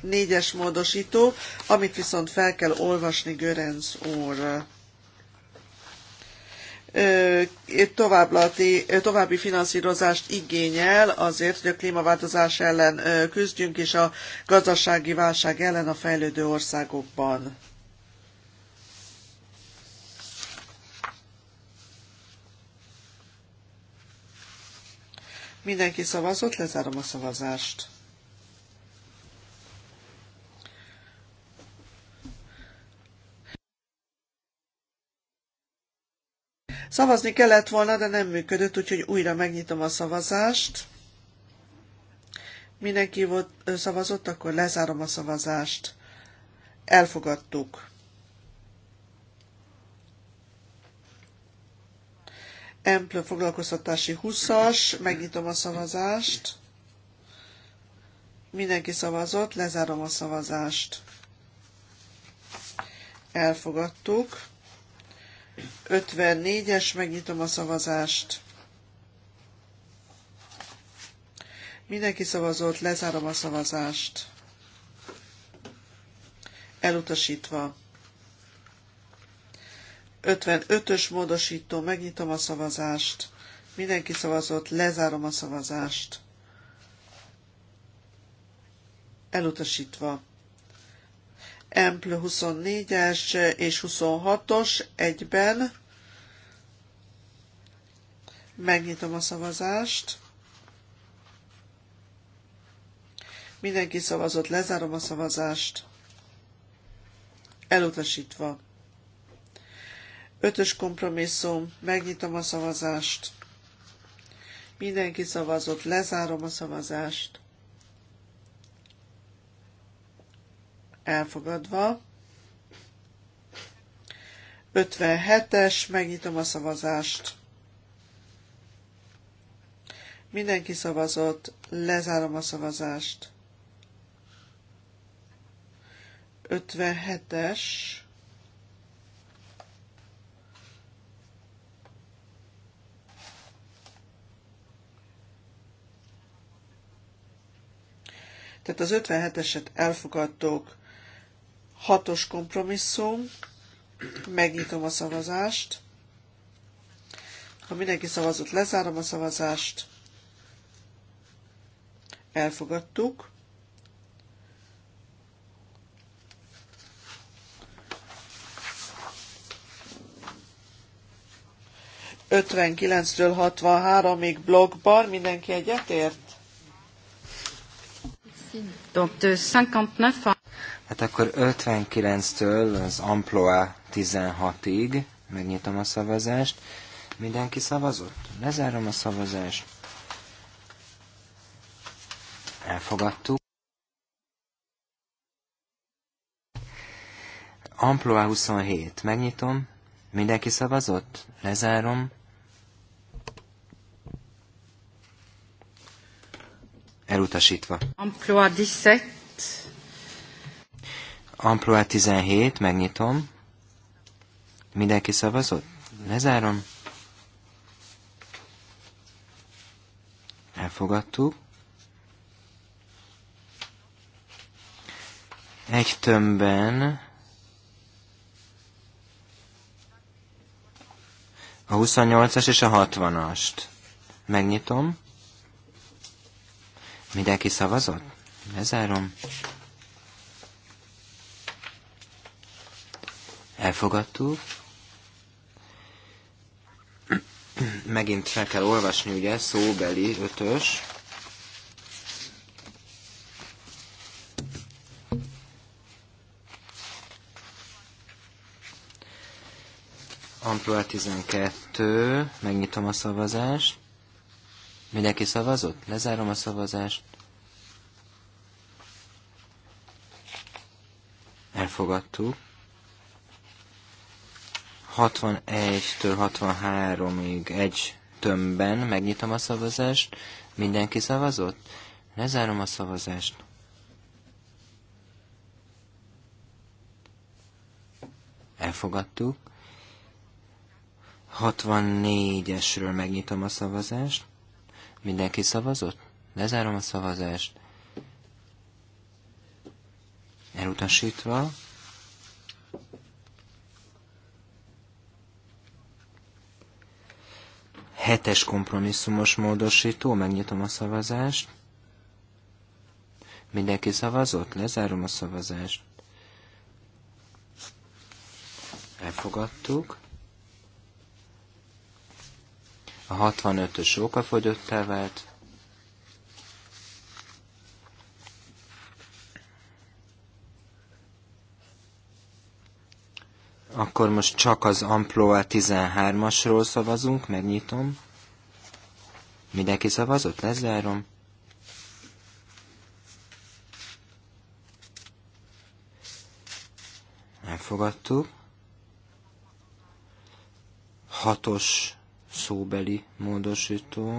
Négyes módosító, amit viszont fel kell olvasni Görenc úr továbblati, további finanszírozást igényel azért, hogy a klímaváltozás ellen küzdjünk, és a gazdasági válság ellen a fejlődő országokban. Mindenki szavazott, lezárom a szavazást. Szavazni kellett volna, de nem működött, úgyhogy újra megnyitom a szavazást. Mindenki volt, szavazott, akkor lezárom a szavazást. Elfogadtuk. Emplő foglalkoztatási 20-as, megnyitom a szavazást. Mindenki szavazott, lezárom a szavazást. Elfogadtuk. 54-es, megnyitom a szavazást. Mindenki szavazott, lezárom a szavazást. Elutasítva. 55-ös módosító, megnyitom a szavazást. Mindenki szavazott, lezárom a szavazást. Elutasítva. Empl 24-es és 26-os egyben. Megnyitom a szavazást. Mindenki szavazott, lezárom a szavazást. Elutasítva. Ötös kompromisszum, megnyitom a szavazást. Mindenki szavazott, lezárom a szavazást. Elfogadva. 57-es, megnyitom a szavazást. Mindenki szavazott, lezárom a szavazást. 57-es. Tehát az 57-eset elfogadtuk. Hatos kompromisszum. Megnyitom a szavazást. Ha mindenki szavazott, lezárom a szavazást. Elfogadtuk. Ötvenkilencről 63 még blogban mindenki
egyetért? Donc de 59
Hát akkor 59-től az Amploa 16-ig megnyitom a szavazást. Mindenki szavazott? Lezárom a szavazást. Elfogadtuk. Amploa 27. Megnyitom. Mindenki szavazott? Lezárom. elutasítva.
Amplua 17.
Amplua 17, megnyitom. Mindenki szavazott? Lezárom. Elfogadtuk. Egy tömbben a 28-as és a 60-ast. Megnyitom. Mindenki szavazott? Lezárom. Elfogadtuk. Megint fel kell olvasni, ugye, szóbeli ötös. Amplua 12, megnyitom a szavazást. Mindenki szavazott? Lezárom a szavazást. Elfogadtuk. 61-től 63-ig egy tömbben megnyitom a szavazást. Mindenki szavazott? Lezárom a szavazást. Elfogadtuk. 64-esről megnyitom a szavazást. Mindenki szavazott? Lezárom a szavazást. Elutasítva. Hetes kompromisszumos módosító, megnyitom a szavazást. Mindenki szavazott? Lezárom a szavazást. Elfogadtuk. A 65-ös okafogyottá vált. Akkor most csak az Amploa 13-asról szavazunk, megnyitom. Mindenki szavazott? Lezárom. Elfogadtuk. Hatos szóbeli módosító.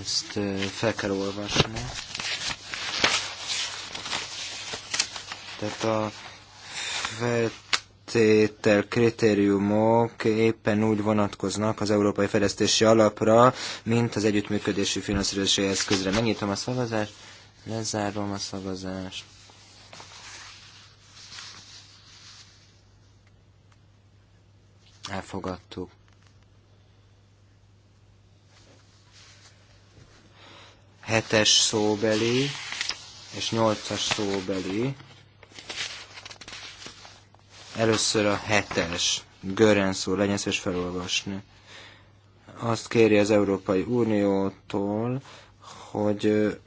Ezt eh, fel kell olvasni. Tehát a feltétel kritériumok éppen úgy vonatkoznak az Európai Fejlesztési Alapra, mint az együttműködési finanszírozási eszközre. Megnyitom a szavazást, lezárom a szavazást. Elfogadtuk. Hetes szóbeli és nyolcas szóbeli. Először a hetes. görön szó, legyen szíves felolvasni. Azt kéri az Európai Uniótól, hogy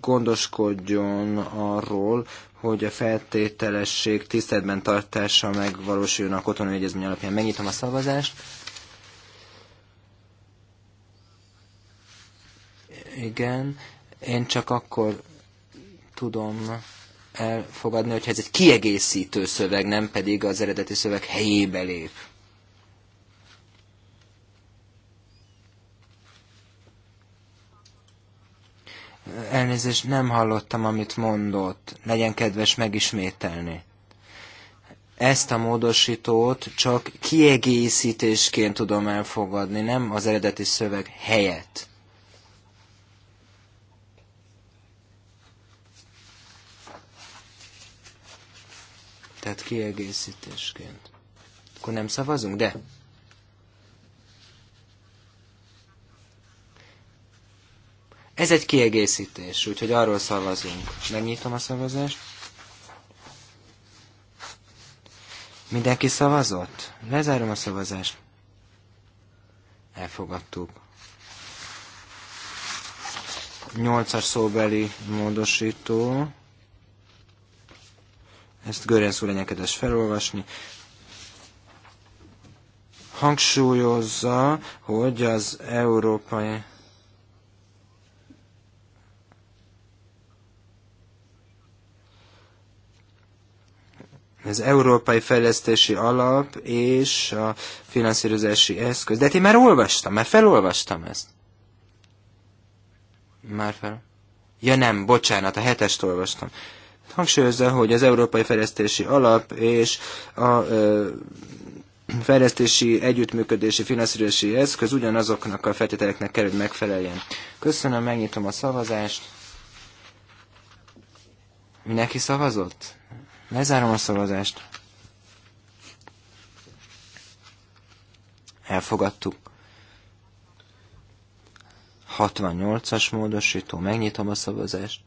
gondoskodjon arról, hogy a feltételesség tiszteletben tartása megvalósuljon a kotonai egyezmény alapján. Megnyitom a szavazást. Igen, én csak akkor tudom elfogadni, hogyha ez egy kiegészítő szöveg, nem pedig az eredeti szöveg helyébe lép. elnézést, nem hallottam, amit mondott. Legyen kedves megismételni. Ezt a módosítót csak kiegészítésként tudom elfogadni, nem az eredeti szöveg helyett. Tehát kiegészítésként. Akkor nem szavazunk, de... Ez egy kiegészítés, úgyhogy arról szavazunk. Megnyitom a szavazást. Mindenki szavazott? Lezárom a szavazást. Elfogadtuk. Nyolcas szóbeli módosító. Ezt Görenc úr enyekedes felolvasni. Hangsúlyozza, hogy az európai az Európai Fejlesztési Alap és a finanszírozási eszköz. De hát én már olvastam, már felolvastam ezt. Már fel. Ja nem, bocsánat, a hetest olvastam. Hangsúlyozza, hogy az Európai Fejlesztési Alap és a ö, fejlesztési együttműködési finanszírozási eszköz ugyanazoknak a feltételeknek kell, hogy megfeleljen. Köszönöm, megnyitom a szavazást. Mindenki szavazott? Lezárom a szavazást. Elfogadtuk. 68-as módosító, megnyitom a szavazást.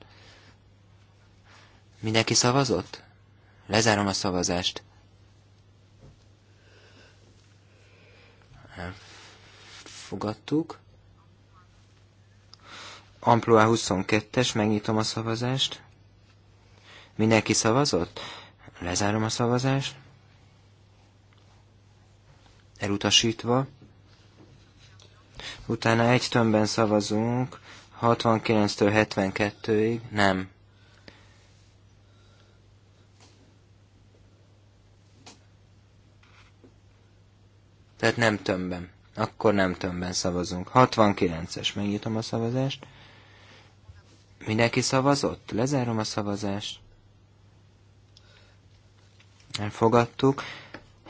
Mindenki szavazott? Lezárom a szavazást. Elfogadtuk. Amploa 22-es, megnyitom a szavazást. Mindenki szavazott? Lezárom a szavazást. Elutasítva. Utána egy tömbben szavazunk, 69-től 72-ig. Nem. Tehát nem tömbben. Akkor nem tömbben szavazunk. 69-es. Megnyitom a szavazást. Mindenki szavazott? Lezárom a szavazást elfogadtuk.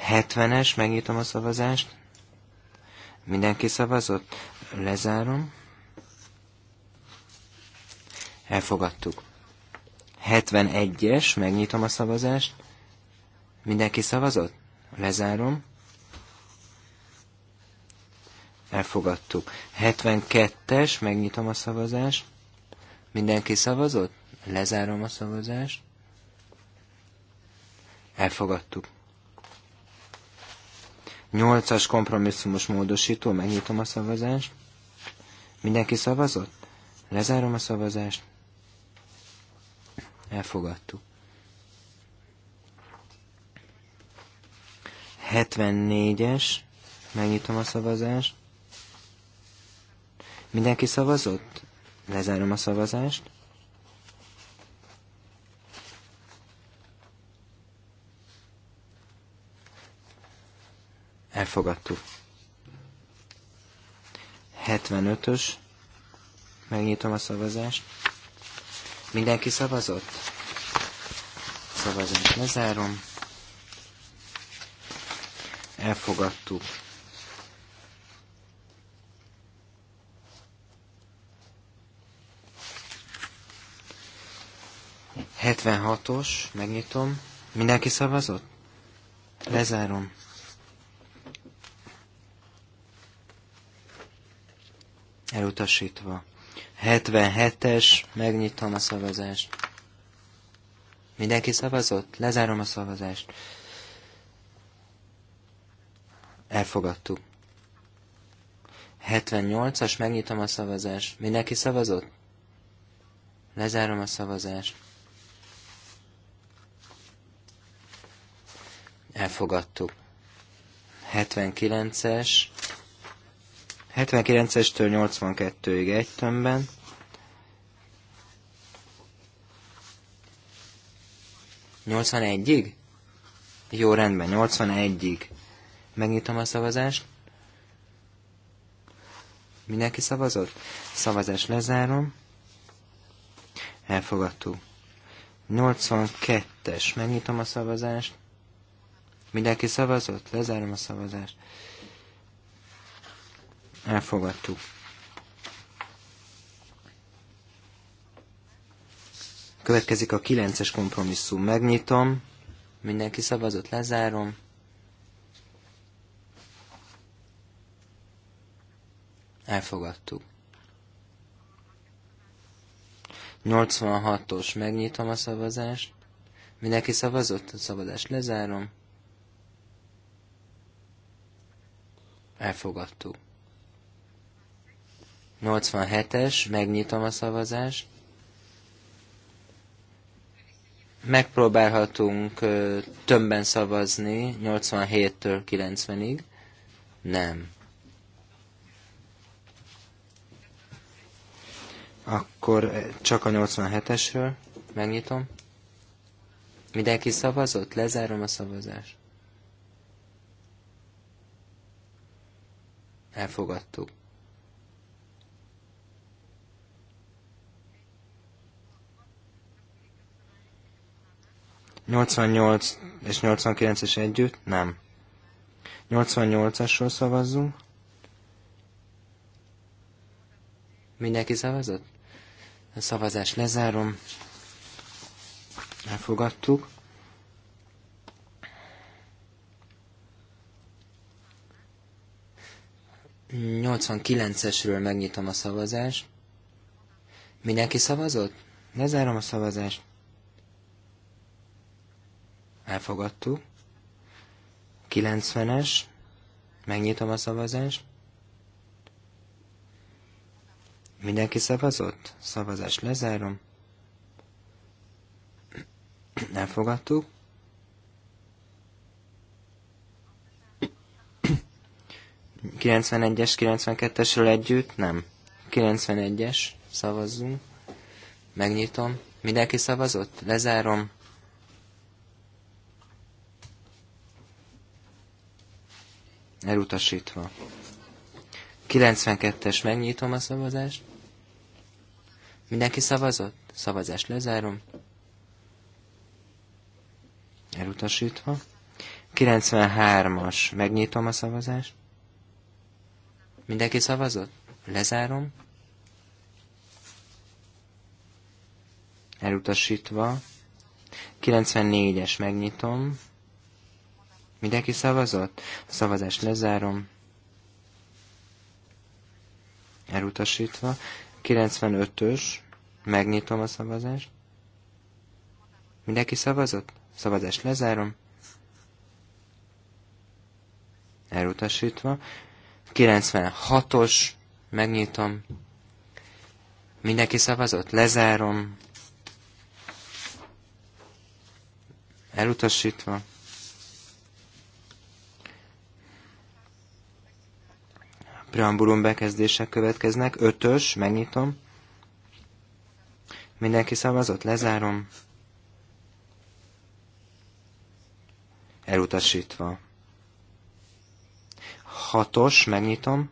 70-es, megnyitom a szavazást. Mindenki szavazott? Lezárom. Elfogadtuk. 71-es, megnyitom a szavazást. Mindenki szavazott? Lezárom. Elfogadtuk. 72-es, megnyitom a szavazást. Mindenki szavazott? Lezárom a szavazást. Elfogadtuk. Nyolcas kompromisszumos módosító, megnyitom a szavazást. Mindenki szavazott? Lezárom a szavazást. Elfogadtuk. 74-es, megnyitom a szavazást. Mindenki szavazott? Lezárom a szavazást. Elfogadtuk. 75-ös. Megnyitom a szavazást. Mindenki szavazott? Szavazást lezárom. Elfogadtuk. Hetvenhatos, megnyitom. Mindenki szavazott? Lezárom. elutasítva. 77-es, megnyitom a szavazást. Mindenki szavazott? Lezárom a szavazást. Elfogadtuk. 78-as, megnyitom a szavazást. Mindenki szavazott? Lezárom a szavazást. Elfogadtuk. 79-es, 79-estől 82-ig egy tömbben. Nyolcvanegyig? Jó, rendben, 81-ig. Megnyitom a szavazást. Mindenki szavazott? Szavazást lezárom. Elfogadtuk. 82-es. Megnyitom a szavazást. Mindenki szavazott? Lezárom a szavazást elfogadtuk. Következik a kilences kompromisszum. Megnyitom, mindenki szavazott, lezárom. Elfogadtuk. 86-os, megnyitom a szavazást. Mindenki szavazott, a szavazást lezárom. Elfogadtuk. 87-es, megnyitom a szavazást. Megpróbálhatunk többen szavazni 87-től 90-ig. Nem. Akkor csak a 87-esről megnyitom. Mindenki szavazott? Lezárom a szavazást. Elfogadtuk. 88 és 89 es együtt? Nem. 88-asról szavazzunk. Mindenki szavazott? A szavazás lezárom. Elfogadtuk. 89-esről megnyitom a szavazást. Mindenki szavazott? Lezárom a szavazást. Elfogadtuk. 90-es. Megnyitom a szavazást. Mindenki szavazott? Szavazást lezárom. Elfogadtuk. Kilencvenegyes, 92-esről együtt? Nem. 91-es, szavazzunk. Megnyitom. Mindenki szavazott? Lezárom. elutasítva. 92-es, megnyitom a szavazást. Mindenki szavazott? Szavazást lezárom. Elutasítva. 93-as, megnyitom a szavazást. Mindenki szavazott? Lezárom. Elutasítva. 94-es, megnyitom. Mindenki szavazott? A szavazást lezárom. Elutasítva. 95-ös. Megnyitom a szavazást. Mindenki szavazott? Szavazást lezárom. Elutasítva. 96-os. Megnyitom. Mindenki szavazott? Lezárom. Elutasítva. preambulum bekezdések következnek. Ötös, megnyitom. Mindenki szavazott, lezárom. Elutasítva. Hatos, megnyitom.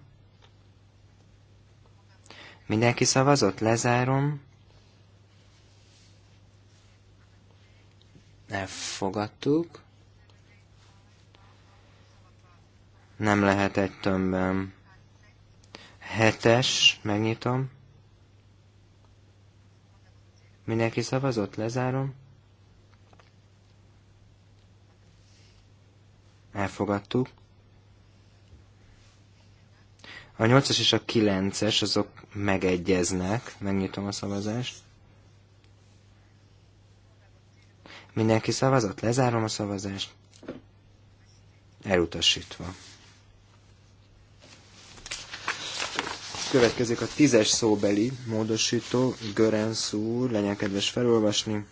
Mindenki szavazott, lezárom. Elfogadtuk. Nem lehet egy tömbben. Hetes, megnyitom. Mindenki szavazott, lezárom. Elfogadtuk. A 8-as és a 9-es azok megegyeznek. Megnyitom a szavazást. Mindenki szavazott, lezárom a szavazást. Elutasítva. Következik a tízes szóbeli módosító, Görensz legyen kedves felolvasni.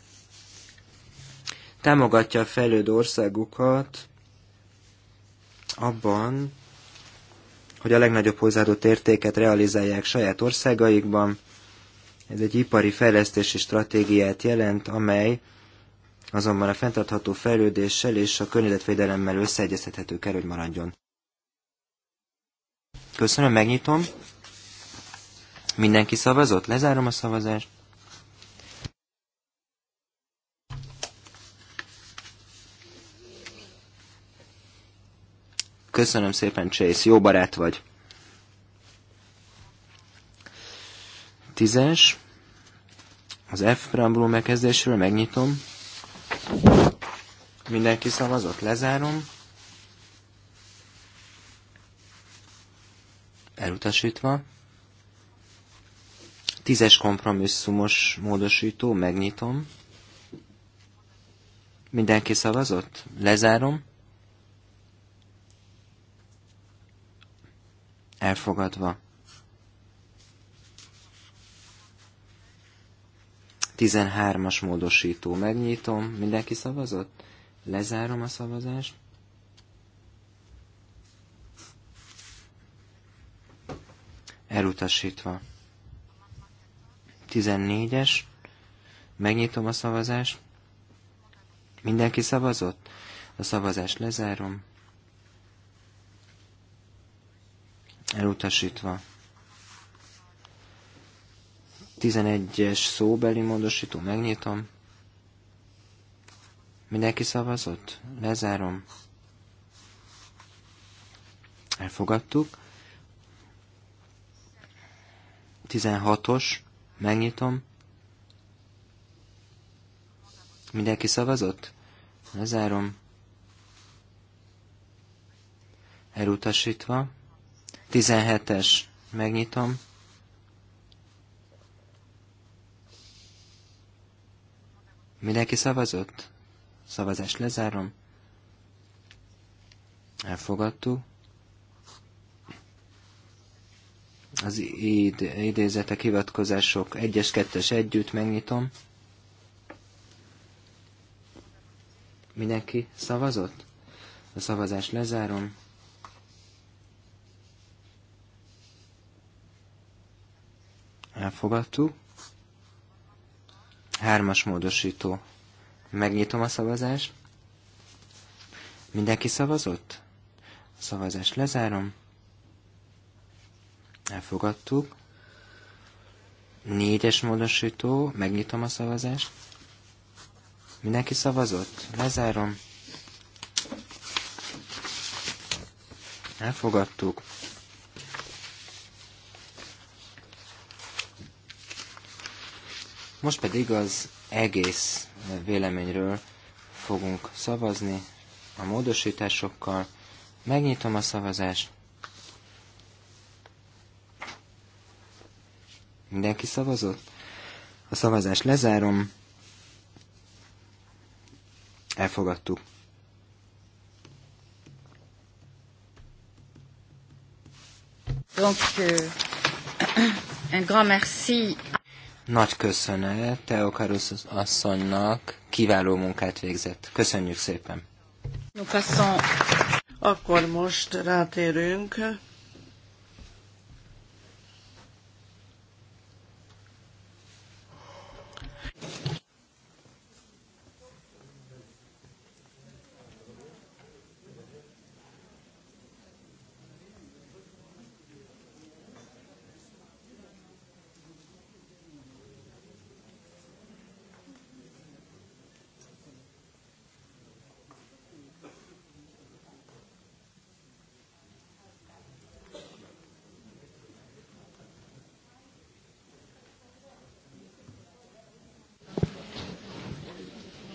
Támogatja a fejlődő országukat abban, hogy a legnagyobb hozzáadott értéket realizálják saját országaikban. Ez egy ipari fejlesztési stratégiát jelent, amely azonban a fenntartható fejlődéssel és a környezetvédelemmel összeegyeztethető kell, hogy maradjon. Köszönöm, megnyitom. Mindenki szavazott? Lezárom a szavazást. Köszönöm szépen, Chase. Jó barát vagy. Tízes. Az F preambuló megkezdésről megnyitom. Mindenki szavazott, lezárom. Elutasítva. Tízes kompromisszumos módosító, megnyitom. Mindenki szavazott? Lezárom. Elfogadva. Tizenhármas módosító, megnyitom. Mindenki szavazott? Lezárom a szavazást. Elutasítva. 14-es. Megnyitom a szavazást. Mindenki szavazott? A szavazást lezárom. Elutasítva. 11-es szóbeli módosító, megnyitom. Mindenki szavazott? Lezárom. Elfogadtuk. 16-os Megnyitom. Mindenki szavazott? Lezárom. Elutasítva. 17-es. Megnyitom. Mindenki szavazott? Szavazást lezárom. Elfogadtuk. az id, idézetek, hivatkozások egyes kettes együtt megnyitom. Mindenki szavazott? A szavazást lezárom. Elfogadtuk. Hármas módosító. Megnyitom a szavazást. Mindenki szavazott? A szavazást lezárom. Elfogadtuk. Négyes módosító, megnyitom a szavazást. Mindenki szavazott? Lezárom. Elfogadtuk. Most pedig az egész véleményről fogunk szavazni a módosításokkal. Megnyitom a szavazást. Mindenki szavazott? A szavazást lezárom. Elfogadtuk.
Donc, euh, un grand merci.
Nagy köszönet Teokarusz asszonynak, kiváló munkát végzett. Köszönjük szépen.
Akkor
most rátérünk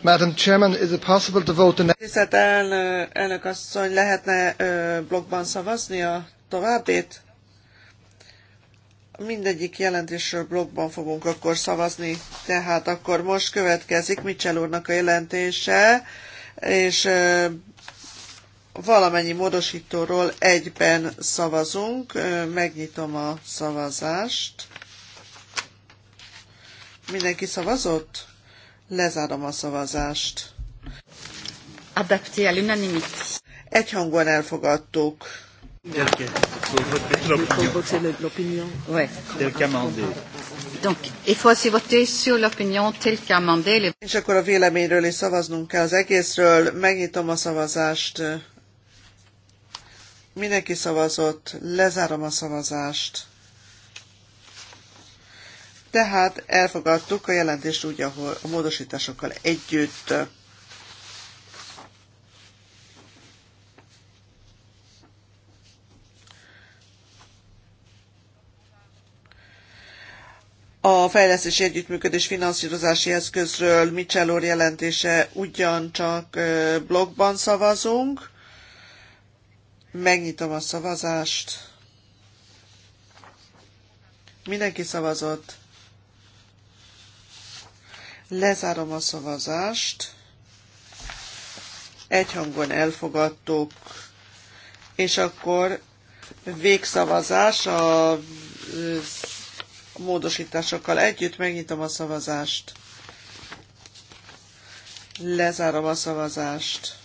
Madam Chairman, is it possible to vote in...
the... elnök asszony, lehetne ö, blogban szavazni a továbbét? Mindegyik jelentésről blogban fogunk akkor szavazni, tehát akkor most következik Mitchell úrnak a jelentése, és ö, valamennyi módosítóról egyben szavazunk. Megnyitom a szavazást. Mindenki szavazott? Lezárom a szavazást. Adapté à Egyhangon
elfogadtuk.
És akkor a
véleményről is szavaznunk kell az egészről. Megnyitom a szavazást. Mindenki szavazott. Lezárom a szavazást tehát elfogadtuk a jelentést úgy, ahol a módosításokkal együtt. A fejlesztési együttműködés finanszírozási eszközről Mitchell úr jelentése ugyancsak blogban szavazunk. Megnyitom a szavazást. Mindenki szavazott. Lezárom a szavazást. Egyhangon elfogadtuk, és akkor végszavazás a módosításokkal együtt. Megnyitom a szavazást. Lezárom a szavazást.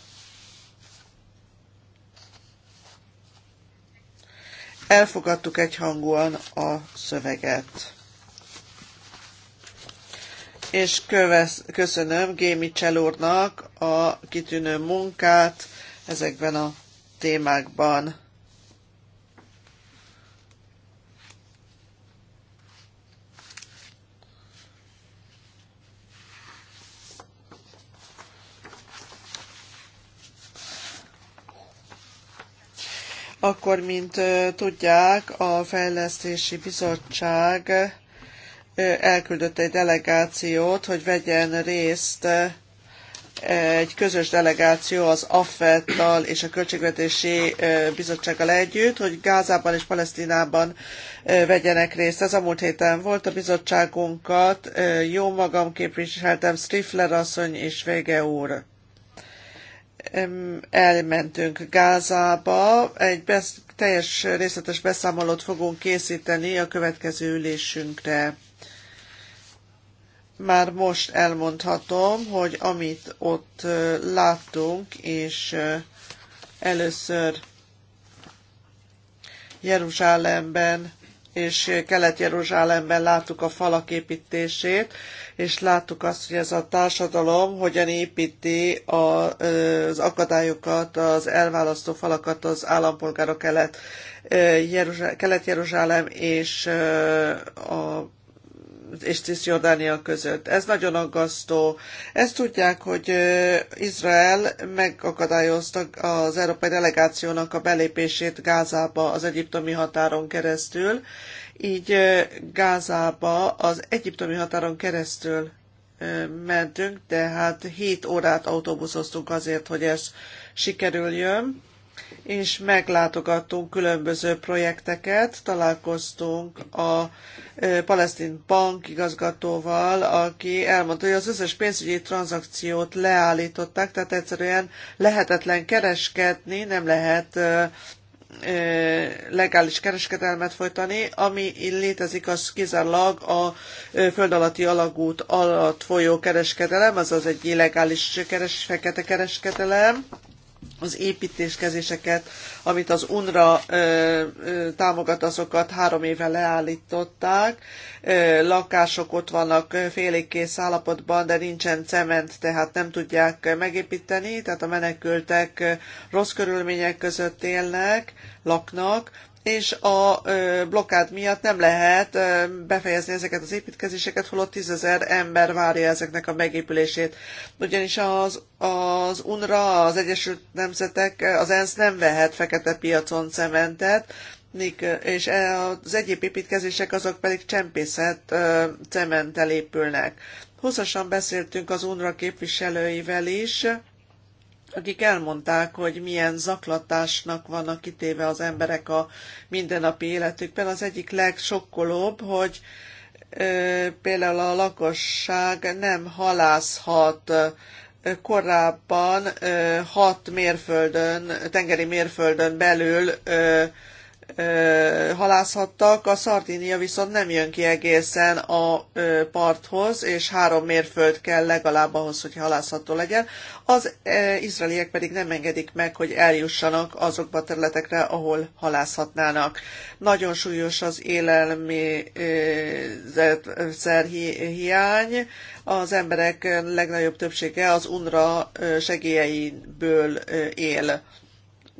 Elfogadtuk egyhangúan a szöveget és kövesz, köszönöm Gémi Cselúrnak a kitűnő munkát ezekben a témákban. Akkor, mint tudják, a Fejlesztési Bizottság elküldött egy delegációt, hogy vegyen részt egy közös delegáció az AFET-tal és a Költségvetési Bizottsággal együtt, hogy Gázában és Palesztinában vegyenek részt. Ez a múlt héten volt a bizottságunkat, jó magam képviseltem, Strifler asszony és Vége úr elmentünk Gázába. Egy besz- teljes részletes beszámolót fogunk készíteni a következő ülésünkre már most elmondhatom, hogy amit ott láttunk, és először Jeruzsálemben és Kelet-Jeruzsálemben láttuk a falak építését, és láttuk azt, hogy ez a társadalom hogyan építi az akadályokat, az elválasztó falakat az állampolgárok kelet, Kelet-Jeruzsálem és a és Cisjordánia között. Ez nagyon aggasztó. Ezt tudják, hogy Izrael megakadályozta az európai delegációnak a belépését Gázába az egyiptomi határon keresztül, így Gázába az egyiptomi határon keresztül mentünk, de hát 7 órát autóbuszoztunk azért, hogy ez sikerüljön és meglátogattunk különböző projekteket, találkoztunk a Palesztin Bank igazgatóval, aki elmondta, hogy az összes pénzügyi tranzakciót leállították, tehát egyszerűen lehetetlen kereskedni, nem lehet legális kereskedelmet folytani, ami létezik, az kizárólag a föld alatti alagút alatt folyó kereskedelem, azaz egy illegális keres, fekete kereskedelem, az építéskezéseket, amit az UNRA ö, ö, támogat, azokat három éve leállították. Ö, lakások ott vannak félig kész állapotban, de nincsen cement, tehát nem tudják megépíteni, tehát a menekültek rossz körülmények között élnek, laknak, és a blokkád miatt nem lehet befejezni ezeket az építkezéseket, holott tízezer ember várja ezeknek a megépülését. Ugyanis az, az UNRA, az Egyesült Nemzetek, az ENSZ nem vehet fekete piacon cementet, és az egyéb építkezések azok pedig csempészet cementtel épülnek. Hosszasan beszéltünk az UNRA képviselőivel is, akik elmondták, hogy milyen zaklatásnak vannak kitéve az emberek a mindennapi életükben. Az egyik legsokkolóbb, hogy ö, például a lakosság nem halászhat korábban ö, hat mérföldön, tengeri mérföldön belül ö, halászhattak, a Szardinia viszont nem jön ki egészen a parthoz, és három mérföld kell legalább ahhoz, hogy halászható legyen. Az izraeliek pedig nem engedik meg, hogy eljussanak azokba a területekre, ahol halászhatnának. Nagyon súlyos az élelmiszer hiány. Az emberek legnagyobb többsége az UNRA segélyeiből él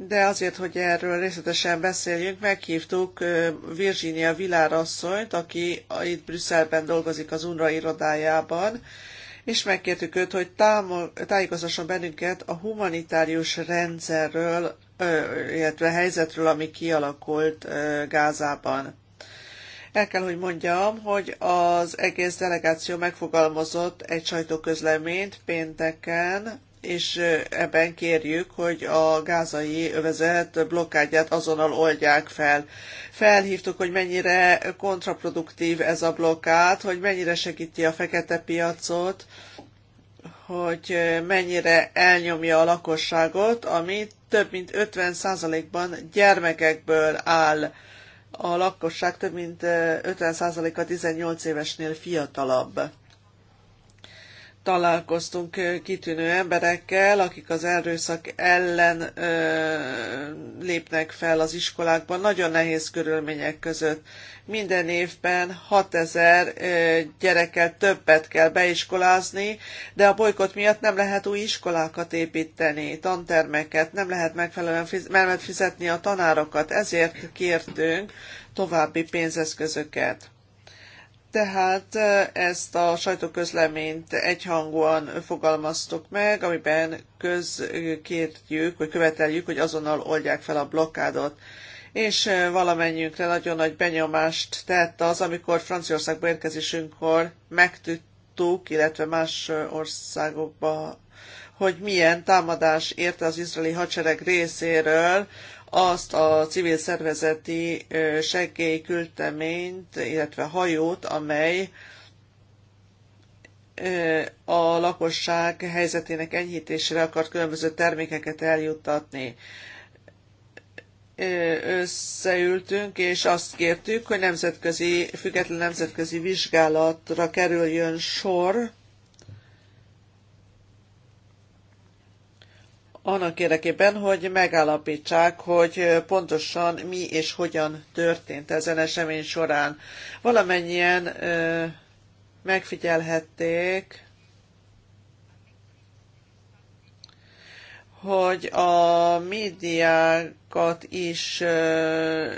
de azért, hogy erről részletesen beszéljünk, meghívtuk Virginia Vilárasszonyt, aki itt Brüsszelben dolgozik az UNRWA irodájában, és megkértük őt, hogy tájékoztasson bennünket a humanitárius rendszerről, illetve helyzetről, ami kialakult Gázában. El kell, hogy mondjam, hogy az egész delegáció megfogalmazott egy sajtóközleményt pénteken, és ebben kérjük, hogy a gázai övezet blokkádját azonnal oldják fel. Felhívtuk, hogy mennyire kontraproduktív ez a blokkád, hogy mennyire segíti a fekete piacot, hogy mennyire elnyomja a lakosságot, ami több mint 50%-ban gyermekekből áll. A lakosság több mint 50%-a 18 évesnél fiatalabb találkoztunk kitűnő emberekkel, akik az erőszak ellen ö, lépnek fel az iskolákban, nagyon nehéz körülmények között. Minden évben 6000 ö, gyereket többet kell beiskolázni, de a bolykot miatt nem lehet új iskolákat építeni, tantermeket, nem lehet megfelelően fizetni a tanárokat, ezért kértünk további pénzeszközöket. Tehát ezt a sajtóközleményt egyhangúan fogalmaztuk meg, amiben közkértjük, vagy követeljük, hogy azonnal oldják fel a blokkádot. És valamennyünkre nagyon nagy benyomást tett az, amikor Franciaországba érkezésünkkor megtudtuk, illetve más országokba hogy milyen támadás érte az izraeli hadsereg részéről azt a civil szervezeti segélyküldteményt, illetve hajót, amely a lakosság helyzetének enyhítésére akart különböző termékeket eljuttatni összeültünk, és azt kértük, hogy nemzetközi, független nemzetközi vizsgálatra kerüljön sor, annak érdekében, hogy megállapítsák, hogy pontosan mi és hogyan történt ezen esemény során. Valamennyien ö, megfigyelhették, hogy a médiákat is ö,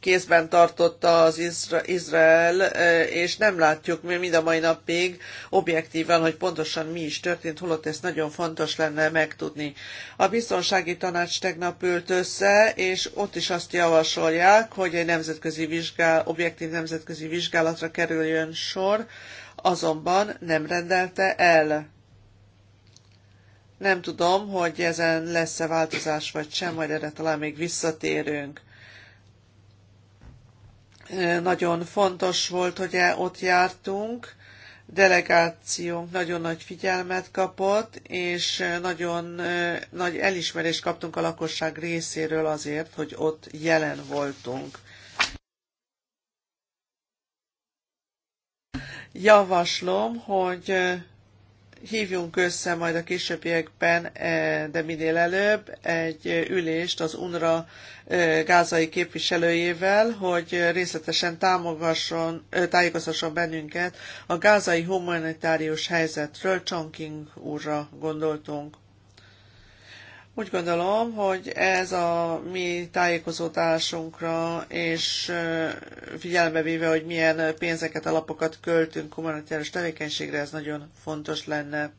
kézben tartotta az Izra- Izrael, és nem látjuk mi mind a mai napig objektíven, hogy pontosan mi is történt, holott ezt nagyon fontos lenne megtudni. A biztonsági tanács tegnap ült össze, és ott is azt javasolják, hogy egy nemzetközi vizsgál, objektív nemzetközi vizsgálatra kerüljön sor, azonban nem rendelte el. Nem tudom, hogy ezen lesz-e változás vagy sem, majd erre talán még visszatérünk nagyon fontos volt, hogy e- ott jártunk, delegációnk nagyon nagy figyelmet kapott, és nagyon nagy elismerést kaptunk a lakosság részéről azért, hogy ott jelen voltunk. Javaslom, hogy hívjunk össze majd a későbbiekben, e, de minél előbb, egy ülést az UNRA e, gázai képviselőjével, hogy részletesen támogasson, e, tájékoztasson bennünket a gázai humanitárius helyzetről. Chongqing úrra gondoltunk. Úgy gondolom, hogy ez a mi tájékozódásunkra, és figyelembe véve, hogy milyen pénzeket, alapokat költünk humanitárius tevékenységre, ez nagyon fontos lenne.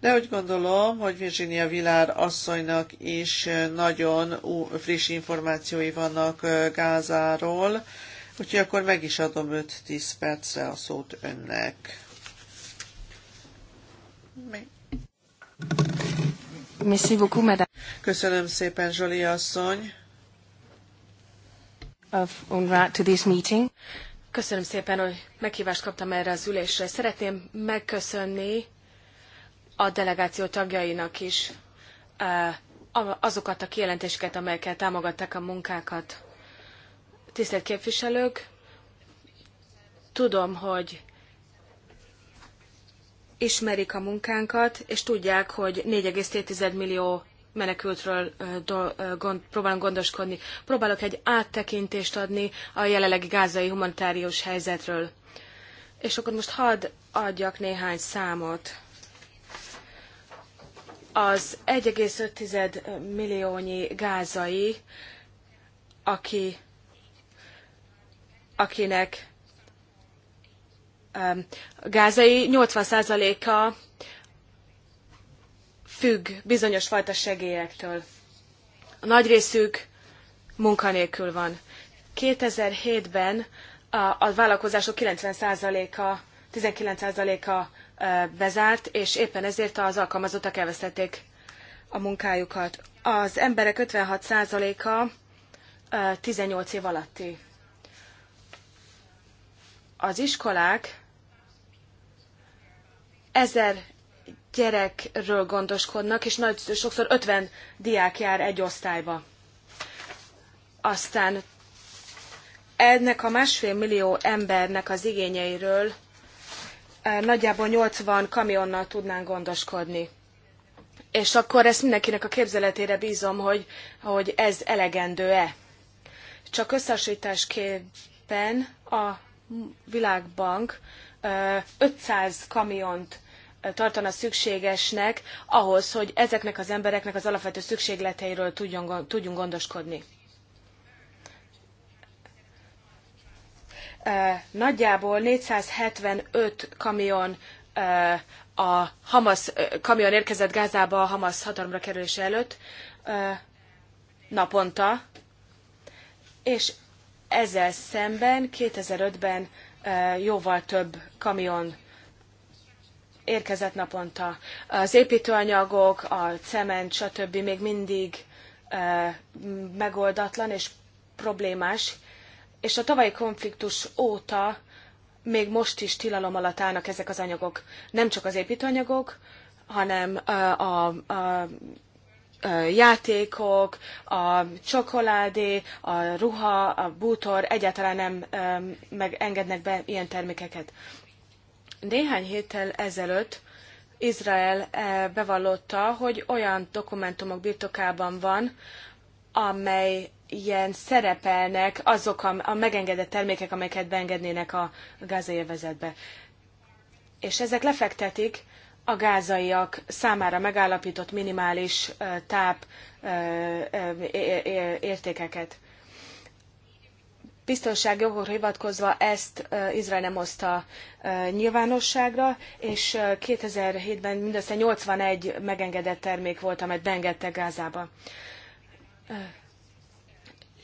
De úgy gondolom, hogy Virginia Vilár asszonynak is nagyon friss információi vannak Gázáról, úgyhogy akkor meg is adom 5-10 percre a szót önnek.
Mi?
Merci beaucoup, madame.
Köszönöm
szépen, Zsoli asszony.
Of, right to this meeting. Köszönöm szépen, hogy meghívást kaptam erre az ülésre. Szeretném megköszönni a delegáció tagjainak is eh, azokat a kijelentéseket, amelyekkel támogatták a munkákat. Tisztelt képviselők, tudom, hogy ismerik a munkánkat, és tudják, hogy 4,2 millió menekültről próbálunk gondoskodni. Próbálok egy áttekintést adni a jelenlegi gázai humanitárius helyzetről. És akkor most hadd adjak néhány számot. Az 1,5 milliónyi gázai, aki, akinek Um, gázai 80%-a függ bizonyos fajta segélyektől. A nagy részük munkanélkül van. 2007-ben a, a vállalkozások 90%-a, 19%-a uh, bezárt, és éppen ezért az alkalmazottak elvesztették a munkájukat. Az emberek 56%-a 18 uh, év alatti az iskolák ezer gyerekről gondoskodnak, és nagy, sokszor 50 diák jár egy osztályba. Aztán ennek a másfél millió embernek az igényeiről eh, nagyjából 80 kamionnal tudnánk gondoskodni. És akkor ezt mindenkinek a képzeletére bízom, hogy, hogy ez elegendő-e. Csak összehasonlításképpen a Világbank 500 kamiont tartana szükségesnek ahhoz, hogy ezeknek az embereknek az alapvető szükségleteiről tudjon, tudjunk gondoskodni. Nagyjából 475 kamion a Hamas kamion érkezett Gázába a Hamas hatalomra kerülése előtt naponta, és ezzel szemben 2005-ben jóval több kamion érkezett naponta. Az építőanyagok, a cement, stb. még mindig megoldatlan és problémás, és a tavalyi konfliktus óta még most is tilalom alatt állnak ezek az anyagok. Nem csak az építőanyagok, hanem a, a, a játékok, a csokoládé, a ruha, a bútor egyáltalán nem megengednek be ilyen termékeket. Néhány héttel ezelőtt Izrael bevallotta, hogy olyan dokumentumok birtokában van, amely ilyen szerepelnek azok a, a megengedett termékek, amelyeket beengednének a gázélvezetbe. És ezek lefektetik a gázaiak számára megállapított minimális táp értékeket. Biztonsági okokra hivatkozva ezt Izrael nem hozta nyilvánosságra, és 2007-ben mindössze 81 megengedett termék volt, amelyet beengedtek Gázába.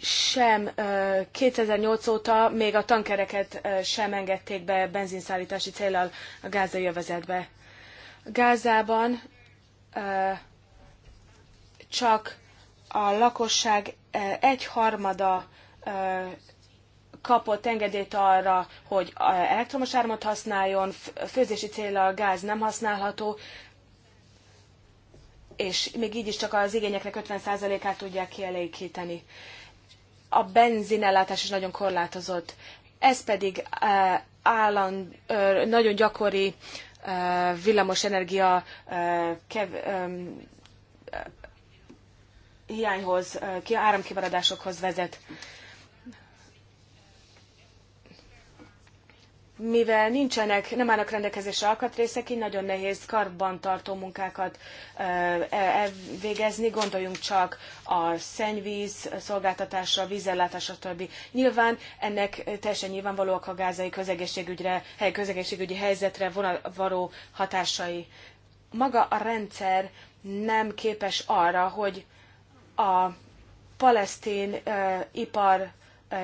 Sem 2008 óta még a tankereket sem engedték be benzinszállítási célral a gázai övezetbe Gázában csak a lakosság egyharmada kapott engedélyt arra, hogy elektromos áramot használjon, főzési célra a gáz nem használható, és még így is csak az igényeknek 50%-át tudják kielégíteni. A benzinellátás is nagyon korlátozott. Ez pedig álland, nagyon gyakori Eh, villamos energia eh, kev, eh, hiányhoz, áramkimaradásokhoz vezet. mivel nincsenek, nem állnak rendelkezésre alkatrészek, így nagyon nehéz karbantartó munkákat e, elvégezni, gondoljunk csak a szennyvíz szolgáltatásra, vízellátásra, stb. Nyilván ennek teljesen nyilvánvalóak a gázai közegészségügyre, közegészségügyi helyzetre való hatásai. Maga a rendszer nem képes arra, hogy a palesztin ipar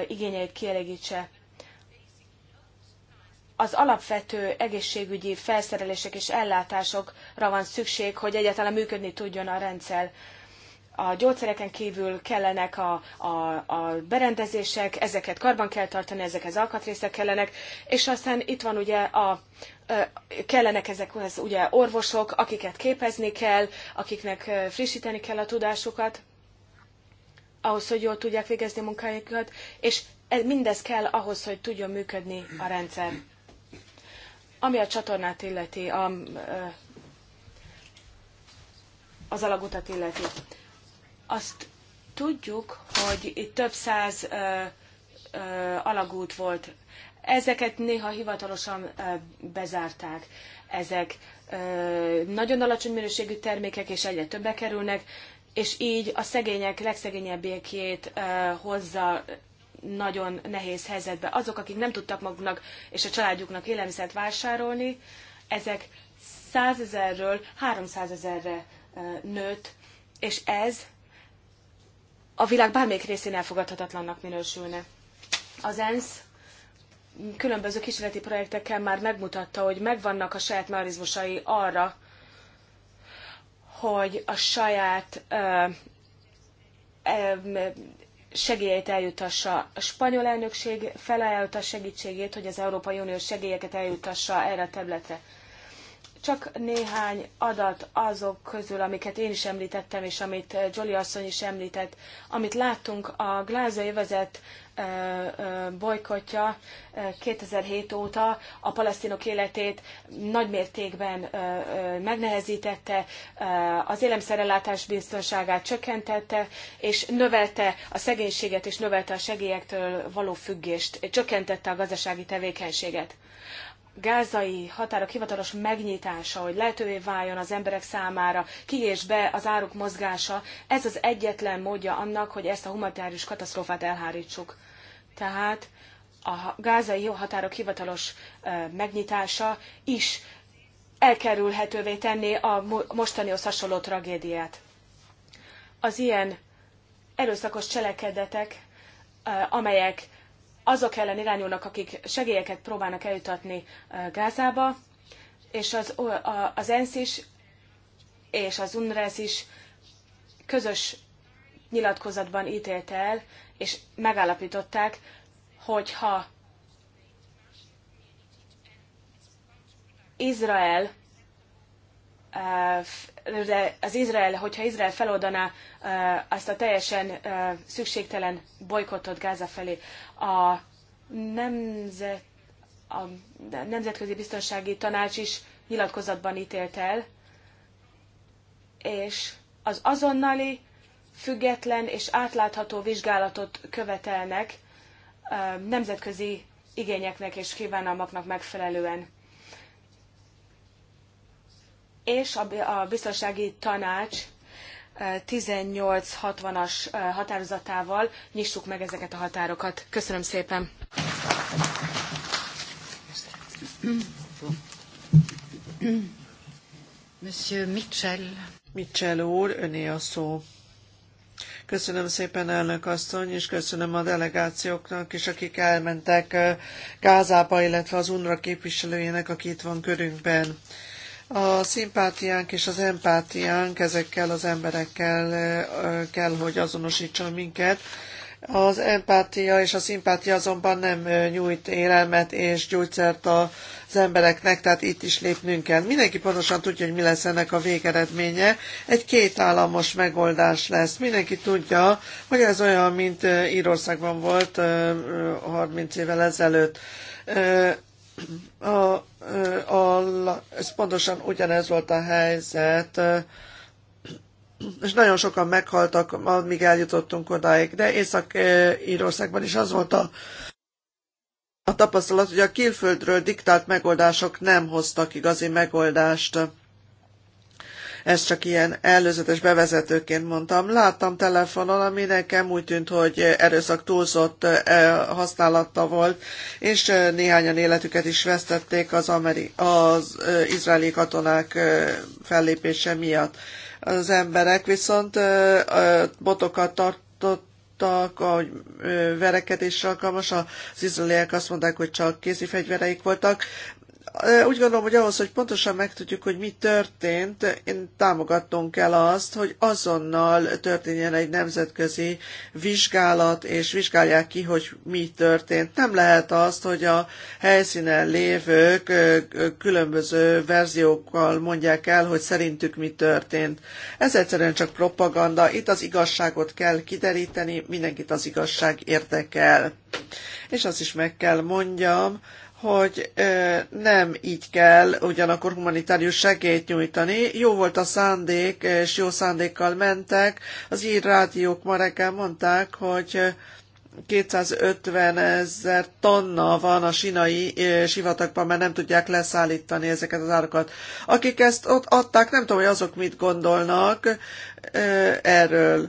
igényeit kielégítse az alapvető egészségügyi felszerelések és ellátásokra van szükség, hogy egyáltalán működni tudjon a rendszer. A gyógyszereken kívül kellenek a, a, a berendezések, ezeket karban kell tartani, ezekhez alkatrészek kellenek, és aztán itt van ugye a, kellenek ezekhez ugye orvosok, akiket képezni kell, akiknek frissíteni kell a tudásukat, ahhoz, hogy jól tudják végezni munkájukat, és mindez kell ahhoz, hogy tudjon működni a rendszer. Ami a csatornát illeti, a, az alagutat illeti, azt tudjuk, hogy itt több száz ö, ö, alagút volt. Ezeket néha hivatalosan ö, bezárták. Ezek ö, nagyon alacsony minőségű termékek, és egyre többe kerülnek, és így a szegények legszegényebbjékét hozza nagyon nehéz helyzetbe. Azok, akik nem tudtak maguknak és a családjuknak élelmiszert vásárolni, ezek 100 ezerről 300 ezerre nőtt, és ez a világ bármelyik részén elfogadhatatlannak minősülne. Az ENSZ különböző kísérleti projektekkel már megmutatta, hogy megvannak a saját mechanizmusai arra, hogy a saját segélyeit eljutassa. A spanyol elnökség felajánlotta segítségét, hogy az Európai Unió segélyeket eljutassa erre a területre. Csak néhány adat azok közül, amiket én is említettem, és amit Jolly asszony is említett, amit láttunk a glázai vezet bolykotja 2007 óta a palesztinok életét nagymértékben megnehezítette, az élelmiszerellátás biztonságát csökkentette, és növelte a szegénységet, és növelte a segélyektől való függést, csökkentette a gazdasági tevékenységet gázai határok hivatalos megnyitása, hogy lehetővé váljon az emberek számára ki és be az áruk mozgása, ez az egyetlen módja annak, hogy ezt a humanitárius katasztrófát elhárítsuk. Tehát a gázai határok hivatalos megnyitása is elkerülhetővé tenné a mostanihoz hasonló tragédiát. Az ilyen erőszakos cselekedetek, amelyek azok ellen irányulnak, akik segélyeket próbálnak eljutatni Gázába, és az, az ENSZ is, és az UNRES is közös nyilatkozatban ítélte el, és megállapították, hogy ha Izrael de az Izrael, hogyha Izrael feloldaná azt a teljesen szükségtelen bolykottot Gáza felé, a, nemzet, a Nemzetközi Biztonsági Tanács is nyilatkozatban ítélt el, és az azonnali, független és átlátható vizsgálatot követelnek nemzetközi igényeknek és kívánalmaknak megfelelően és a biztonsági tanács 1860-as határozatával nyissuk meg ezeket a határokat. Köszönöm szépen!
Monsieur Mitchell. Mitchell úr, öné a szó. Köszönöm szépen, elnök asszony, és köszönöm a delegációknak is, akik elmentek Gázába, illetve az unra képviselőjének, aki itt van körünkben. A szimpátiánk és az empátiánk ezekkel az emberekkel kell, hogy azonosítson minket. Az empátia és a szimpátia azonban nem nyújt élelmet és gyógyszert az embereknek, tehát itt is lépnünk kell. Mindenki pontosan tudja, hogy mi lesz ennek a végeredménye. Egy kétállamos megoldás lesz. Mindenki tudja, hogy ez olyan, mint Írországban volt 30 évvel ezelőtt a, a, ez pontosan ugyanez volt a helyzet, és nagyon sokan meghaltak, amíg eljutottunk odáig, de Észak-Írországban is az volt a, a tapasztalat, hogy a külföldről diktált megoldások nem hoztak igazi megoldást ezt csak ilyen előzetes bevezetőként mondtam. Láttam telefonon, ami nekem úgy tűnt, hogy erőszak túlzott eh, használata volt, és eh, néhányan életüket is vesztették az, ameri- az eh, izraeli katonák fellépése miatt. Az emberek viszont botokat tartott ahogy verekedésre alkalmas, az izraeliek azt mondták, hogy csak kézi fegyvereik voltak úgy gondolom, hogy ahhoz, hogy pontosan megtudjuk, hogy mi történt, én támogatnunk kell azt, hogy azonnal történjen egy nemzetközi vizsgálat, és vizsgálják ki, hogy mi történt. Nem lehet azt, hogy a helyszínen lévők különböző verziókkal mondják el, hogy szerintük mi történt. Ez egyszerűen csak propaganda. Itt az igazságot kell kideríteni, mindenkit az igazság érdekel. És azt is meg kell mondjam, hogy nem így kell ugyanakkor humanitárius segélyt nyújtani. Jó volt a szándék, és jó szándékkal mentek. Az ír rádiók ma reggel mondták, hogy 250 ezer tonna van a sinai sivatagban, mert nem tudják leszállítani ezeket az árakat. Akik ezt ott adták, nem tudom, hogy azok mit gondolnak erről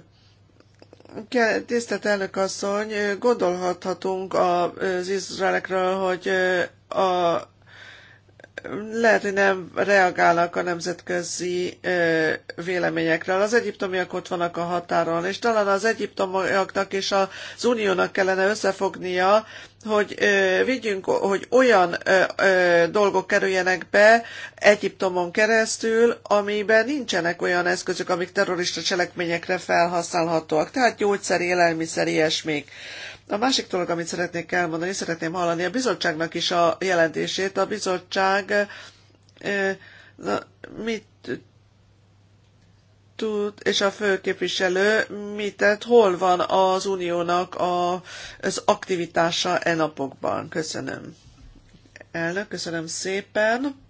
Tisztelt elnök asszony, gondolhathatunk az Izraelekről, hogy a, lehet, hogy nem reagálnak a nemzetközi ö, véleményekre. Az egyiptomiak ott vannak a határon, és talán az egyiptomiaknak és az uniónak kellene összefognia, hogy ö, vigyünk, hogy olyan ö, ö, dolgok kerüljenek be Egyiptomon keresztül, amiben nincsenek olyan eszközök, amik terrorista cselekményekre felhasználhatóak, tehát gyógyszer, élelmiszer, ilyesmik. A másik dolog, amit szeretnék elmondani, szeretném hallani a bizottságnak is a jelentését. A bizottság ö, na, mit tud, és a főképviselő mit tett, hol van az uniónak a, az aktivitása e napokban? Köszönöm. Elnök, köszönöm szépen.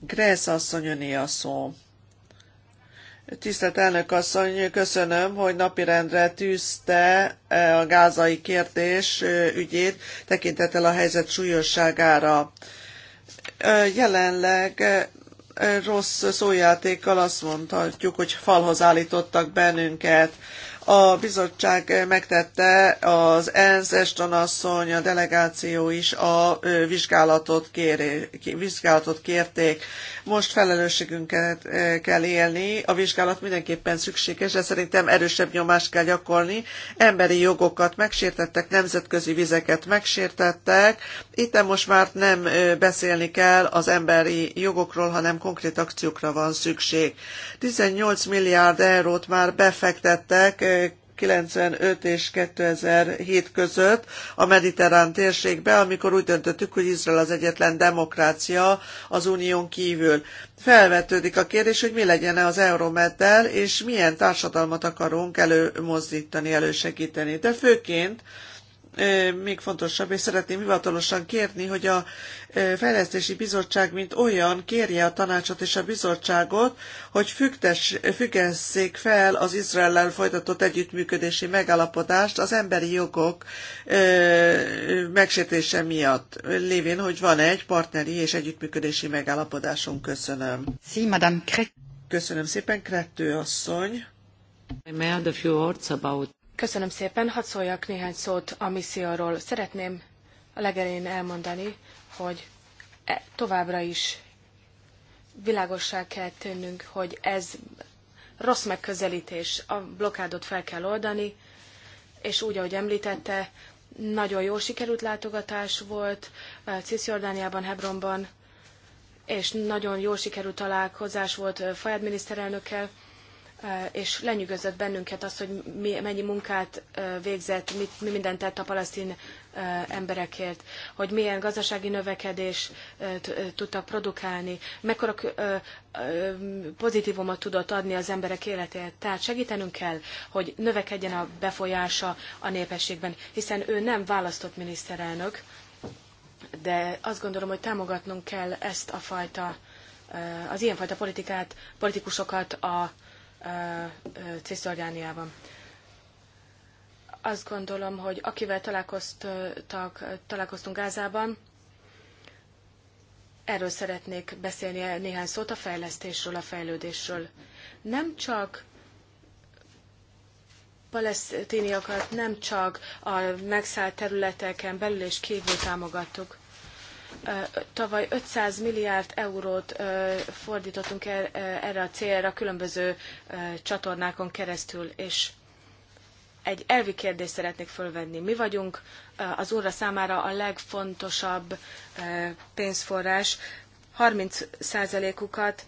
Grész asszony a szó. Tisztelt elnök asszony, köszönöm, hogy napirendre tűzte e, a gázai kérdés e, ügyét tekintettel a helyzet súlyosságára. E, jelenleg rossz szójátékkal azt mondhatjuk, hogy falhoz állítottak bennünket. A bizottság megtette, az ENSZ, estonasszony, a delegáció is a vizsgálatot, kéré, vizsgálatot kérték. Most felelősségünket kell élni, a vizsgálat mindenképpen szükséges, de szerintem erősebb nyomást kell gyakorolni. Emberi jogokat megsértettek, nemzetközi vizeket megsértettek. Itt most már nem beszélni kell az emberi jogokról, hanem konkrét akciókra van szükség. 18 milliárd eurót már befektettek 1995 és 2007 között a mediterrán térségbe, amikor úgy döntöttük, hogy Izrael az egyetlen demokrácia az unión kívül. Felvetődik a kérdés, hogy mi legyen az Euromeddel, és milyen társadalmat akarunk előmozdítani, elősegíteni. De főként még fontosabb, és szeretném hivatalosan kérni, hogy a Fejlesztési Bizottság, mint olyan, kérje a tanácsot és a bizottságot, hogy fügtes, függesszék fel az Izraellel folytatott együttműködési megállapodást az emberi jogok megsértése miatt, lévén, hogy van egy partneri és együttműködési megállapodásunk. Köszönöm. Sí, Madame Köszönöm szépen, Krettő asszony. I may add a few
words about
Köszönöm szépen, hadd szóljak néhány szót a misszióról. Szeretném a legelén elmondani, hogy e, továbbra is világossá kell tennünk, hogy ez rossz megközelítés, a blokádot fel kell oldani, és úgy, ahogy említette, nagyon jó sikerült látogatás volt e, Cisjordániában, Hebronban, és nagyon jó sikerült találkozás volt e, Fajad miniszterelnökkel, és lenyűgözött bennünket az, hogy mi, mennyi munkát végzett, mit, mi mindent tett a palasztin emberekért, hogy milyen gazdasági növekedés tudtak produkálni, mekkora pozitívumot tudott adni az emberek életéhez. Tehát segítenünk kell, hogy növekedjen a befolyása a népességben, hiszen ő nem választott miniszterelnök, de azt gondolom, hogy támogatnunk kell ezt a fajta, az ilyenfajta politikát, politikusokat a Cisztorgániában. Azt gondolom, hogy akivel találkoztak, találkoztunk Gázában, erről szeretnék beszélni néhány szót a fejlesztésről, a fejlődésről. Nem csak palesztiniakat nem csak a megszállt területeken belül és kívül támogattuk, Tavaly 500 milliárd eurót fordítottunk er, erre a célra különböző csatornákon keresztül, és egy elvi kérdést szeretnék fölvenni. Mi vagyunk az óra számára a legfontosabb pénzforrás. 30%-ukat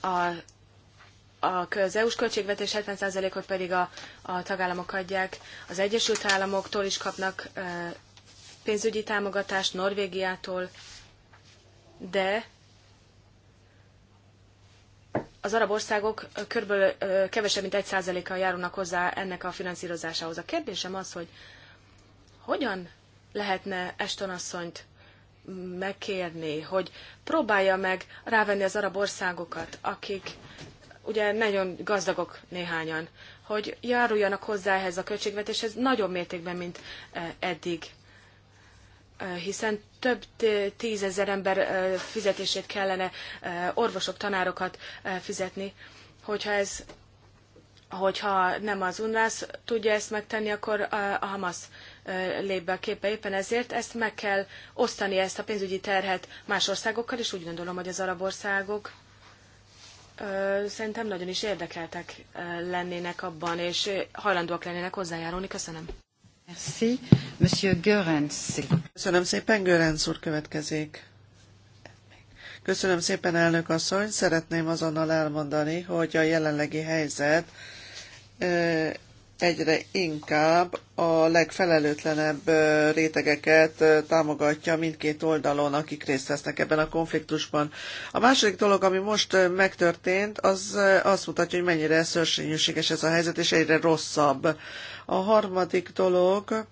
a a, az EU-s költségvetés 70%-ot pedig a, a tagállamok adják, az Egyesült Államoktól is kapnak pénzügyi támogatást Norvégiától, de az arab országok körülbelül kevesebb, mint 1 a járulnak hozzá ennek a finanszírozásához. A kérdésem az, hogy hogyan lehetne Eston asszonyt megkérni, hogy próbálja meg rávenni az arab országokat, akik ugye nagyon gazdagok néhányan, hogy járuljanak hozzá ehhez a költségvetéshez nagyobb mértékben, mint eddig hiszen több tízezer ember fizetését kellene orvosok, tanárokat fizetni. Hogyha ez hogyha nem az UNRWAS tudja ezt megtenni, akkor a Hamas lép be a képbe. Éppen ezért ezt meg kell osztani, ezt a pénzügyi terhet más országokkal, és úgy gondolom, hogy az arab országok szerintem nagyon is érdekeltek lennének abban, és hajlandóak lennének hozzájárulni. Köszönöm.
Merci. Monsieur Görens. Köszönöm
szépen, Görens úr következik. Köszönöm szépen, elnök asszony. Szeretném azonnal elmondani, hogy a jelenlegi helyzet egyre inkább a legfelelőtlenebb rétegeket támogatja mindkét oldalon, akik részt vesznek ebben a konfliktusban. A második dolog, ami most megtörtént, az azt mutatja, hogy mennyire szörnyűséges ez a helyzet, és egyre rosszabb. A harmadik dolog,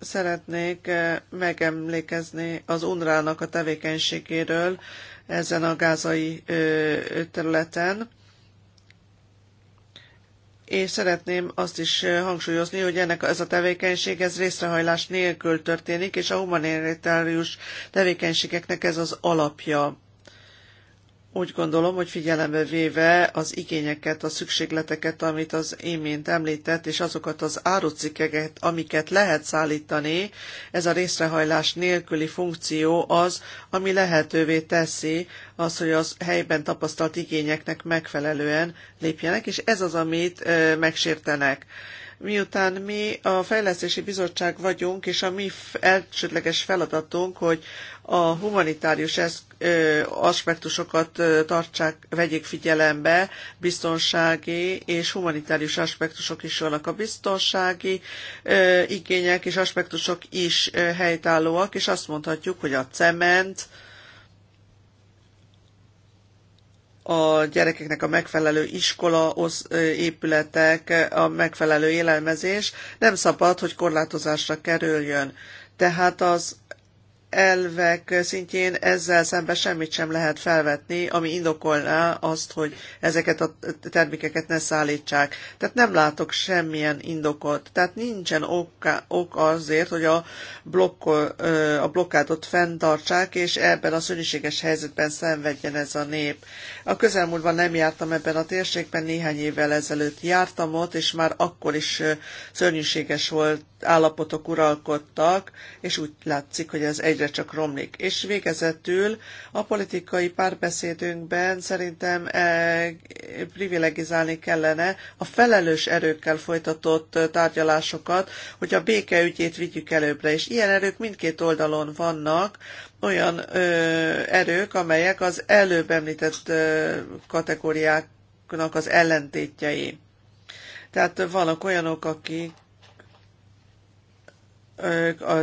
szeretnék eh, megemlékezni az UNRWA-nak a tevékenységéről ezen a gázai területen és szeretném azt is eh, hangsúlyozni, hogy ennek ez a tevékenység ez részrehajlás nélkül történik, és a humanitárius tevékenységeknek ez az alapja úgy gondolom, hogy figyelembe véve az igényeket, a szükségleteket, amit az imént említett, és azokat az árucikkeket, amiket lehet szállítani, ez a részrehajlás nélküli funkció az, ami lehetővé teszi az, hogy az helyben tapasztalt igényeknek megfelelően lépjenek, és ez az, amit megsértenek miután mi a Fejlesztési Bizottság vagyunk, és a mi elsődleges feladatunk, hogy a humanitárius aspektusokat tartsák, vegyék figyelembe, biztonsági és humanitárius aspektusok is vannak. A biztonsági igények és aspektusok is helytállóak, és azt mondhatjuk, hogy a cement, a gyerekeknek a megfelelő iskola, osz, épületek, a megfelelő élelmezés nem szabad, hogy korlátozásra kerüljön. Tehát az elvek szintjén ezzel szemben semmit sem lehet felvetni, ami indokolná azt, hogy ezeket a termékeket ne szállítsák. Tehát nem látok semmilyen indokot. Tehát nincsen ok azért, hogy a, blokk, a blokkátot fenntartsák, és ebben a szörnyűséges helyzetben szenvedjen ez a nép. A közelmúltban nem jártam ebben a térségben, néhány évvel ezelőtt jártam ott, és már akkor is szörnyűséges volt állapotok uralkodtak, és úgy látszik, hogy ez egyre csak romlik. És végezetül a politikai párbeszédünkben szerintem eh, privilegizálni kellene a felelős erőkkel folytatott tárgyalásokat, hogy a béke ügyét vigyük előbbre. És ilyen erők mindkét oldalon vannak, olyan ö, erők, amelyek az előbb említett ö, kategóriáknak az ellentétjei. Tehát vannak olyanok, akik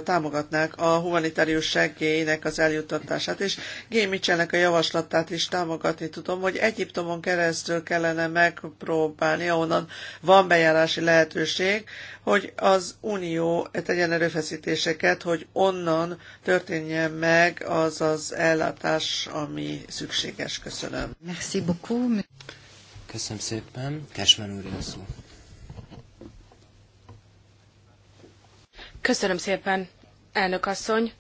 támogatnák a humanitárius segélynek az eljuttatását, és Gémicsenek a javaslatát is támogatni tudom, hogy Egyiptomon keresztül kellene megpróbálni, ahonnan van bejárási lehetőség, hogy az Unió tegyen erőfeszítéseket, hogy onnan történjen meg az az ellátás, ami szükséges. Köszönöm.
Merci
beaucoup.
Köszönöm szépen. Kesmen úr, szó.
Köszönöm szépen, elnök asszony,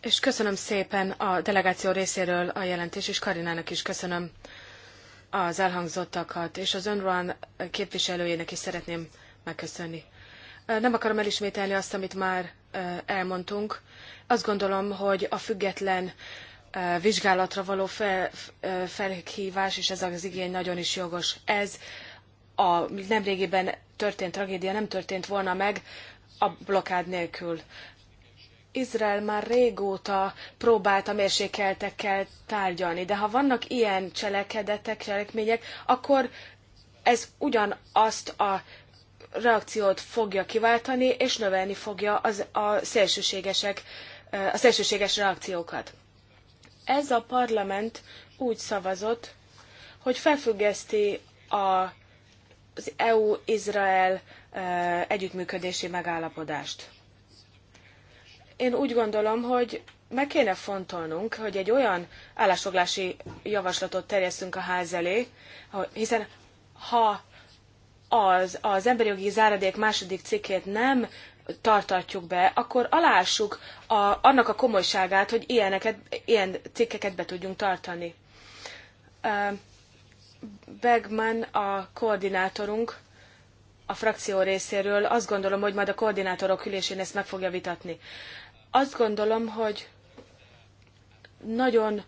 és köszönöm szépen a delegáció részéről a jelentés, és Karinának is köszönöm az elhangzottakat, és az önruan képviselőjének is szeretném megköszönni. Nem akarom elismételni azt, amit már elmondtunk. Azt gondolom, hogy a független vizsgálatra való fel, felhívás, és ez az igény nagyon is jogos. Ez a nemrégiben történt tragédia nem történt volna meg, a blokád nélkül. Izrael már régóta próbált a mérsékeltekkel tárgyalni, de ha vannak ilyen cselekedetek, cselekmények, akkor ez ugyanazt a reakciót fogja kiváltani, és növelni fogja az, a, szélsőségesek, a szélsőséges reakciókat. Ez a parlament úgy szavazott, hogy felfüggeszti a az EU-Izrael együttműködési megállapodást. Én úgy gondolom, hogy meg kéne fontolnunk, hogy egy olyan állásfoglási javaslatot terjesszünk a ház elé, hiszen ha az, az emberi jogi záradék második cikkét nem tartatjuk be, akkor alássuk a, annak a komolyságát, hogy ilyeneket, ilyen cikkeket be tudjunk tartani. Bergman a koordinátorunk a frakció részéről. Azt gondolom, hogy majd a koordinátorok ülésén ezt meg fogja vitatni. Azt gondolom, hogy nagyon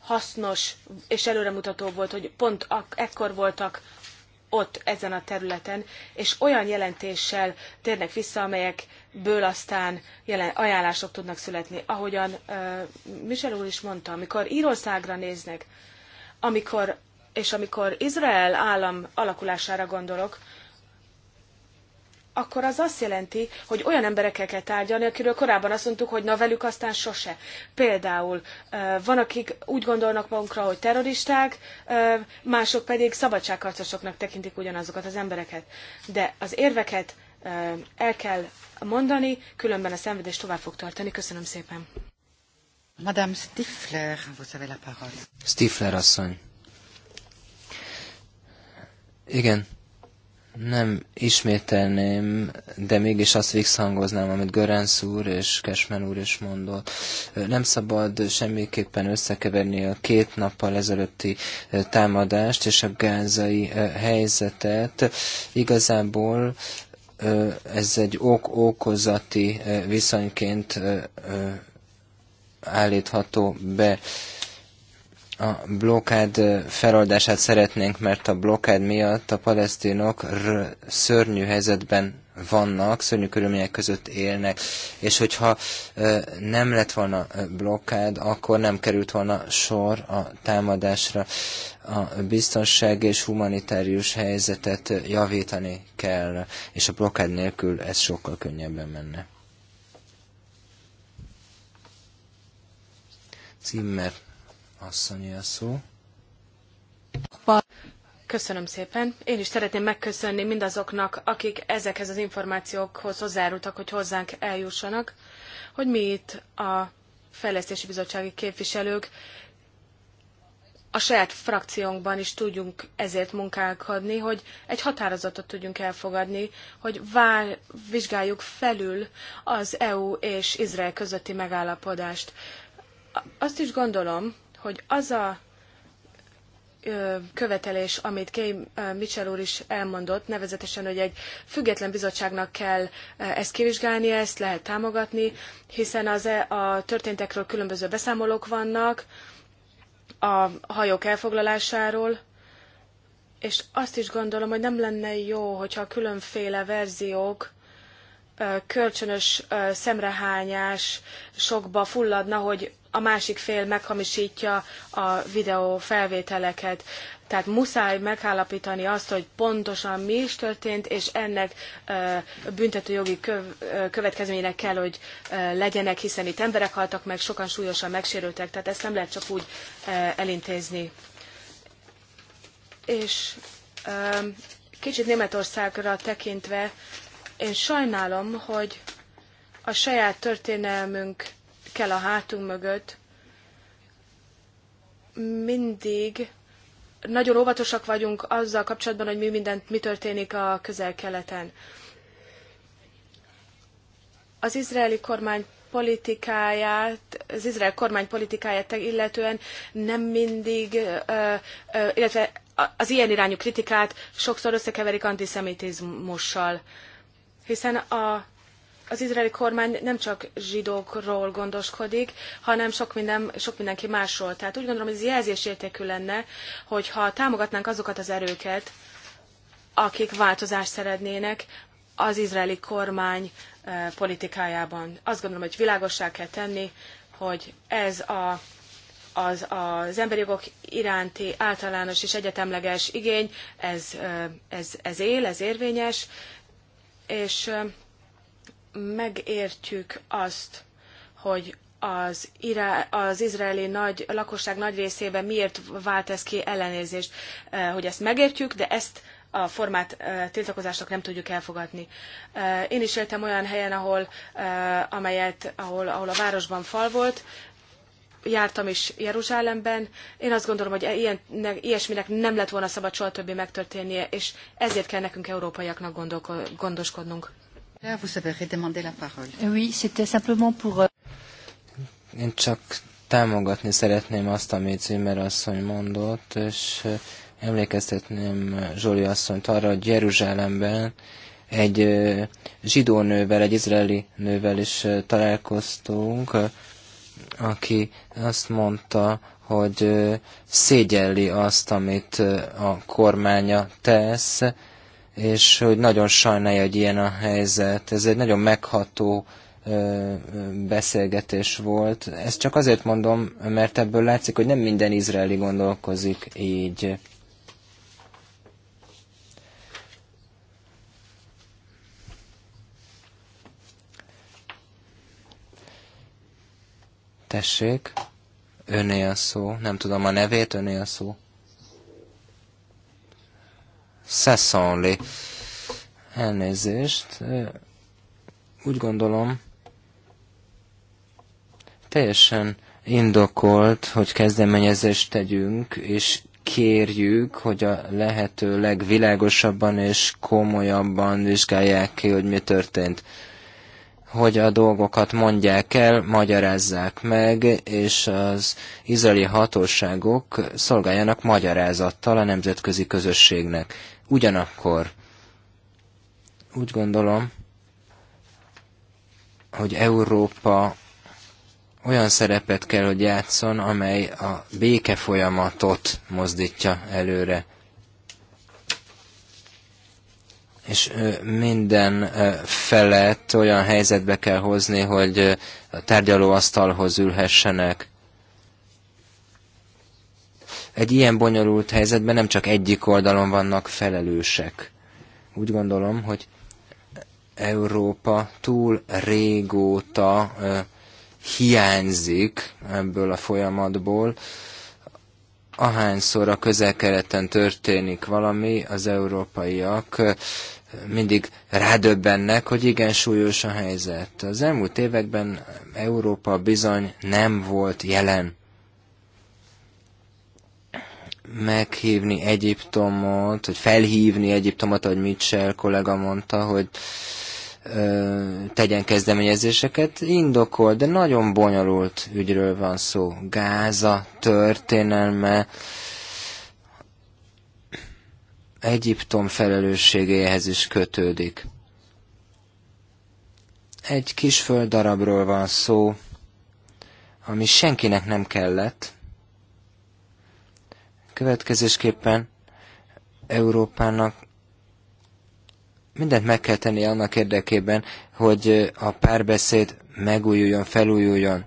hasznos és előremutató volt, hogy pont ekkor voltak ott ezen a területen, és olyan jelentéssel térnek vissza, amelyekből aztán jelen, ajánlások tudnak születni. Ahogyan uh, Michel úr is mondta, amikor Írországra néznek, amikor és amikor Izrael állam alakulására gondolok, akkor az azt jelenti, hogy olyan emberekkel kell tárgyalni, akiről korábban azt mondtuk, hogy na velük aztán sose. Például van, akik úgy gondolnak magunkra, hogy terroristák, mások pedig szabadságharcosoknak tekintik ugyanazokat az embereket. De az érveket el kell mondani, különben a szenvedés tovább fog tartani. Köszönöm szépen. Madame Stifler, vous avez la parole.
Stifler asszony. Igen, nem ismételném, de mégis azt visszhangoznám, amit Görenc úr és Kesmen úr is mondott. Nem szabad semmiképpen összekeverni a két nappal ezelőtti támadást és a gázai helyzetet. Igazából ez egy ok-okozati viszonyként állítható be a blokád feloldását szeretnénk, mert a blokád miatt a palesztinok szörnyű helyzetben vannak, szörnyű körülmények között élnek, és hogyha nem lett volna blokkád, akkor nem került volna sor a támadásra. A biztonság és humanitárius helyzetet javítani kell, és a blokkád nélkül ez sokkal könnyebben menne. Zimmer
Köszönöm szépen. Én is szeretném megköszönni mindazoknak, akik ezekhez az információkhoz hozzárultak, hogy hozzánk eljussanak, hogy mi itt a Fejlesztési Bizottsági képviselők a saját frakciónkban is tudjunk ezért munkálkodni, hogy egy határozatot tudjunk elfogadni, hogy vár, vizsgáljuk felül az EU és Izrael közötti megállapodást. Azt is gondolom, hogy az a követelés, amit Kay Mitchell úr is elmondott, nevezetesen, hogy egy független bizottságnak kell ezt kivizsgálni, ezt lehet támogatni, hiszen az e, a történtekről különböző beszámolók vannak, a hajók elfoglalásáról, és azt is gondolom, hogy nem lenne jó, hogyha különféle verziók kölcsönös szemrehányás sokba fulladna, hogy a másik fél meghamisítja a videó felvételeket. Tehát muszáj megállapítani azt, hogy pontosan mi is történt, és ennek büntetőjogi következményének kell, hogy legyenek, hiszen itt emberek haltak meg, sokan súlyosan megsérültek, tehát ezt nem lehet csak úgy elintézni. És kicsit Németországra tekintve én sajnálom, hogy a saját történelmünk kell a hátunk mögött, mindig nagyon óvatosak vagyunk azzal kapcsolatban, hogy mi mindent, mi történik a közel-keleten. Az izraeli kormány politikáját, az izrael kormány politikáját illetően nem mindig, illetve az ilyen irányú kritikát sokszor összekeverik antiszemitizmussal hiszen a, az izraeli kormány nem csak zsidókról gondoskodik, hanem sok, minden, sok mindenki másról. Tehát úgy gondolom, hogy ez jelzésértékű lenne, hogyha támogatnánk azokat az erőket, akik változást szeretnének az izraeli kormány eh, politikájában. Azt gondolom, hogy világossá kell tenni, hogy ez a az, az emberi jogok iránti általános és egyetemleges igény, ez, eh, ez, ez él, ez érvényes, és megértjük azt, hogy az, irá, az izraeli nagy, lakosság nagy részében miért vált ez ki ellenérzést, hogy ezt megértjük, de ezt a formát tiltakozásnak nem tudjuk elfogadni. Én is éltem olyan helyen, ahol, amelyet, ahol, ahol a városban fal volt, jártam is Jeruzsálemben. Én azt gondolom, hogy ilyen, ilyesminek nem lett volna szabad soha többé megtörténnie, és ezért kell nekünk európaiaknak gondoskodnunk.
Oui, c'était simplement pour... Euh,
Én csak támogatni szeretném azt, amit Zimmer asszony mondott, és emlékeztetném Zsoli asszonyt arra, hogy Jeruzsálemben egy zsidó nővel, egy izraeli nővel is találkoztunk, aki azt mondta, hogy szégyelli azt, amit a kormánya tesz, és hogy nagyon sajnálja, hogy ilyen a helyzet. Ez egy nagyon megható beszélgetés volt. Ezt csak azért mondom, mert ebből látszik, hogy nem minden izraeli gondolkozik így. Tessék, öné a szó. Nem tudom a nevét, öné a szó. Szeszonli. Elnézést. Úgy gondolom, teljesen indokolt, hogy kezdeményezést tegyünk, és kérjük, hogy a lehető legvilágosabban és komolyabban vizsgálják ki, hogy mi történt hogy a dolgokat mondják el, magyarázzák meg, és az izraeli hatóságok szolgáljanak magyarázattal a nemzetközi közösségnek. Ugyanakkor úgy gondolom, hogy Európa olyan szerepet kell, hogy játszon, amely a béke folyamatot mozdítja előre. és minden felett olyan helyzetbe kell hozni, hogy a tárgyalóasztalhoz ülhessenek. Egy ilyen bonyolult helyzetben nem csak egyik oldalon vannak felelősek. Úgy gondolom, hogy Európa túl régóta hiányzik ebből a folyamatból. Ahányszor a közel-keleten történik valami, az európaiak mindig rádöbbennek, hogy igen súlyos a helyzet. Az elmúlt években Európa bizony nem volt jelen. Meghívni Egyiptomot, vagy felhívni Egyiptomot, ahogy Mitchell kollega mondta, hogy tegyen kezdeményezéseket. Indokol, de nagyon bonyolult ügyről van szó. Gáza történelme, Egyiptom felelősségéhez is kötődik. Egy kis földdarabról van szó, ami senkinek nem kellett. Következésképpen Európának mindent meg kell tenni annak érdekében, hogy a párbeszéd megújuljon, felújuljon.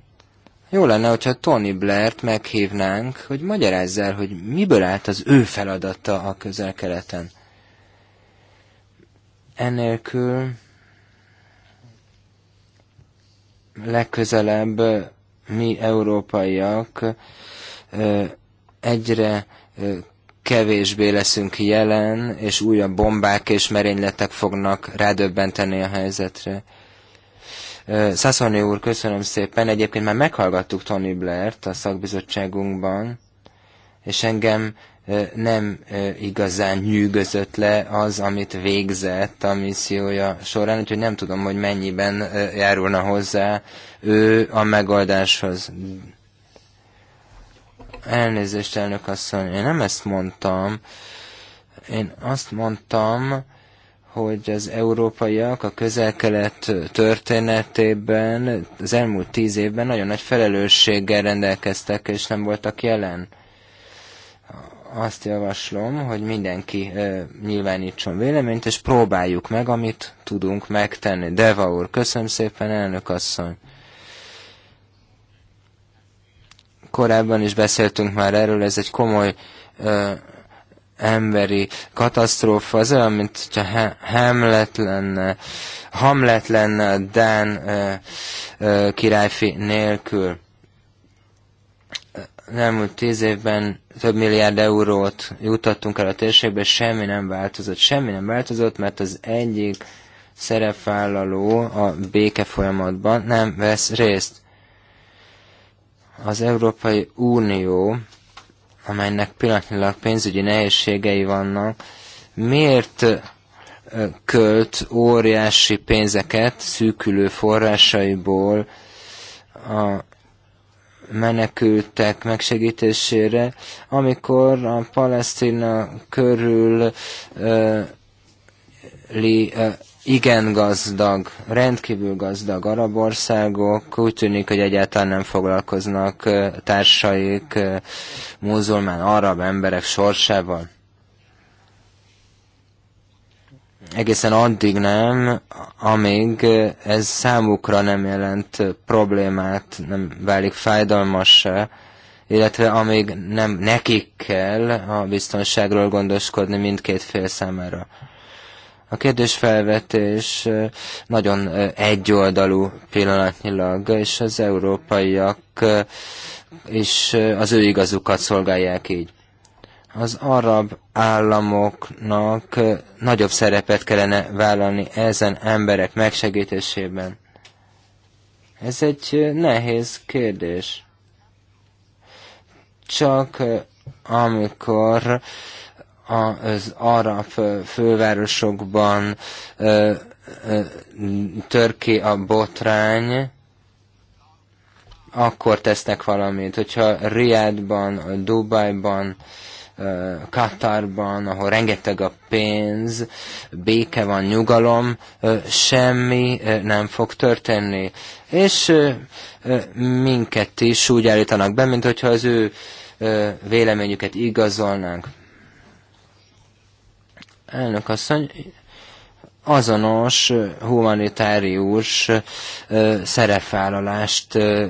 Jó lenne, hogyha Tony Blair-t meghívnánk, hogy magyarázza el, hogy miből állt az ő feladata a közel-keleten. Enélkül legközelebb mi európaiak egyre kevésbé leszünk jelen, és újabb bombák és merényletek fognak rádöbbenteni a helyzetre. Szaszorni úr, köszönöm szépen. Egyébként már meghallgattuk Tony Blair-t a szakbizottságunkban, és engem nem igazán nyűgözött le az, amit végzett a missziója során, úgyhogy nem tudom, hogy mennyiben járulna hozzá ő a megoldáshoz. Elnézést, elnök asszony, én nem ezt mondtam. Én azt mondtam, hogy az európaiak a közel-kelet történetében az elmúlt tíz évben nagyon nagy felelősséggel rendelkeztek, és nem voltak jelen. Azt javaslom, hogy mindenki ö, nyilvánítson véleményt, és próbáljuk meg, amit tudunk megtenni. Deva úr, köszönöm szépen, elnök asszony! Korábban is beszéltünk már erről, ez egy komoly ö, emberi katasztrófa, az olyan, mint hogyha Hamlet lenne, Hamlet lenne a Dán királyfi nélkül. nem úgy tíz évben több milliárd eurót jutottunk el a térségbe, semmi nem változott. Semmi nem változott, mert az egyik szerepvállaló a béke folyamatban nem vesz részt. Az Európai Unió amelynek pillanatnyilag pénzügyi nehézségei vannak, miért költ óriási pénzeket szűkülő forrásaiból a menekültek megsegítésére, amikor a Palesztina körül li igen gazdag, rendkívül gazdag arab országok, úgy tűnik, hogy egyáltalán nem foglalkoznak társaik muzulmán arab emberek sorsával. Egészen addig nem, amíg ez számukra nem jelent problémát, nem válik fájdalmassá, illetve amíg nem nekik kell a biztonságról gondoskodni mindkét fél számára. A kérdés felvetés nagyon egyoldalú pillanatnyilag, és az európaiak is az ő igazukat szolgálják így. Az arab államoknak nagyobb szerepet kellene vállalni ezen emberek megsegítésében. Ez egy nehéz kérdés. Csak amikor az arab fővárosokban tör ki a botrány, akkor tesznek valamit. Hogyha Riadban, Dubajban, Katarban, ahol rengeteg a pénz, béke van, nyugalom, semmi nem fog történni. És minket is úgy állítanak be, mint hogyha az ő véleményüket igazolnánk. Elnök asszony, azonos humanitárius szerepvállalást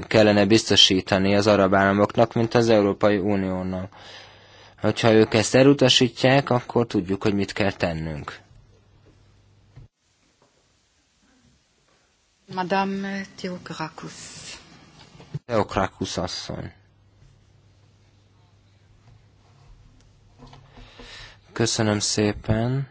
kellene biztosítani az arab államoknak, mint az Európai Uniónak. Hogyha ők ezt elutasítják, akkor tudjuk, hogy mit kell tennünk.
Madame Teokrakus.
Teokrakus asszony. Köszönöm szépen.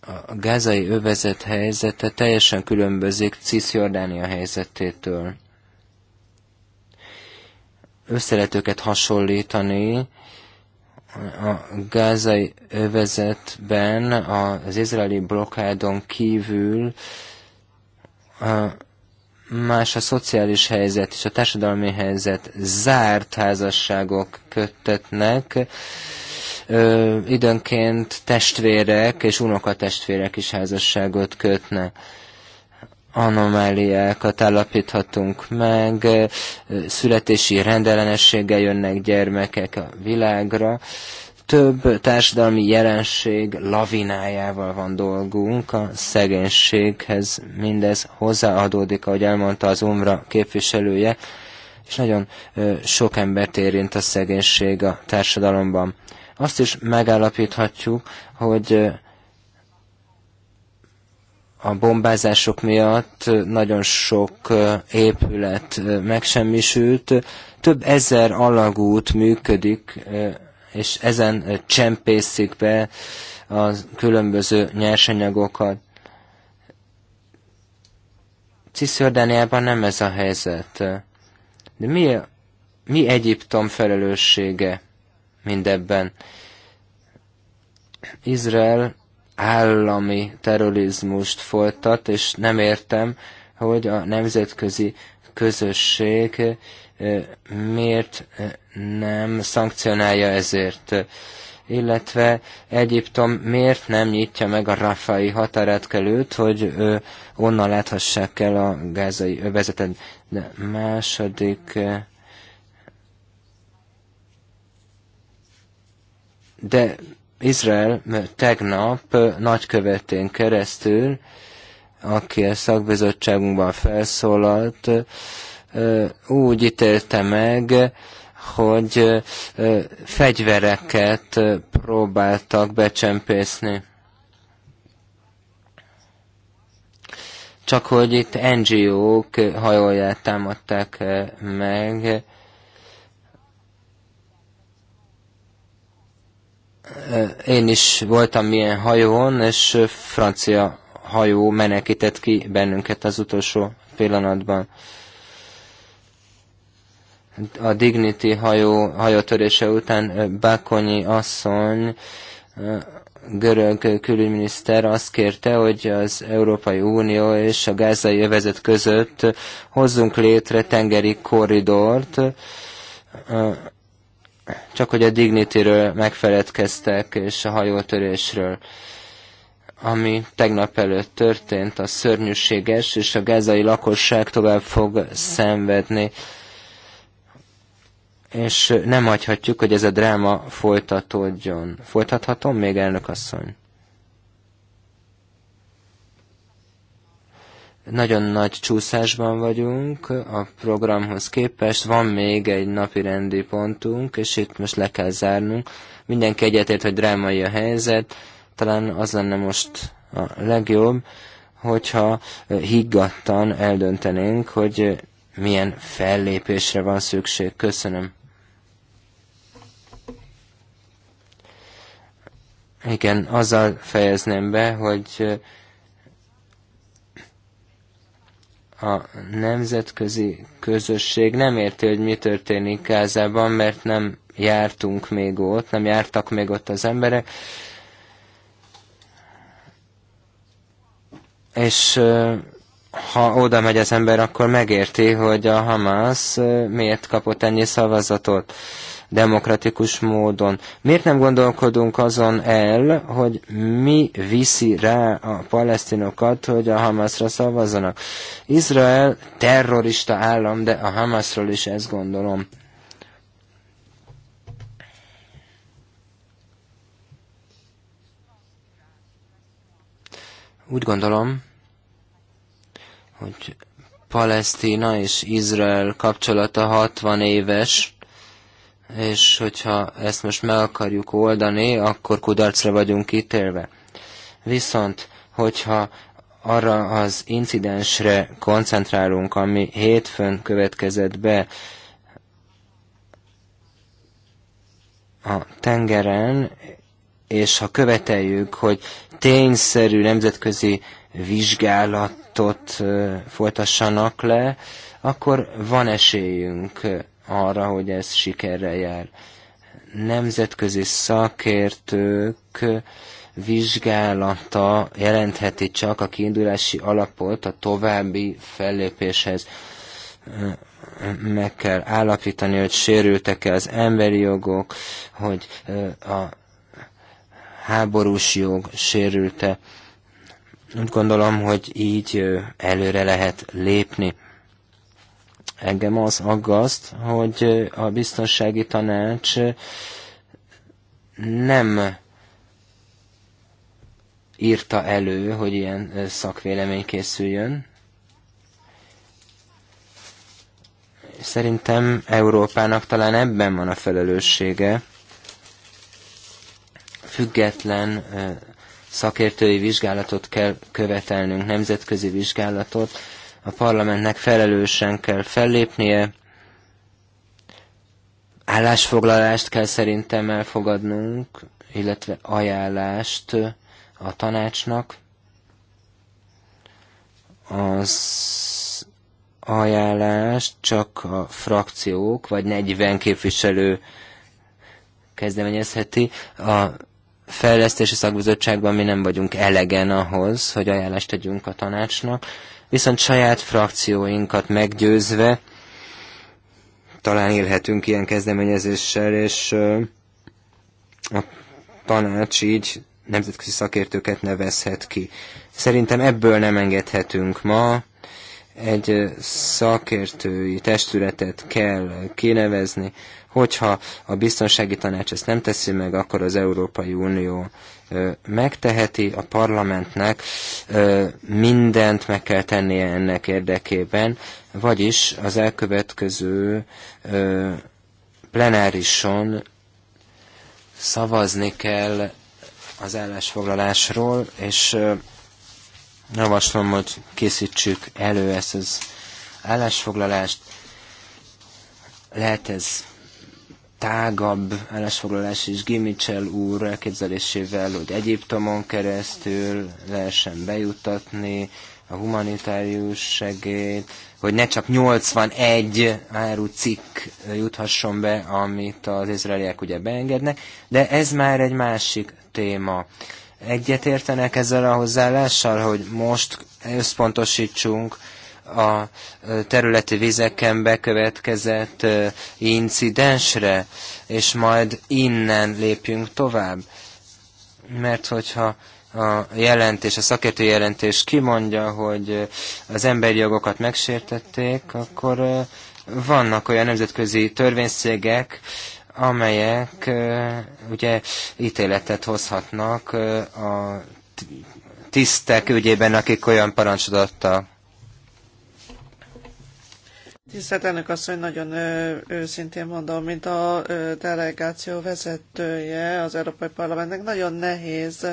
A gázai övezet helyzete teljesen különbözik Cisjordánia helyzetétől. Össze lehet őket hasonlítani, a gázai övezetben az izraeli blokkádon kívül más a szociális helyzet és a társadalmi helyzet. Zárt házasságok köttetnek, ö, időnként testvérek és unokatestvérek is házasságot kötne anomáliákat állapíthatunk meg, születési rendellenességgel jönnek gyermekek a világra, több társadalmi jelenség lavinájával van dolgunk, a szegénységhez mindez hozzáadódik, ahogy elmondta az UMRA képviselője, és nagyon sok embert érint a szegénység a társadalomban. Azt is megállapíthatjuk, hogy a bombázások miatt nagyon sok épület megsemmisült, több ezer alagút működik és ezen csempészik be a különböző nyersanyagokat. Cisziordániában nem ez a helyzet. De mi, mi Egyiptom felelőssége mindebben? Izrael állami terrorizmust folytat, és nem értem, hogy a nemzetközi közösség miért nem szankcionálja ezért? illetve Egyiptom miért nem nyitja meg a rafai határátkelőt, hogy onnan láthassák el a gázai övezetet. De második... De Izrael tegnap nagykövetén keresztül, aki a szakbizottságunkban felszólalt, úgy ítélte meg, hogy fegyvereket próbáltak becsempészni. Csak hogy itt NGO-k hajóját támadták meg, én is voltam ilyen hajón, és francia hajó menekített ki bennünket az utolsó pillanatban a Dignity hajó, hajótörése után Bakonyi asszony, görög külügyminiszter azt kérte, hogy az Európai Unió és a gázai övezet között hozzunk létre tengeri korridort, csak hogy a Dignity-ről megfeledkeztek, és a hajótörésről ami tegnap előtt történt, a szörnyűséges, és a gázai lakosság tovább fog szenvedni és nem hagyhatjuk, hogy ez a dráma folytatódjon. Folytathatom még, elnök asszony? Nagyon nagy csúszásban vagyunk a programhoz képest, van még egy napi rendi pontunk, és itt most le kell zárnunk. Mindenki egyetért, hogy drámai a helyzet, talán az lenne most a legjobb, hogyha higgadtan eldöntenénk, hogy milyen fellépésre van szükség. Köszönöm. Igen, azzal fejezném be, hogy a nemzetközi közösség nem érti, hogy mi történik Gázában, mert nem jártunk még ott, nem jártak még ott az emberek. És ha oda megy az ember, akkor megérti, hogy a Hamász miért kapott ennyi szavazatot demokratikus módon. Miért nem gondolkodunk azon el, hogy mi viszi rá a palesztinokat, hogy a Hamasra szavazzanak? Izrael terrorista állam, de a Hamasról is ezt gondolom. Úgy gondolom, hogy Palesztina és Izrael kapcsolata 60 éves, és hogyha ezt most meg akarjuk oldani, akkor kudarcra vagyunk ítélve. Viszont, hogyha arra az incidensre koncentrálunk, ami hétfőn következett be a tengeren, és ha követeljük, hogy tényszerű nemzetközi vizsgálatot folytassanak le, akkor van esélyünk arra, hogy ez sikerrel jár. Nemzetközi szakértők vizsgálata jelentheti csak a kiindulási alapot a további fellépéshez. Meg kell állapítani, hogy sérültek-e az emberi jogok, hogy a háborús jog sérülte. Úgy gondolom, hogy így előre lehet lépni engem az aggaszt, hogy a biztonsági tanács nem írta elő, hogy ilyen szakvélemény készüljön. Szerintem Európának talán ebben van a felelőssége. Független szakértői vizsgálatot kell követelnünk, nemzetközi vizsgálatot, a parlamentnek felelősen kell fellépnie, állásfoglalást kell szerintem elfogadnunk, illetve ajánlást a tanácsnak. Az ajánlást csak a frakciók, vagy 40 képviselő kezdeményezheti. A fejlesztési szakbizottságban mi nem vagyunk elegen ahhoz, hogy ajánlást tegyünk a tanácsnak, viszont saját frakcióinkat meggyőzve talán élhetünk ilyen kezdeményezéssel, és a tanács így nemzetközi szakértőket nevezhet ki. Szerintem ebből nem engedhetünk ma, egy szakértői testületet kell kinevezni, Hogyha a biztonsági tanács ezt nem teszi meg, akkor az Európai Unió megteheti a parlamentnek, mindent meg kell tennie ennek érdekében, vagyis az elkövetkező plenárison szavazni kell az állásfoglalásról, és javaslom, hogy készítsük elő ezt az állásfoglalást. Lehet ez tágabb állásfoglalás is Gimicsel úr elképzelésével, hogy Egyiptomon keresztül lehessen bejutatni a humanitárius segélyt, hogy ne csak 81 cikk juthasson be, amit az izraeliek ugye beengednek, de ez már egy másik téma. Egyetértenek ezzel a hozzáállással, hogy most összpontosítsunk a területi vizeken bekövetkezett incidensre, és majd innen lépjünk tovább. Mert hogyha a jelentés, a szakértő jelentés kimondja, hogy az emberi jogokat megsértették, akkor vannak olyan nemzetközi törvényszégek, amelyek ugye ítéletet hozhatnak a tisztek ügyében, akik olyan parancsot adtak.
Tisztelt elnök asszony, nagyon őszintén mondom, mint a delegáció vezetője az Európai Parlamentnek, nagyon nehéz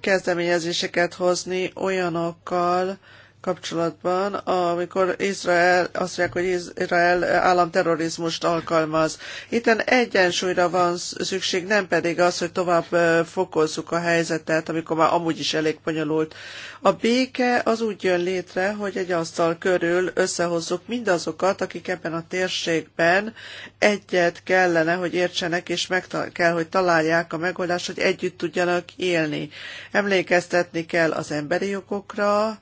kezdeményezéseket hozni olyanokkal, kapcsolatban, amikor Izrael, azt mondják, hogy Izrael államterrorizmust alkalmaz. Itten egyensúlyra van szükség, nem pedig az, hogy tovább fokozzuk a helyzetet, amikor már amúgy is elég bonyolult. A béke az úgy jön létre, hogy egy asztal körül összehozzuk mindazokat, akik ebben a térségben egyet kellene, hogy értsenek, és meg kell, hogy találják a megoldást, hogy együtt tudjanak élni. Emlékeztetni kell az emberi jogokra,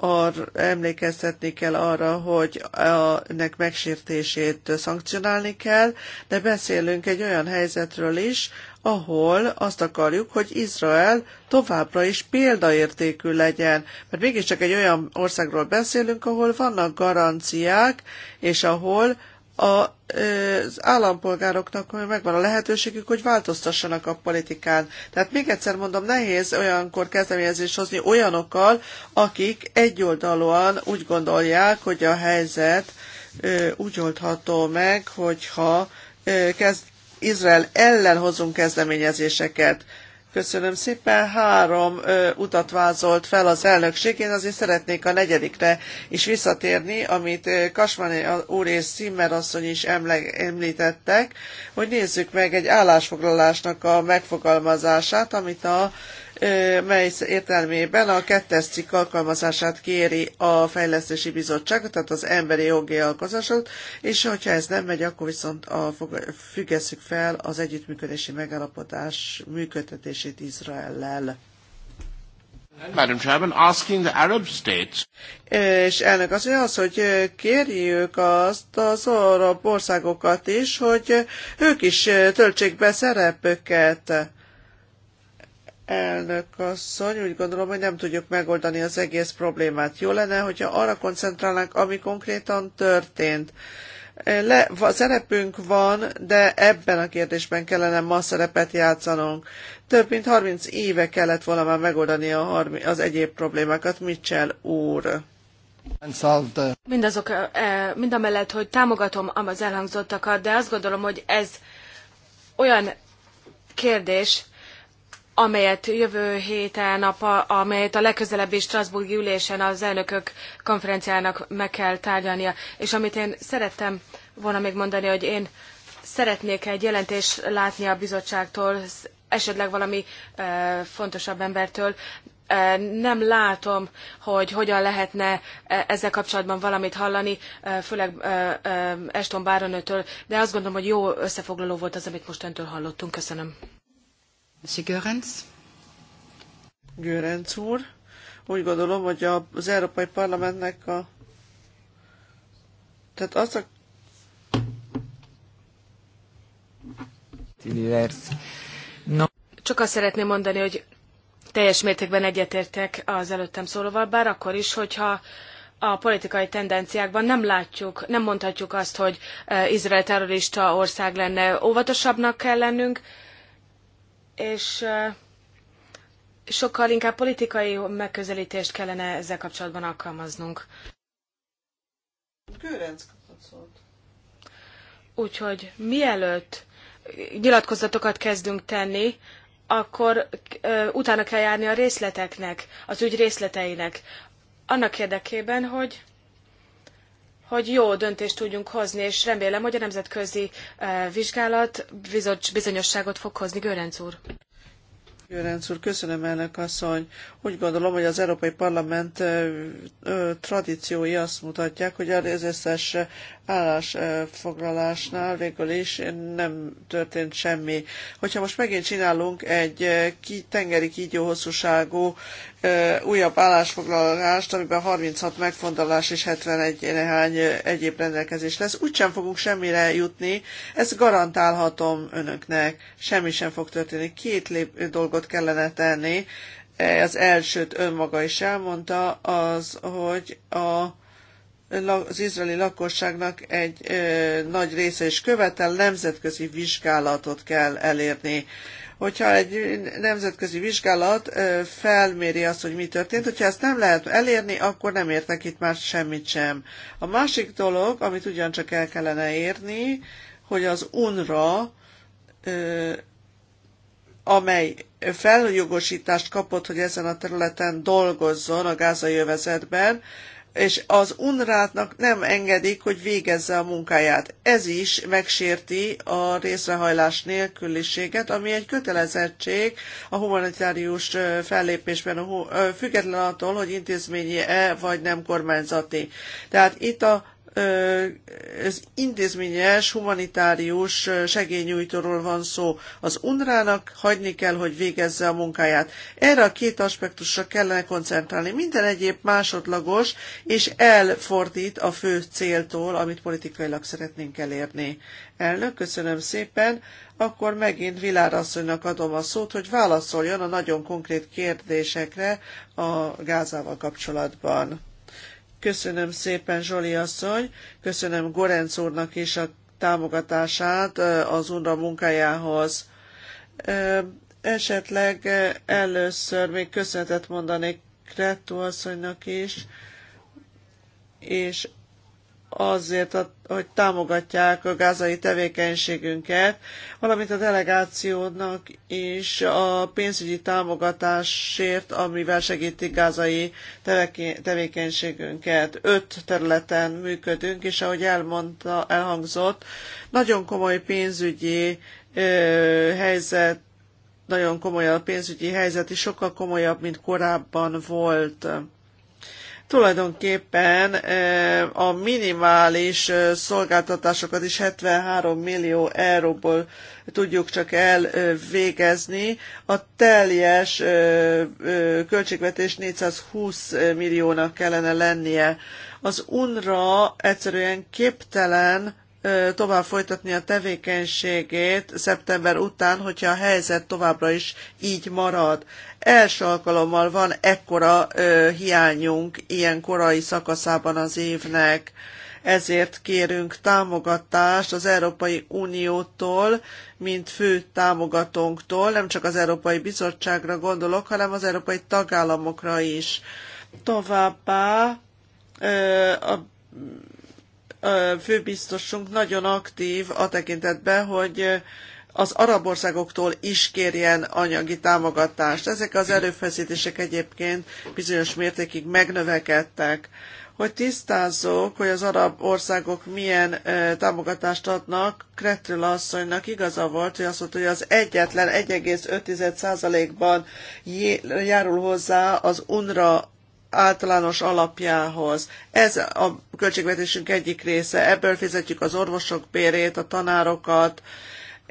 ar, emlékeztetni kell arra, hogy a, ennek megsértését szankcionálni kell, de beszélünk egy olyan helyzetről is, ahol azt akarjuk, hogy Izrael továbbra is példaértékű legyen, mert mégiscsak egy olyan országról beszélünk, ahol vannak garanciák, és ahol az állampolgároknak megvan a lehetőségük, hogy változtassanak a politikán. Tehát még egyszer mondom, nehéz olyankor kezdeményezést hozni olyanokkal, akik egyoldalúan úgy gondolják, hogy a helyzet úgy oldható meg, hogyha kezd, Izrael ellen hozunk kezdeményezéseket. Köszönöm szépen. Három ö, utat vázolt fel az elnökség. Én azért szeretnék a negyedikre is visszatérni, amit ö, Kasmani úr és Szimmer asszony is emle, említettek, hogy nézzük meg egy állásfoglalásnak a megfogalmazását, amit a mely értelmében a kettes cikk alkalmazását kéri a Fejlesztési Bizottság, tehát az emberi jogi alkalmazásot, és hogyha ez nem megy, akkor viszont a, függesszük fel az együttműködési megállapodás működtetését Izraellel.
Madam Chairman, asking the Arab states.
És elnök az, hogy az, hogy kérjük azt az arab országokat is, hogy ők is töltsék be szerepüket Elnök asszony, úgy gondolom, hogy nem tudjuk megoldani az egész problémát. Jó lenne, hogyha arra koncentrálnánk, ami konkrétan történt. Le, a szerepünk van, de ebben a kérdésben kellene ma szerepet játszanunk. Több mint 30 éve kellett volna már megoldani a 30, az egyéb problémákat, Mitchell úr.
Mindazok, mindamellett, hogy támogatom az elhangzottakat, de azt gondolom, hogy ez olyan kérdés, amelyet jövő héten, a, amelyet a legközelebbi Strasbourg ülésen az elnökök konferenciának meg kell tárgyalnia. És amit én szerettem volna még mondani, hogy én szeretnék egy jelentést látni a bizottságtól, esetleg valami e, fontosabb embertől. E, nem látom, hogy hogyan lehetne ezzel kapcsolatban valamit hallani, e, főleg e, e, Eston Báronőtől, de azt gondolom, hogy jó összefoglaló volt az, amit most öntől hallottunk. Köszönöm.
Görens. Görenc
úr, úgy gondolom, hogy az Európai Parlamentnek a...
Tehát az a... No. Csak azt szeretném mondani, hogy teljes mértékben egyetértek az előttem szólóval, bár akkor is, hogyha a politikai tendenciákban nem látjuk, nem mondhatjuk azt, hogy eh, Izrael terrorista ország lenne, óvatosabbnak kell lennünk, és sokkal inkább politikai megközelítést kellene ezzel kapcsolatban alkalmaznunk.
Kőrenc kapott szót.
Úgyhogy mielőtt nyilatkozatokat kezdünk tenni, akkor ö, utána kell járni a részleteknek, az ügy részleteinek, annak érdekében, hogy hogy jó döntést tudjunk hozni, és remélem, hogy a nemzetközi eh, vizsgálat bizonyosságot fog hozni. Görenc úr.
Jönenc úr, köszönöm elnök asszony. Úgy gondolom, hogy az Európai Parlament ö, eh, ö, tradíciói azt mutatják, hogy az összes állásfoglalásnál végül is nem történt semmi. Hogyha most megint csinálunk egy tengeri kígyó hosszúságú újabb állásfoglalást, amiben 36 megfontolás és 71 néhány egyéb rendelkezés lesz, úgysem fogunk semmire jutni, ezt garantálhatom önöknek, semmi sem fog történni. Két lép- dolgot kellene tenni, az elsőt önmaga is elmondta, az, hogy a az izraeli lakosságnak egy nagy része is követel, nemzetközi vizsgálatot kell elérni hogyha egy nemzetközi vizsgálat felméri azt, hogy mi történt, hogyha ezt nem lehet elérni, akkor nem értek itt már semmit sem. A másik dolog, amit ugyancsak el kellene érni, hogy az UNRA, amely feljogosítást kapott, hogy ezen a területen dolgozzon a gázai övezetben, és az unrátnak nem engedik, hogy végezze a munkáját. Ez is megsérti a részrehajlás nélküliséget, ami egy kötelezettség a humanitárius fellépésben, független attól, hogy intézményi-e vagy nem kormányzati. Tehát itt a ez intézményes humanitárius segélynyújtóról van szó. Az Unrának, nak hagyni kell, hogy végezze a munkáját. Erre a két aspektusra kellene koncentrálni. Minden egyéb másodlagos, és elfordít a fő céltól, amit politikailag szeretnénk elérni. Elnök, köszönöm szépen. Akkor megint Vilárasszonynak adom a szót, hogy válaszoljon a nagyon konkrét kérdésekre a Gázával kapcsolatban. Köszönöm szépen, Zsoli asszony, köszönöm Gorenc úrnak is a támogatását az UNRWA munkájához. Esetleg először még köszönetet mondanék Krettó asszonynak is, és azért, hogy támogatják a gázai tevékenységünket, valamint a delegációnak is a pénzügyi támogatásért, amivel segítik gázai tevékenységünket. Öt területen működünk, és ahogy elmondta, elhangzott, nagyon komoly pénzügyi ö, helyzet, nagyon komoly a pénzügyi helyzet, és sokkal komolyabb, mint korábban volt. Tulajdonképpen a minimális szolgáltatásokat is 73 millió euróból tudjuk csak elvégezni. A teljes költségvetés 420 milliónak kellene lennie. Az UNRA egyszerűen képtelen tovább folytatni a tevékenységét szeptember után, hogyha a helyzet továbbra is így marad. Első alkalommal van ekkora hiányunk ilyen korai szakaszában az évnek. Ezért kérünk támogatást az Európai Uniótól, mint fő támogatónktól, nem csak az Európai Bizottságra gondolok, hanem az európai tagállamokra is. Továbbá a főbiztosunk nagyon aktív a tekintetben, hogy az arab országoktól is kérjen anyagi támogatást. Ezek az erőfeszítések egyébként bizonyos mértékig megnövekedtek. Hogy tisztázzuk, hogy az arab országok milyen ö, támogatást adnak, Kretről asszonynak igaza volt, hogy azt mondta, hogy az egyetlen 1,5%-ban járul hozzá az UNRA általános alapjához. Ez a költségvetésünk egyik része. Ebből fizetjük az orvosok bérét, a tanárokat,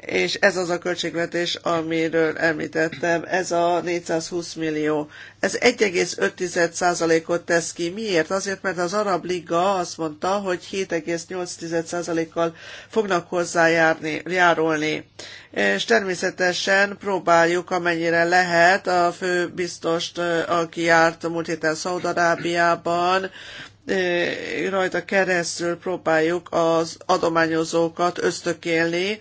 és ez az a költségvetés, amiről említettem, ez a 420 millió. Ez 1,5%-ot tesz ki. Miért? Azért, mert az Arab Liga azt mondta, hogy 7,8%-kal fognak járulni. És természetesen próbáljuk, amennyire lehet, a fő biztost, aki járt múlt héten Szaudarábiában, rajta keresztül próbáljuk az adományozókat ösztökélni,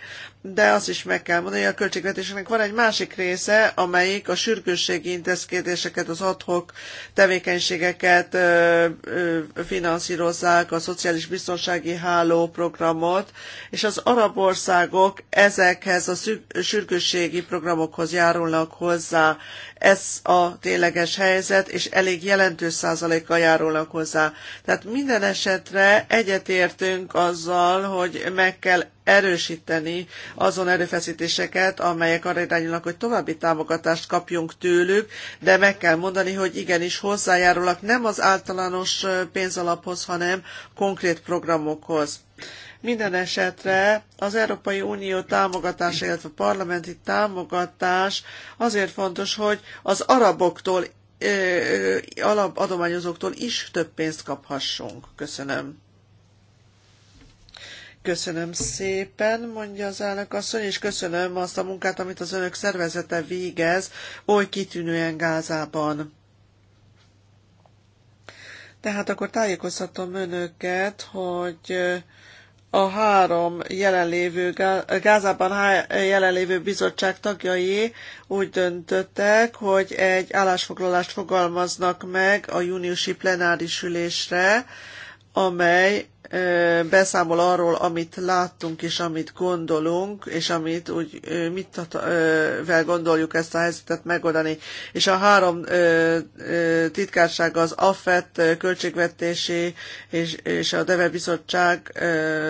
de azt is meg kell mondani, hogy a költségvetésnek van egy másik része, amelyik a sürgősségi intézkedéseket, az adhok tevékenységeket ö, ö, finanszírozzák, a szociális biztonsági háló programot, és az arab országok ezekhez a sürgősségi programokhoz járulnak hozzá. Ez a tényleges helyzet, és elég jelentős százalékkal járulnak hozzá. Tehát minden esetre egyetértünk azzal, hogy meg kell erősíteni azon erőfeszítéseket, amelyek arra irányulnak, hogy további támogatást kapjunk tőlük, de meg kell mondani, hogy igenis hozzájárulnak nem az általános pénzalaphoz, hanem konkrét programokhoz. Minden esetre az Európai Unió támogatása, illetve a parlamenti támogatás azért fontos, hogy az araboktól, alapadományozóktól is több pénzt kaphassunk. Köszönöm. Köszönöm szépen, mondja az elnök asszony, és köszönöm azt a munkát, amit az önök szervezete végez, oly kitűnően Gázában. Tehát akkor tájékoztatom önöket, hogy a három jelenlévő, Gázában há, jelenlévő bizottság tagjai úgy döntöttek, hogy egy állásfoglalást fogalmaznak meg a júniusi plenáris ülésre, amely beszámol arról, amit láttunk és amit gondolunk, és amit úgy mit vel gondoljuk ezt a helyzetet megoldani. És a három titkárság az AFET költségvetési és, és a Deve Bizottság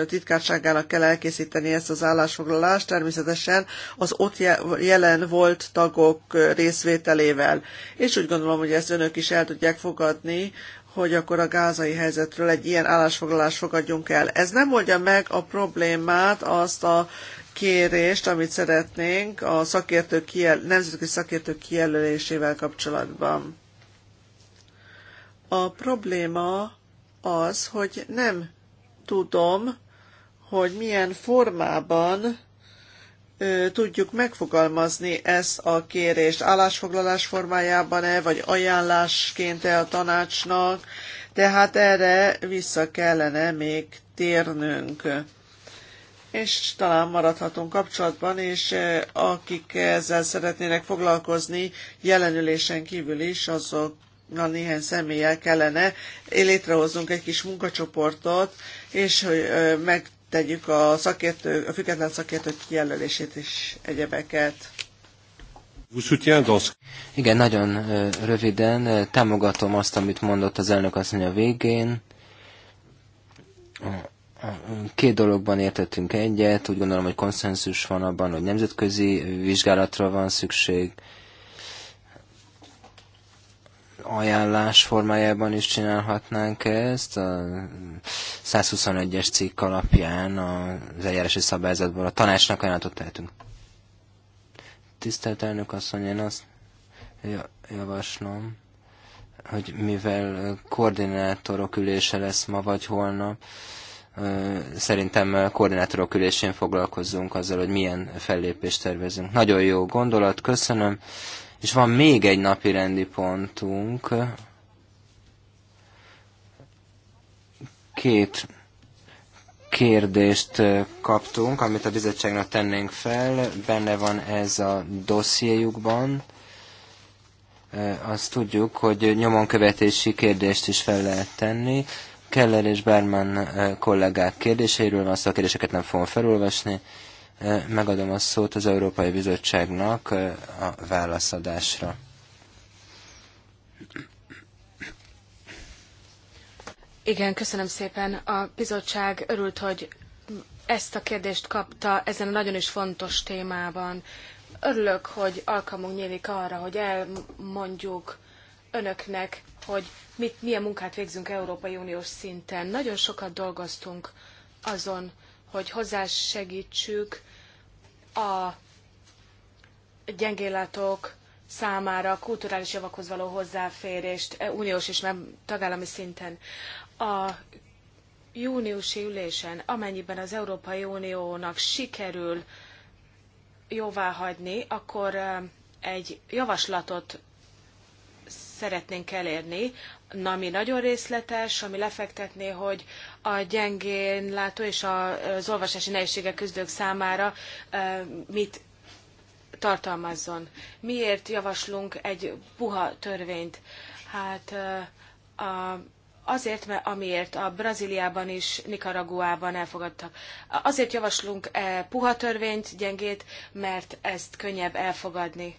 titkárságának kell elkészíteni ezt az állásfoglalást, természetesen az ott jelen volt tagok részvételével. És úgy gondolom, hogy ezt önök is el tudják fogadni, hogy akkor a gázai helyzetről egy ilyen állásfoglalás fogadjunk el. Ez nem oldja meg a problémát, azt a kérést, amit szeretnénk a szakértők kijel, nemzetközi szakértők kijelölésével kapcsolatban. A probléma az, hogy nem tudom, hogy milyen formában tudjuk megfogalmazni ezt a kérést állásfoglalás formájában-e, vagy ajánlásként-e a tanácsnak, tehát erre vissza kellene még térnünk. És talán maradhatunk kapcsolatban, és akik ezzel szeretnének foglalkozni, jelenülésen kívül is, azok na néhány személlyel kellene létrehozunk egy kis munkacsoportot, és hogy meg tegyük a, szakértő, a független szakértők kijelölését és egyebeket.
Igen, nagyon röviden támogatom azt, amit mondott az elnök asszony a végén. Két dologban értettünk egyet, úgy gondolom, hogy konszenzus van abban, hogy nemzetközi vizsgálatra van szükség, ajánlás formájában is csinálhatnánk ezt. A 121-es cikk alapján az eljárási szabályzatból a tanácsnak ajánlatot tehetünk. Tisztelt elnök asszony, én azt javaslom, hogy mivel koordinátorok ülése lesz ma vagy holnap, szerintem koordinátorok ülésén foglalkozzunk azzal, hogy milyen fellépést tervezünk. Nagyon jó gondolat, köszönöm. És van még egy napi rendi pontunk. Két kérdést kaptunk, amit a bizottságnak tennénk fel. Benne van ez a dossziéjukban. Azt tudjuk, hogy nyomon követési kérdést is fel lehet tenni. Keller és Berman kollégák kérdéseiről van szó, a kérdéseket nem fogom felolvasni. Eh, megadom a szót az Európai Bizottságnak eh, a válaszadásra.
Igen, köszönöm szépen. A bizottság örült, hogy ezt a kérdést kapta ezen a nagyon is fontos témában. Örülök, hogy alkalmunk nyílik arra, hogy elmondjuk önöknek, hogy mit, milyen munkát végzünk Európai Uniós szinten. Nagyon sokat dolgoztunk azon, hogy hozzásegítsük a gyengéllátók számára kulturális javakhoz való hozzáférést e, uniós és nem tagállami szinten. A júniusi ülésen, amennyiben az Európai Uniónak sikerül jóváhagyni, akkor e, egy javaslatot szeretnénk elérni, ami nagyon részletes, ami lefektetné, hogy a gyengén látó és az olvasási nehézségek küzdők számára mit tartalmazzon. Miért javaslunk egy puha törvényt? Hát a, azért, mert amiért a Brazíliában is, Nicaraguában elfogadtak. Azért javaslunk e puha törvényt, gyengét, mert ezt könnyebb elfogadni.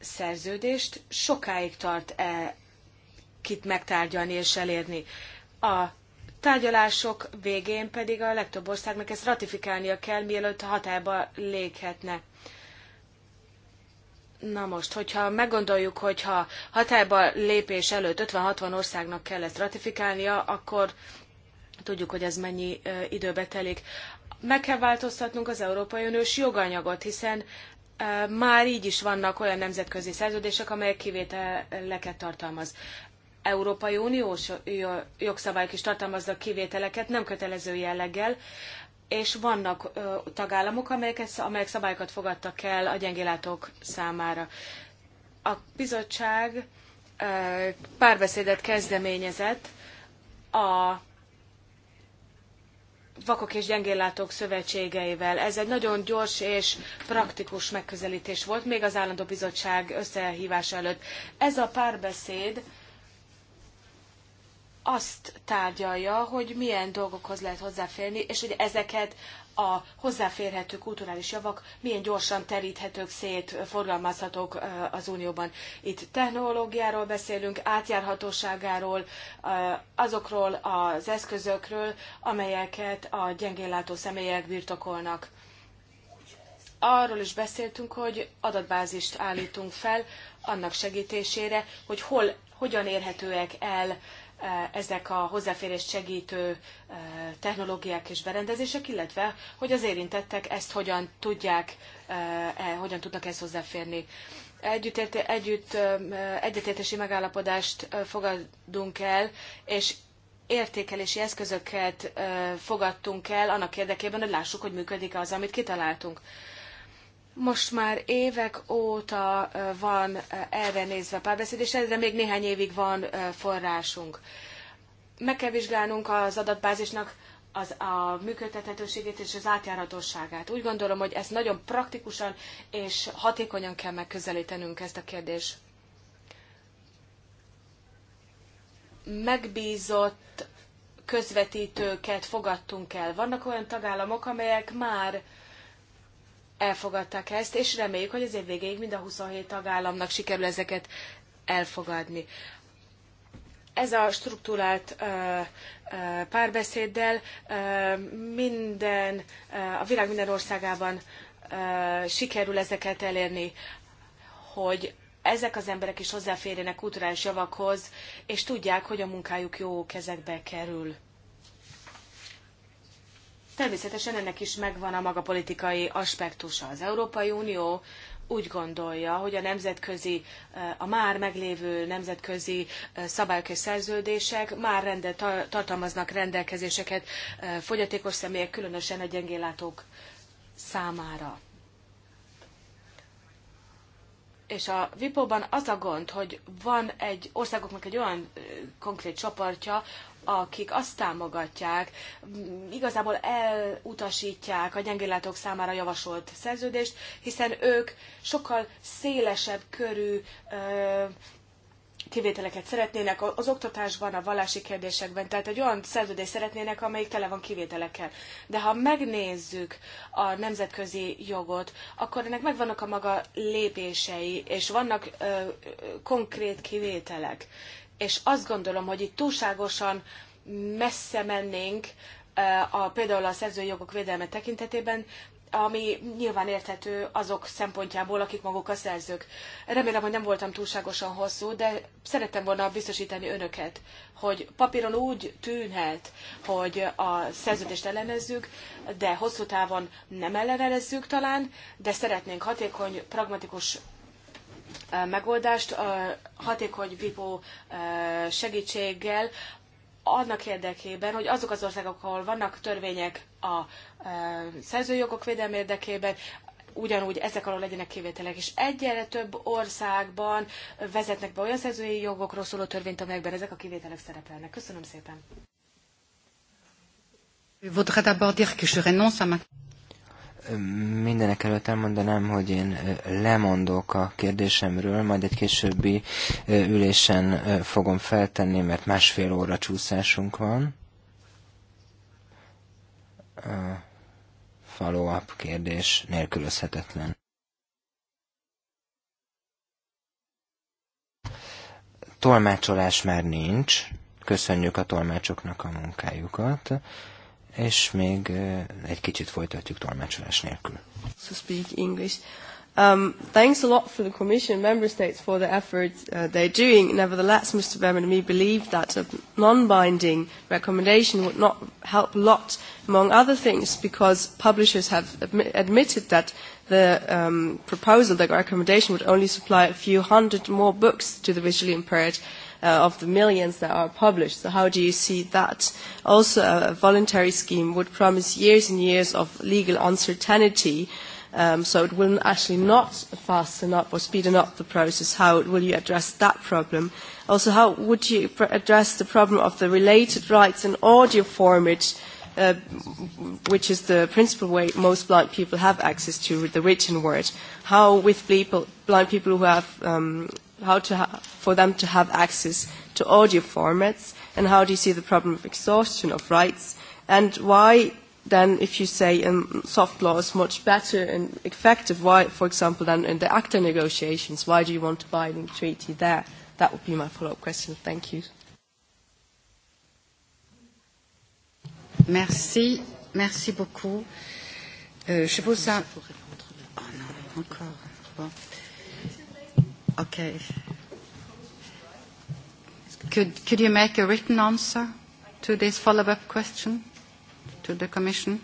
Szerződést sokáig tart e kit megtárgyalni és elérni. A tárgyalások végén pedig a legtöbb országnak ezt ratifikálnia kell, mielőtt hatályba léghetne. Na most, hogyha meggondoljuk, hogyha hatályba lépés előtt 50-60 országnak kell ezt ratifikálnia, akkor tudjuk, hogy ez mennyi időbe telik. Meg kell változtatnunk az Európai Uniós joganyagot, hiszen már így is vannak olyan nemzetközi szerződések, amelyek kivételeket tartalmaz. Európai Uniós jogszabályok is tartalmaznak kivételeket, nem kötelező jelleggel, és vannak ö, tagállamok, amelyek, amelyek szabályokat fogadtak el a gyengélátók számára. A bizottság ö, párbeszédet kezdeményezett a Vakok és Gyengéllátók Szövetségeivel. Ez egy nagyon gyors és praktikus megközelítés volt, még az állandó bizottság összehívása előtt. Ez a párbeszéd azt tárgyalja, hogy milyen dolgokhoz lehet hozzáférni, és hogy ezeket a hozzáférhető kulturális javak milyen gyorsan teríthetők szét, forgalmazhatók az Unióban. Itt technológiáról beszélünk, átjárhatóságáról, azokról az eszközökről, amelyeket a gyengéllátó személyek birtokolnak. Arról is beszéltünk, hogy adatbázist állítunk fel annak segítésére, hogy hol, hogyan érhetőek el Eh, ezek a hozzáférést segítő eh, technológiák és berendezések, illetve hogy az érintettek ezt hogyan tudják, eh, hogyan tudnak ezt hozzáférni. Együtt, együtt egyetértési megállapodást fogadunk el, és értékelési eszközöket fogadtunk el annak érdekében, hogy lássuk, hogy működik az, amit kitaláltunk. Most már évek óta van erre nézve párbeszéd, és erre még néhány évig van forrásunk. Meg kell vizsgálnunk az adatbázisnak az, a működtethetőségét és az átjárhatóságát. Úgy gondolom, hogy ezt nagyon praktikusan és hatékonyan kell megközelítenünk ezt a kérdést. Megbízott közvetítőket fogadtunk el. Vannak olyan tagállamok, amelyek már elfogadták ezt, és reméljük, hogy az év végéig mind a 27 tagállamnak sikerül ezeket elfogadni. Ez a struktúrált párbeszéddel minden, a világ minden országában sikerül ezeket elérni, hogy ezek az emberek is hozzáférjenek kulturális javakhoz, és tudják, hogy a munkájuk jó kezekbe kerül. Természetesen ennek is megvan a maga politikai aspektusa. Az Európai Unió úgy gondolja, hogy a nemzetközi, eh, a már meglévő nemzetközi eh, szabályok és szerződések már rende, tartalmaznak rendelkezéseket eh, fogyatékos személyek, különösen a gyengélátók számára. És a wipo ban az a gond, hogy van egy országoknak egy olyan konkrét csoportja, akik azt támogatják, igazából elutasítják a gyengéletok számára javasolt szerződést, hiszen ők sokkal szélesebb körű kivételeket szeretnének az oktatásban, a vallási kérdésekben, tehát egy olyan szerződést szeretnének, amelyik tele van kivételekkel. De ha megnézzük a nemzetközi jogot, akkor ennek megvannak a maga lépései, és vannak ö, konkrét kivételek és azt gondolom, hogy itt túlságosan messze mennénk eh, a, például a szerzői jogok védelme tekintetében, ami nyilván érthető azok szempontjából, akik maguk a szerzők. Remélem, hogy nem voltam túlságosan hosszú, de szerettem volna biztosítani önöket, hogy papíron úgy tűnhet, hogy a szerződést ellenezzük, de hosszú távon nem ellenezzük talán, de szeretnénk hatékony, pragmatikus megoldást a hatékony VIPO segítséggel annak érdekében, hogy azok az országok, ahol vannak törvények a szerzőjogok védelme érdekében, ugyanúgy ezek alól legyenek kivételek. És egyre több országban vezetnek be olyan szerzői jogokról szóló törvényt, amelyekben ezek a kivételek szerepelnek. Köszönöm szépen.
Mindenek előtt elmondanám, hogy én lemondok a kérdésemről, majd egy későbbi ülésen fogom feltenni, mert másfél óra csúszásunk van. Follow-up kérdés nélkülözhetetlen. Tolmácsolás már nincs. Köszönjük a tolmácsoknak a munkájukat és még egy kicsit folytatjuk tolmácsolás nélkül.
To speak English. Um, thanks a lot for the Commission member states for the efforts uh, they're doing. Nevertheless, Mr. Berman and me believe that a non-binding recommendation would not help a lot, among other things, because publishers have admi admitted that the um, proposal, the recommendation, would only supply a few hundred more books to the visually impaired uh, of the millions that are published. So how do you see that? Also, a voluntary scheme would promise years and years of legal uncertainty. Um, so it will actually not fasten up or speeden up the process. How will you address that problem? Also, how would you address the problem of the related rights in audio format, uh, which is the principal way most blind people have access to the written word? How, with people, blind people who have um, how to ha- for them to have access to audio formats, and how do you see the problem of exhaustion of rights, and why then, if you say um, soft law is much better and effective, why, for example, then in the ACTA negotiations, why do you want a binding treaty there? That would be my follow-up question. Thank you.
Merci, merci beaucoup. Euh, je suppose ça. Oh non, encore. Bon. Okay. Could, could you make a written answer to this follow-up question to the Commission?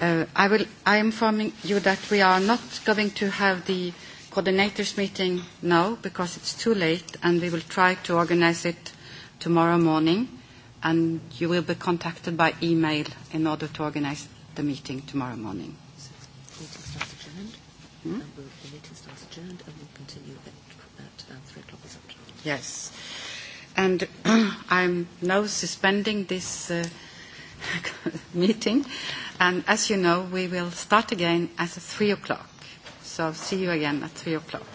Uh, I, will, I am informing you that we are not going to have the coordinators meeting now because it's too late and we will try to organize it tomorrow morning and you will be contacted by email in order to organize the meeting tomorrow morning.
Hmm? adjourned and we'll continue at, at um, uh, 3 o'clock
this
afternoon. Yes. And I'm now suspending this uh, meeting. And as you know, we will start again at 3 o'clock. So see you again at 3 o'clock.